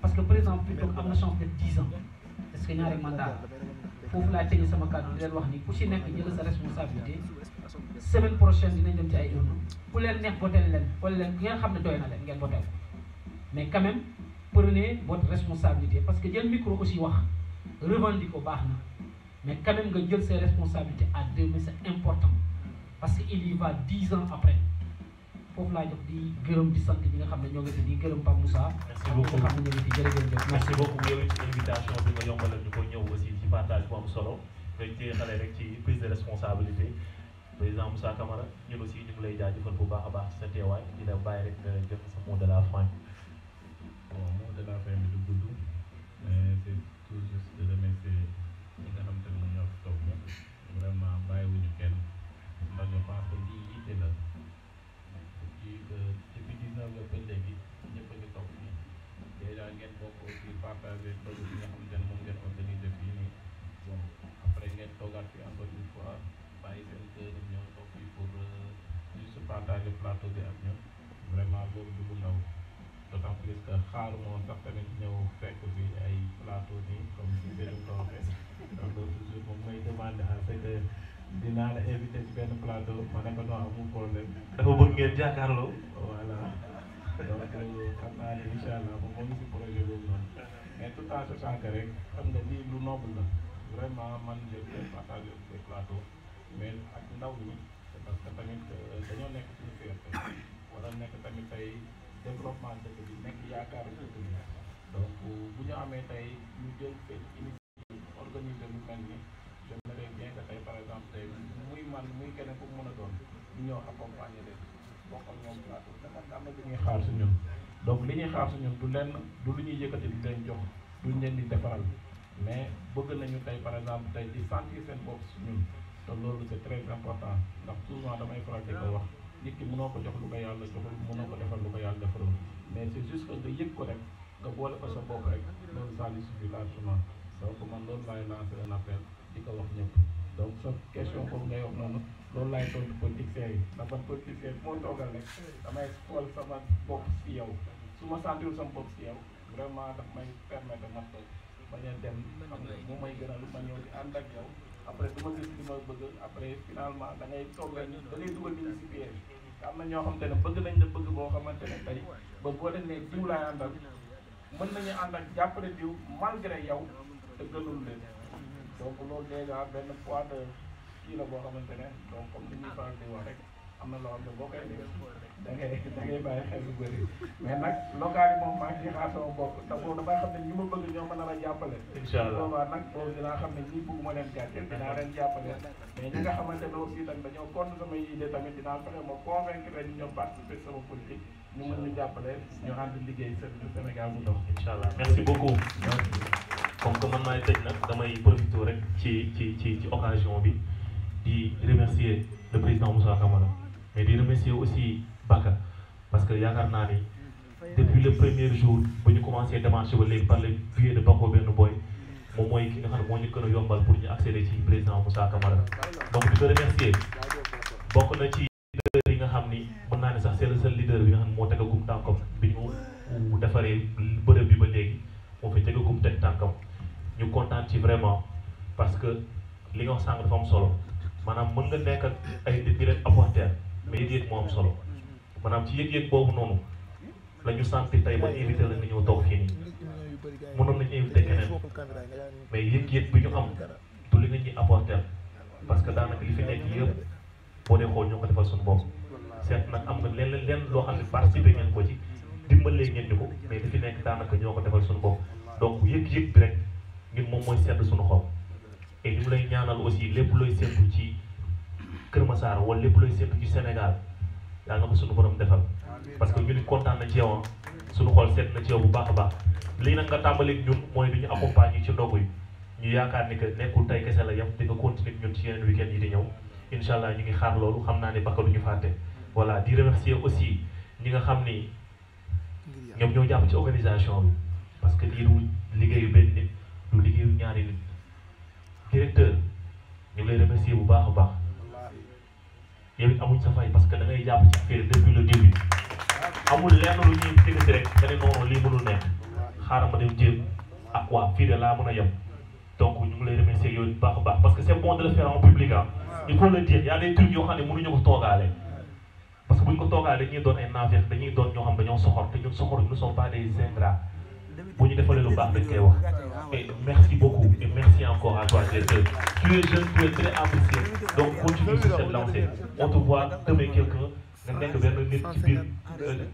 parce que présent plutôt qu'à une chance de 10 ans ce que ñaari mandat foofu la tëjee sa kàddu di leen wax ni ku si nekk jël sa responsabilité semaine prochaine dinañ dem ci ay urne ku leen neex boteel leen wala mais quand même prenez votre responsabilité parce que jël micro aussi wax revendique au mais quand même nga jël ses responsabilités à deux mais c'est important parce qu'il y va 10 ans après foofu laa jox di gërëm di sant ñi nga xam ne ñoo ngi fi di gërëm Pape Moussa. merci beaucoup xam ne ñoo ngi fi jërëjëf. merci beaucoup yow ci invitation bi nga yombalal ñu ko ñëw aussi ci partage bu am solo ngay téye xale rek ci prise de responsabilité président Moussa Camara ñun aussi ñu ngi lay jaajëfal bu baax a baax sa teewaay di la bàyyi rek nga jëf sa mot de la fin. bon mot de la fin bi du gudd mais c'est tout juste de remercier ñi nga xam te ne ñoo fi toog ñëpp vraiment bàyyiwuñu kenn ndax je pense que. ngeen bokk ci partager toolu bi nga xamante ne moom ngeen organiser fii nii bon après ngeen toogaat fii encore une fois bàyyi seen kër ñëw toog fii pour euh, juste partager plateau bi ak ñun vraiment loolu du lu ndaw d'autant plus que xaaru moom sax tamit ñëw fekk ay plateau nii comme si benn ko waxee donc toujours moom mooy demander à ce que dinaa la invité ci benn ma ne ko non amul problème dafa bëgg ngeen jàkkaarloo voilà donc xam naa ne incha allah moom ngi si projet boobu noonu mais tout en sachant que lu noble la vraiment man je vais partager des plateaux mais ak ndaw ñi parce que tamit dañoo nekk suñu fierté wala nekk tamit tey développement dëkk bi nekk yaakaaru dëkk bi bu ñu amee tey ñu jël seen initiative organiser lu mel ni j'aimerais bien que tey par exemple man muy keneen ku mën a doon ñu ñëw accompagner ñuy xaar su donc li ñuy xaar su ñun du lenn du lu ñuy yëkkati di leen jox duñ leen di defaral mais bëgg nañu tey par exemple tey di sentir seen bopp su ñun te loolu c'est très important ndax souvent damay faral di wax nit ki mënoo ko jox lu ko yàlla joxul mënoo ko defal lu ko yàlla defalul mais c'est juste que nga yëg ko rek nga boole ko sa bopp rek loolu ça lui suffit largement donc man loolu laay lancer un appel di ko wax ñëpp. donc sa question boobu ngay wax noonu loolu laay tontu politiciens yi ndax man politicien moo toogal rek damay xool sama bopp si yow su ma sentir sama bopp si yow vraiment daf may permettre ma toog bañ a dem xam nga moom may gënal ma ñëw di ànd ak yow après du ma li ma bëgg après finalement da ngay toog da ngay dugal nit ñi si biir am na ñoo xamante ne bëgg nañ la bëgg boo xamante ne tey ba boo leen ne diw laay àndal mën nañu ànd ak yow te donc loolu déjà benn poids de kii la boo xamante ne donc comme ni ñuy faral di wax rek am na loo xam ne boo koy def da ngay da ngay bàyyi xel lu bëri mais nag local yi moom maa ngi ciy xaar sama bopp te boobu damay xam ne ñi ma bëgg ñoo ma nar a jàppale. incha allah boobaa nag boobu dinaa xam ne ñii bëgguma leen gàcceel dinaa leen jàppale nga xamante ne aussi tamit dañoo contre sama idée tamit ma convaincre leen ñoom participer sama politique ñu mën ñu jàppale ñu ànd liggéey seen Sénégal bu comme que man maay tëj nag damay profité rek ci ci ci ci occasion bi di remercier le président Moussa Camara mais di remercier aussi Baka parce que yaakaar naa ni depuis le premier jour ba ñu commencé démarche ba léegi par le biais de Bako benn boy moom mooy ki nga xam ne moo ñu gën a yombal pour ñu accéder ci président Moussa Camara donc di ko remercier bokk na ci leader yi nga xam ni mën naa ne sax c'est le seul leader bi nga xam ne moo tegagum tànkam bi ñu defaree bërëb bi ba léegi moo fi tegagum teg ñu kontaan ci vraiment parce que li nga wax sànq dafa am solo maanaam mën nga nekk ak ay nit ñi leen apporter mais yëg-yëg moo am solo maanaam ci yëg-yëg boobu noonu la ñu sentir tey ba invité la nga ñëw toog fii nii mënoon nañu invité keneen mais yëg-yëg bi ñu am du li nga ñuy apporter parce que daanaka li fi nekk yëpp boo dee xool ñoo ko defal suñu bopp seet nag am nga lenn lenn loo xam ne participer ko ci dimbalee ngeen ñu ko mais li fi nekk daanaka ñoo ko defal suñu bopp donc yëg-yëg bi rek. ñun moom mooy sedd suñu xol et ñu ñaanal aussi lépp looy séntu ci Kër Masar wala lépp looy séntu ci Sénégal yaa nga ko suñu borom defal parce que ñun kontaan ah. na ci yow suñu xol seet na ci yow baax a baax lii nag nga tàmbali ñun mooy du ñu accompagner ci ndogu yi ñu yaakaar ni que nekkul tey kese la yam di nga continuer ñun ci yeneen week-end yi di ñëw incha allah ñu ngi xaar loolu xam naa ne bakka du ñu fàtte voilà di remercier aussi ñi nga xam ni ñoom ñoo jàpp ci organisation bi parce que liiru liggéeyu benn du liggéeyu ñaari nit directeur ñu lay remercier bu baax baax yow it amuñ sa parce que da ngay jàpp ci affaire depuis le début amul lenn lu ñuy tëkkati rek nga ne non lii mënul nekk xaaral ma dem jéem ak waa fii de laa mën a yem donc ñu ngi lay remercier yow bu baax baax parce que c' est bon de le faire en public ah il faut le dire y a des trucs yoo xam ne mënuñu ko toogaale parce que buñ ko toogaale dañuy doon ay naafeex dañuy doon ñoo xam dañoo soxor te ñu ne sont pas des ñu defalee lu baax dañ koy wax. merci beaucoup et merci encore à toi, Jesse. Tu es jeune, tu es très apprécié. Donc continue sur cette lancée. On te voit demain quelqu'un. nga nekk benn nit ci biir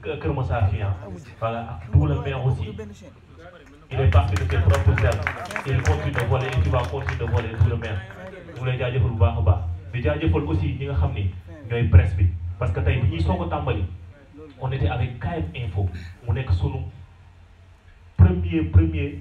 Kër Moussa Fian voilà tout le maire aussi il est parti de ses propres terres il continue de voler et tu vas continuer de les tout le maire vous les jaajëfal bu baax a baax di jaajëfal aussi ñi nga xam ni ñooy presse bi parce que tey bi ñuy soog a on était avec KF Info mu nekk sunu premier premier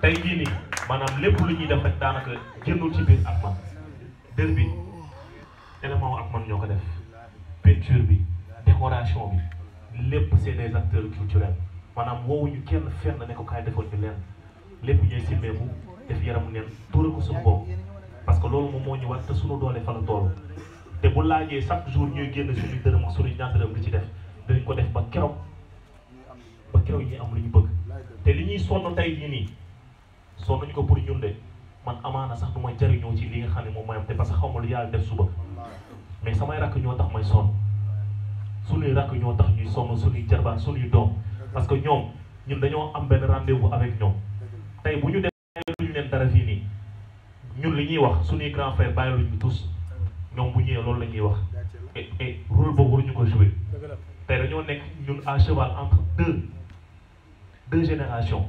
tey jii nii maanaam lépp lu ñuy def rek daanaka jëndul ci biir ak man dër bi élément ak man ñoo ko def peinture bi décoration bi lépp c'est des acteurs culturels maanaam ñu kenn fenn ne ko kaay defoon ñu leen lépp ñooy simmeeku def yaram neen tuure ko suñu bopp parce que loolu moom moo ñu war te suñu doole fa la te bu laajee chaque jour ñuy génn suñu dërëm ak suñu ñaar dërëm li ci def dañ ko def ba keroog ba keroog ñi am lu ñu bëgg te li ñuy sonn tey jii soo nañu ko pour ñun de man amaana sax du may jariñoo ci li nga xam ne moom mooy te parce que xaw ma lu yàlla def suba mais samay rakk ñoo tax may sonn suñuy rakk ñoo tax ñuy sonn suñuy jarbaan suñuy doom parce que ñoom ñun dañoo am benn rendez avec ñoom tey bu ñu demee luñu leen dara fii nii ñun li ñuy wax suñuy grand frère bàyyi luñu tous ñoom bu ñëwee loolu la ñuy wax et et rôle boobu waruñu ko jouer tey dañoo nekk ñun à cheval entre deux deux générations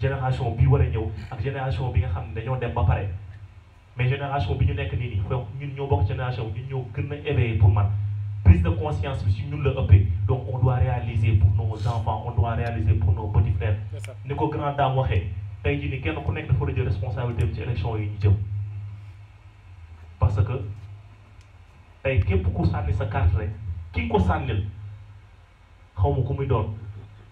génération bi war ñëw ak génération bi nga xam ne dañoo dem ba pare mais génération bi ñu nekk nii nii donc ñun ñoo bokk génération ñun ñoo gën a éveillé pour man prise de conscience bi si ñun la ëppee donc on doit réaliser pour nos enfants on doit réaliser pour nos petits frères. ni ko grand dame waxee tey jii nii kenn ku nekk dafa war a jël responsabilité ci élection yi ñu jëm parce que tey képp ku sànni sa carte rek ki ko sànnil xaw ma ku muy doon.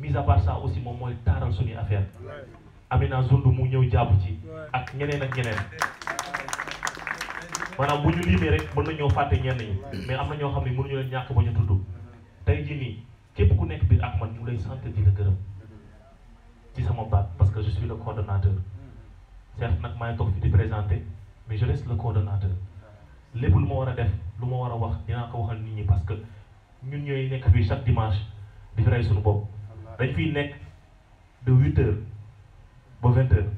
mis à part ça aussi moom mooy taaral suñuy affaire Amina Zundu mu ñëw jàpp ci ak ñeneen ak ñeneen maanaam bu ñu limee rek mën ñëw fàtte ñenn ñi mais am na ñoo xam ne mënuñu leen ñàkk ba ñu tudd tey jii nii képp ku nekk biir ak man ñu lay sant di la ci sama baat parce que je suis le coordonnateur certes nag maay toog fi di présenter mais je reste le lépp lu ma war a def lu ma war a wax dinaa ko waxal nit ñi parce que ñun ñëw nekk fii chaque dimanche di fi rey dañ fiy nekk de huit heures ba vingt heures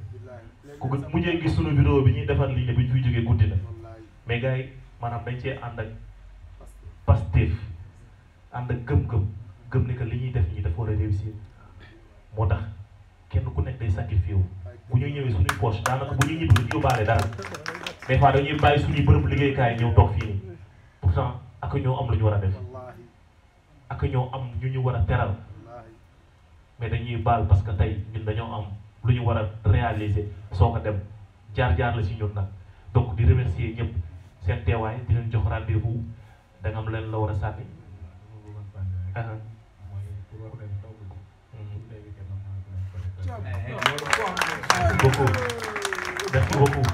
ku mujjee gis sunu vidéo bi ñuy defar lii ne bi ñu fiy jógee guddi la mais gars yi maanaam dañ cee ànd ak Pastef ànd ak gëm-gëm gëm ni li ñuy def ñi dafa war a moo tax kenn ku nekk day sacrifié wu bu ñu ñëwee suñuy poche daanaka bu ñuy ñibbi du ñu yóbbaale dara des fois dañuy bàyyi suñuy bërëb liggéeykaay ñëw toog fii nii pourtant ak ñoo am lu ñu war a def ak ñoo am ñu ñu war a teral mais dañuy baal parce que tey ñun dañoo am lu ñu war a réaliser soo ko dem jaar jaar la si ñun nag donc di remercier ñëpp seen teewaay di leen jox rendez vous da nga am leen la war a sànni. beaucoup merci beaucoup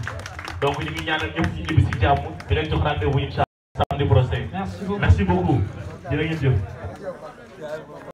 donc ñu ngi ñaanal ñëpp ñu ñibbi si jàmm di leen jox rendez vous incha samedi prochain merci beaucoup jërëjëf.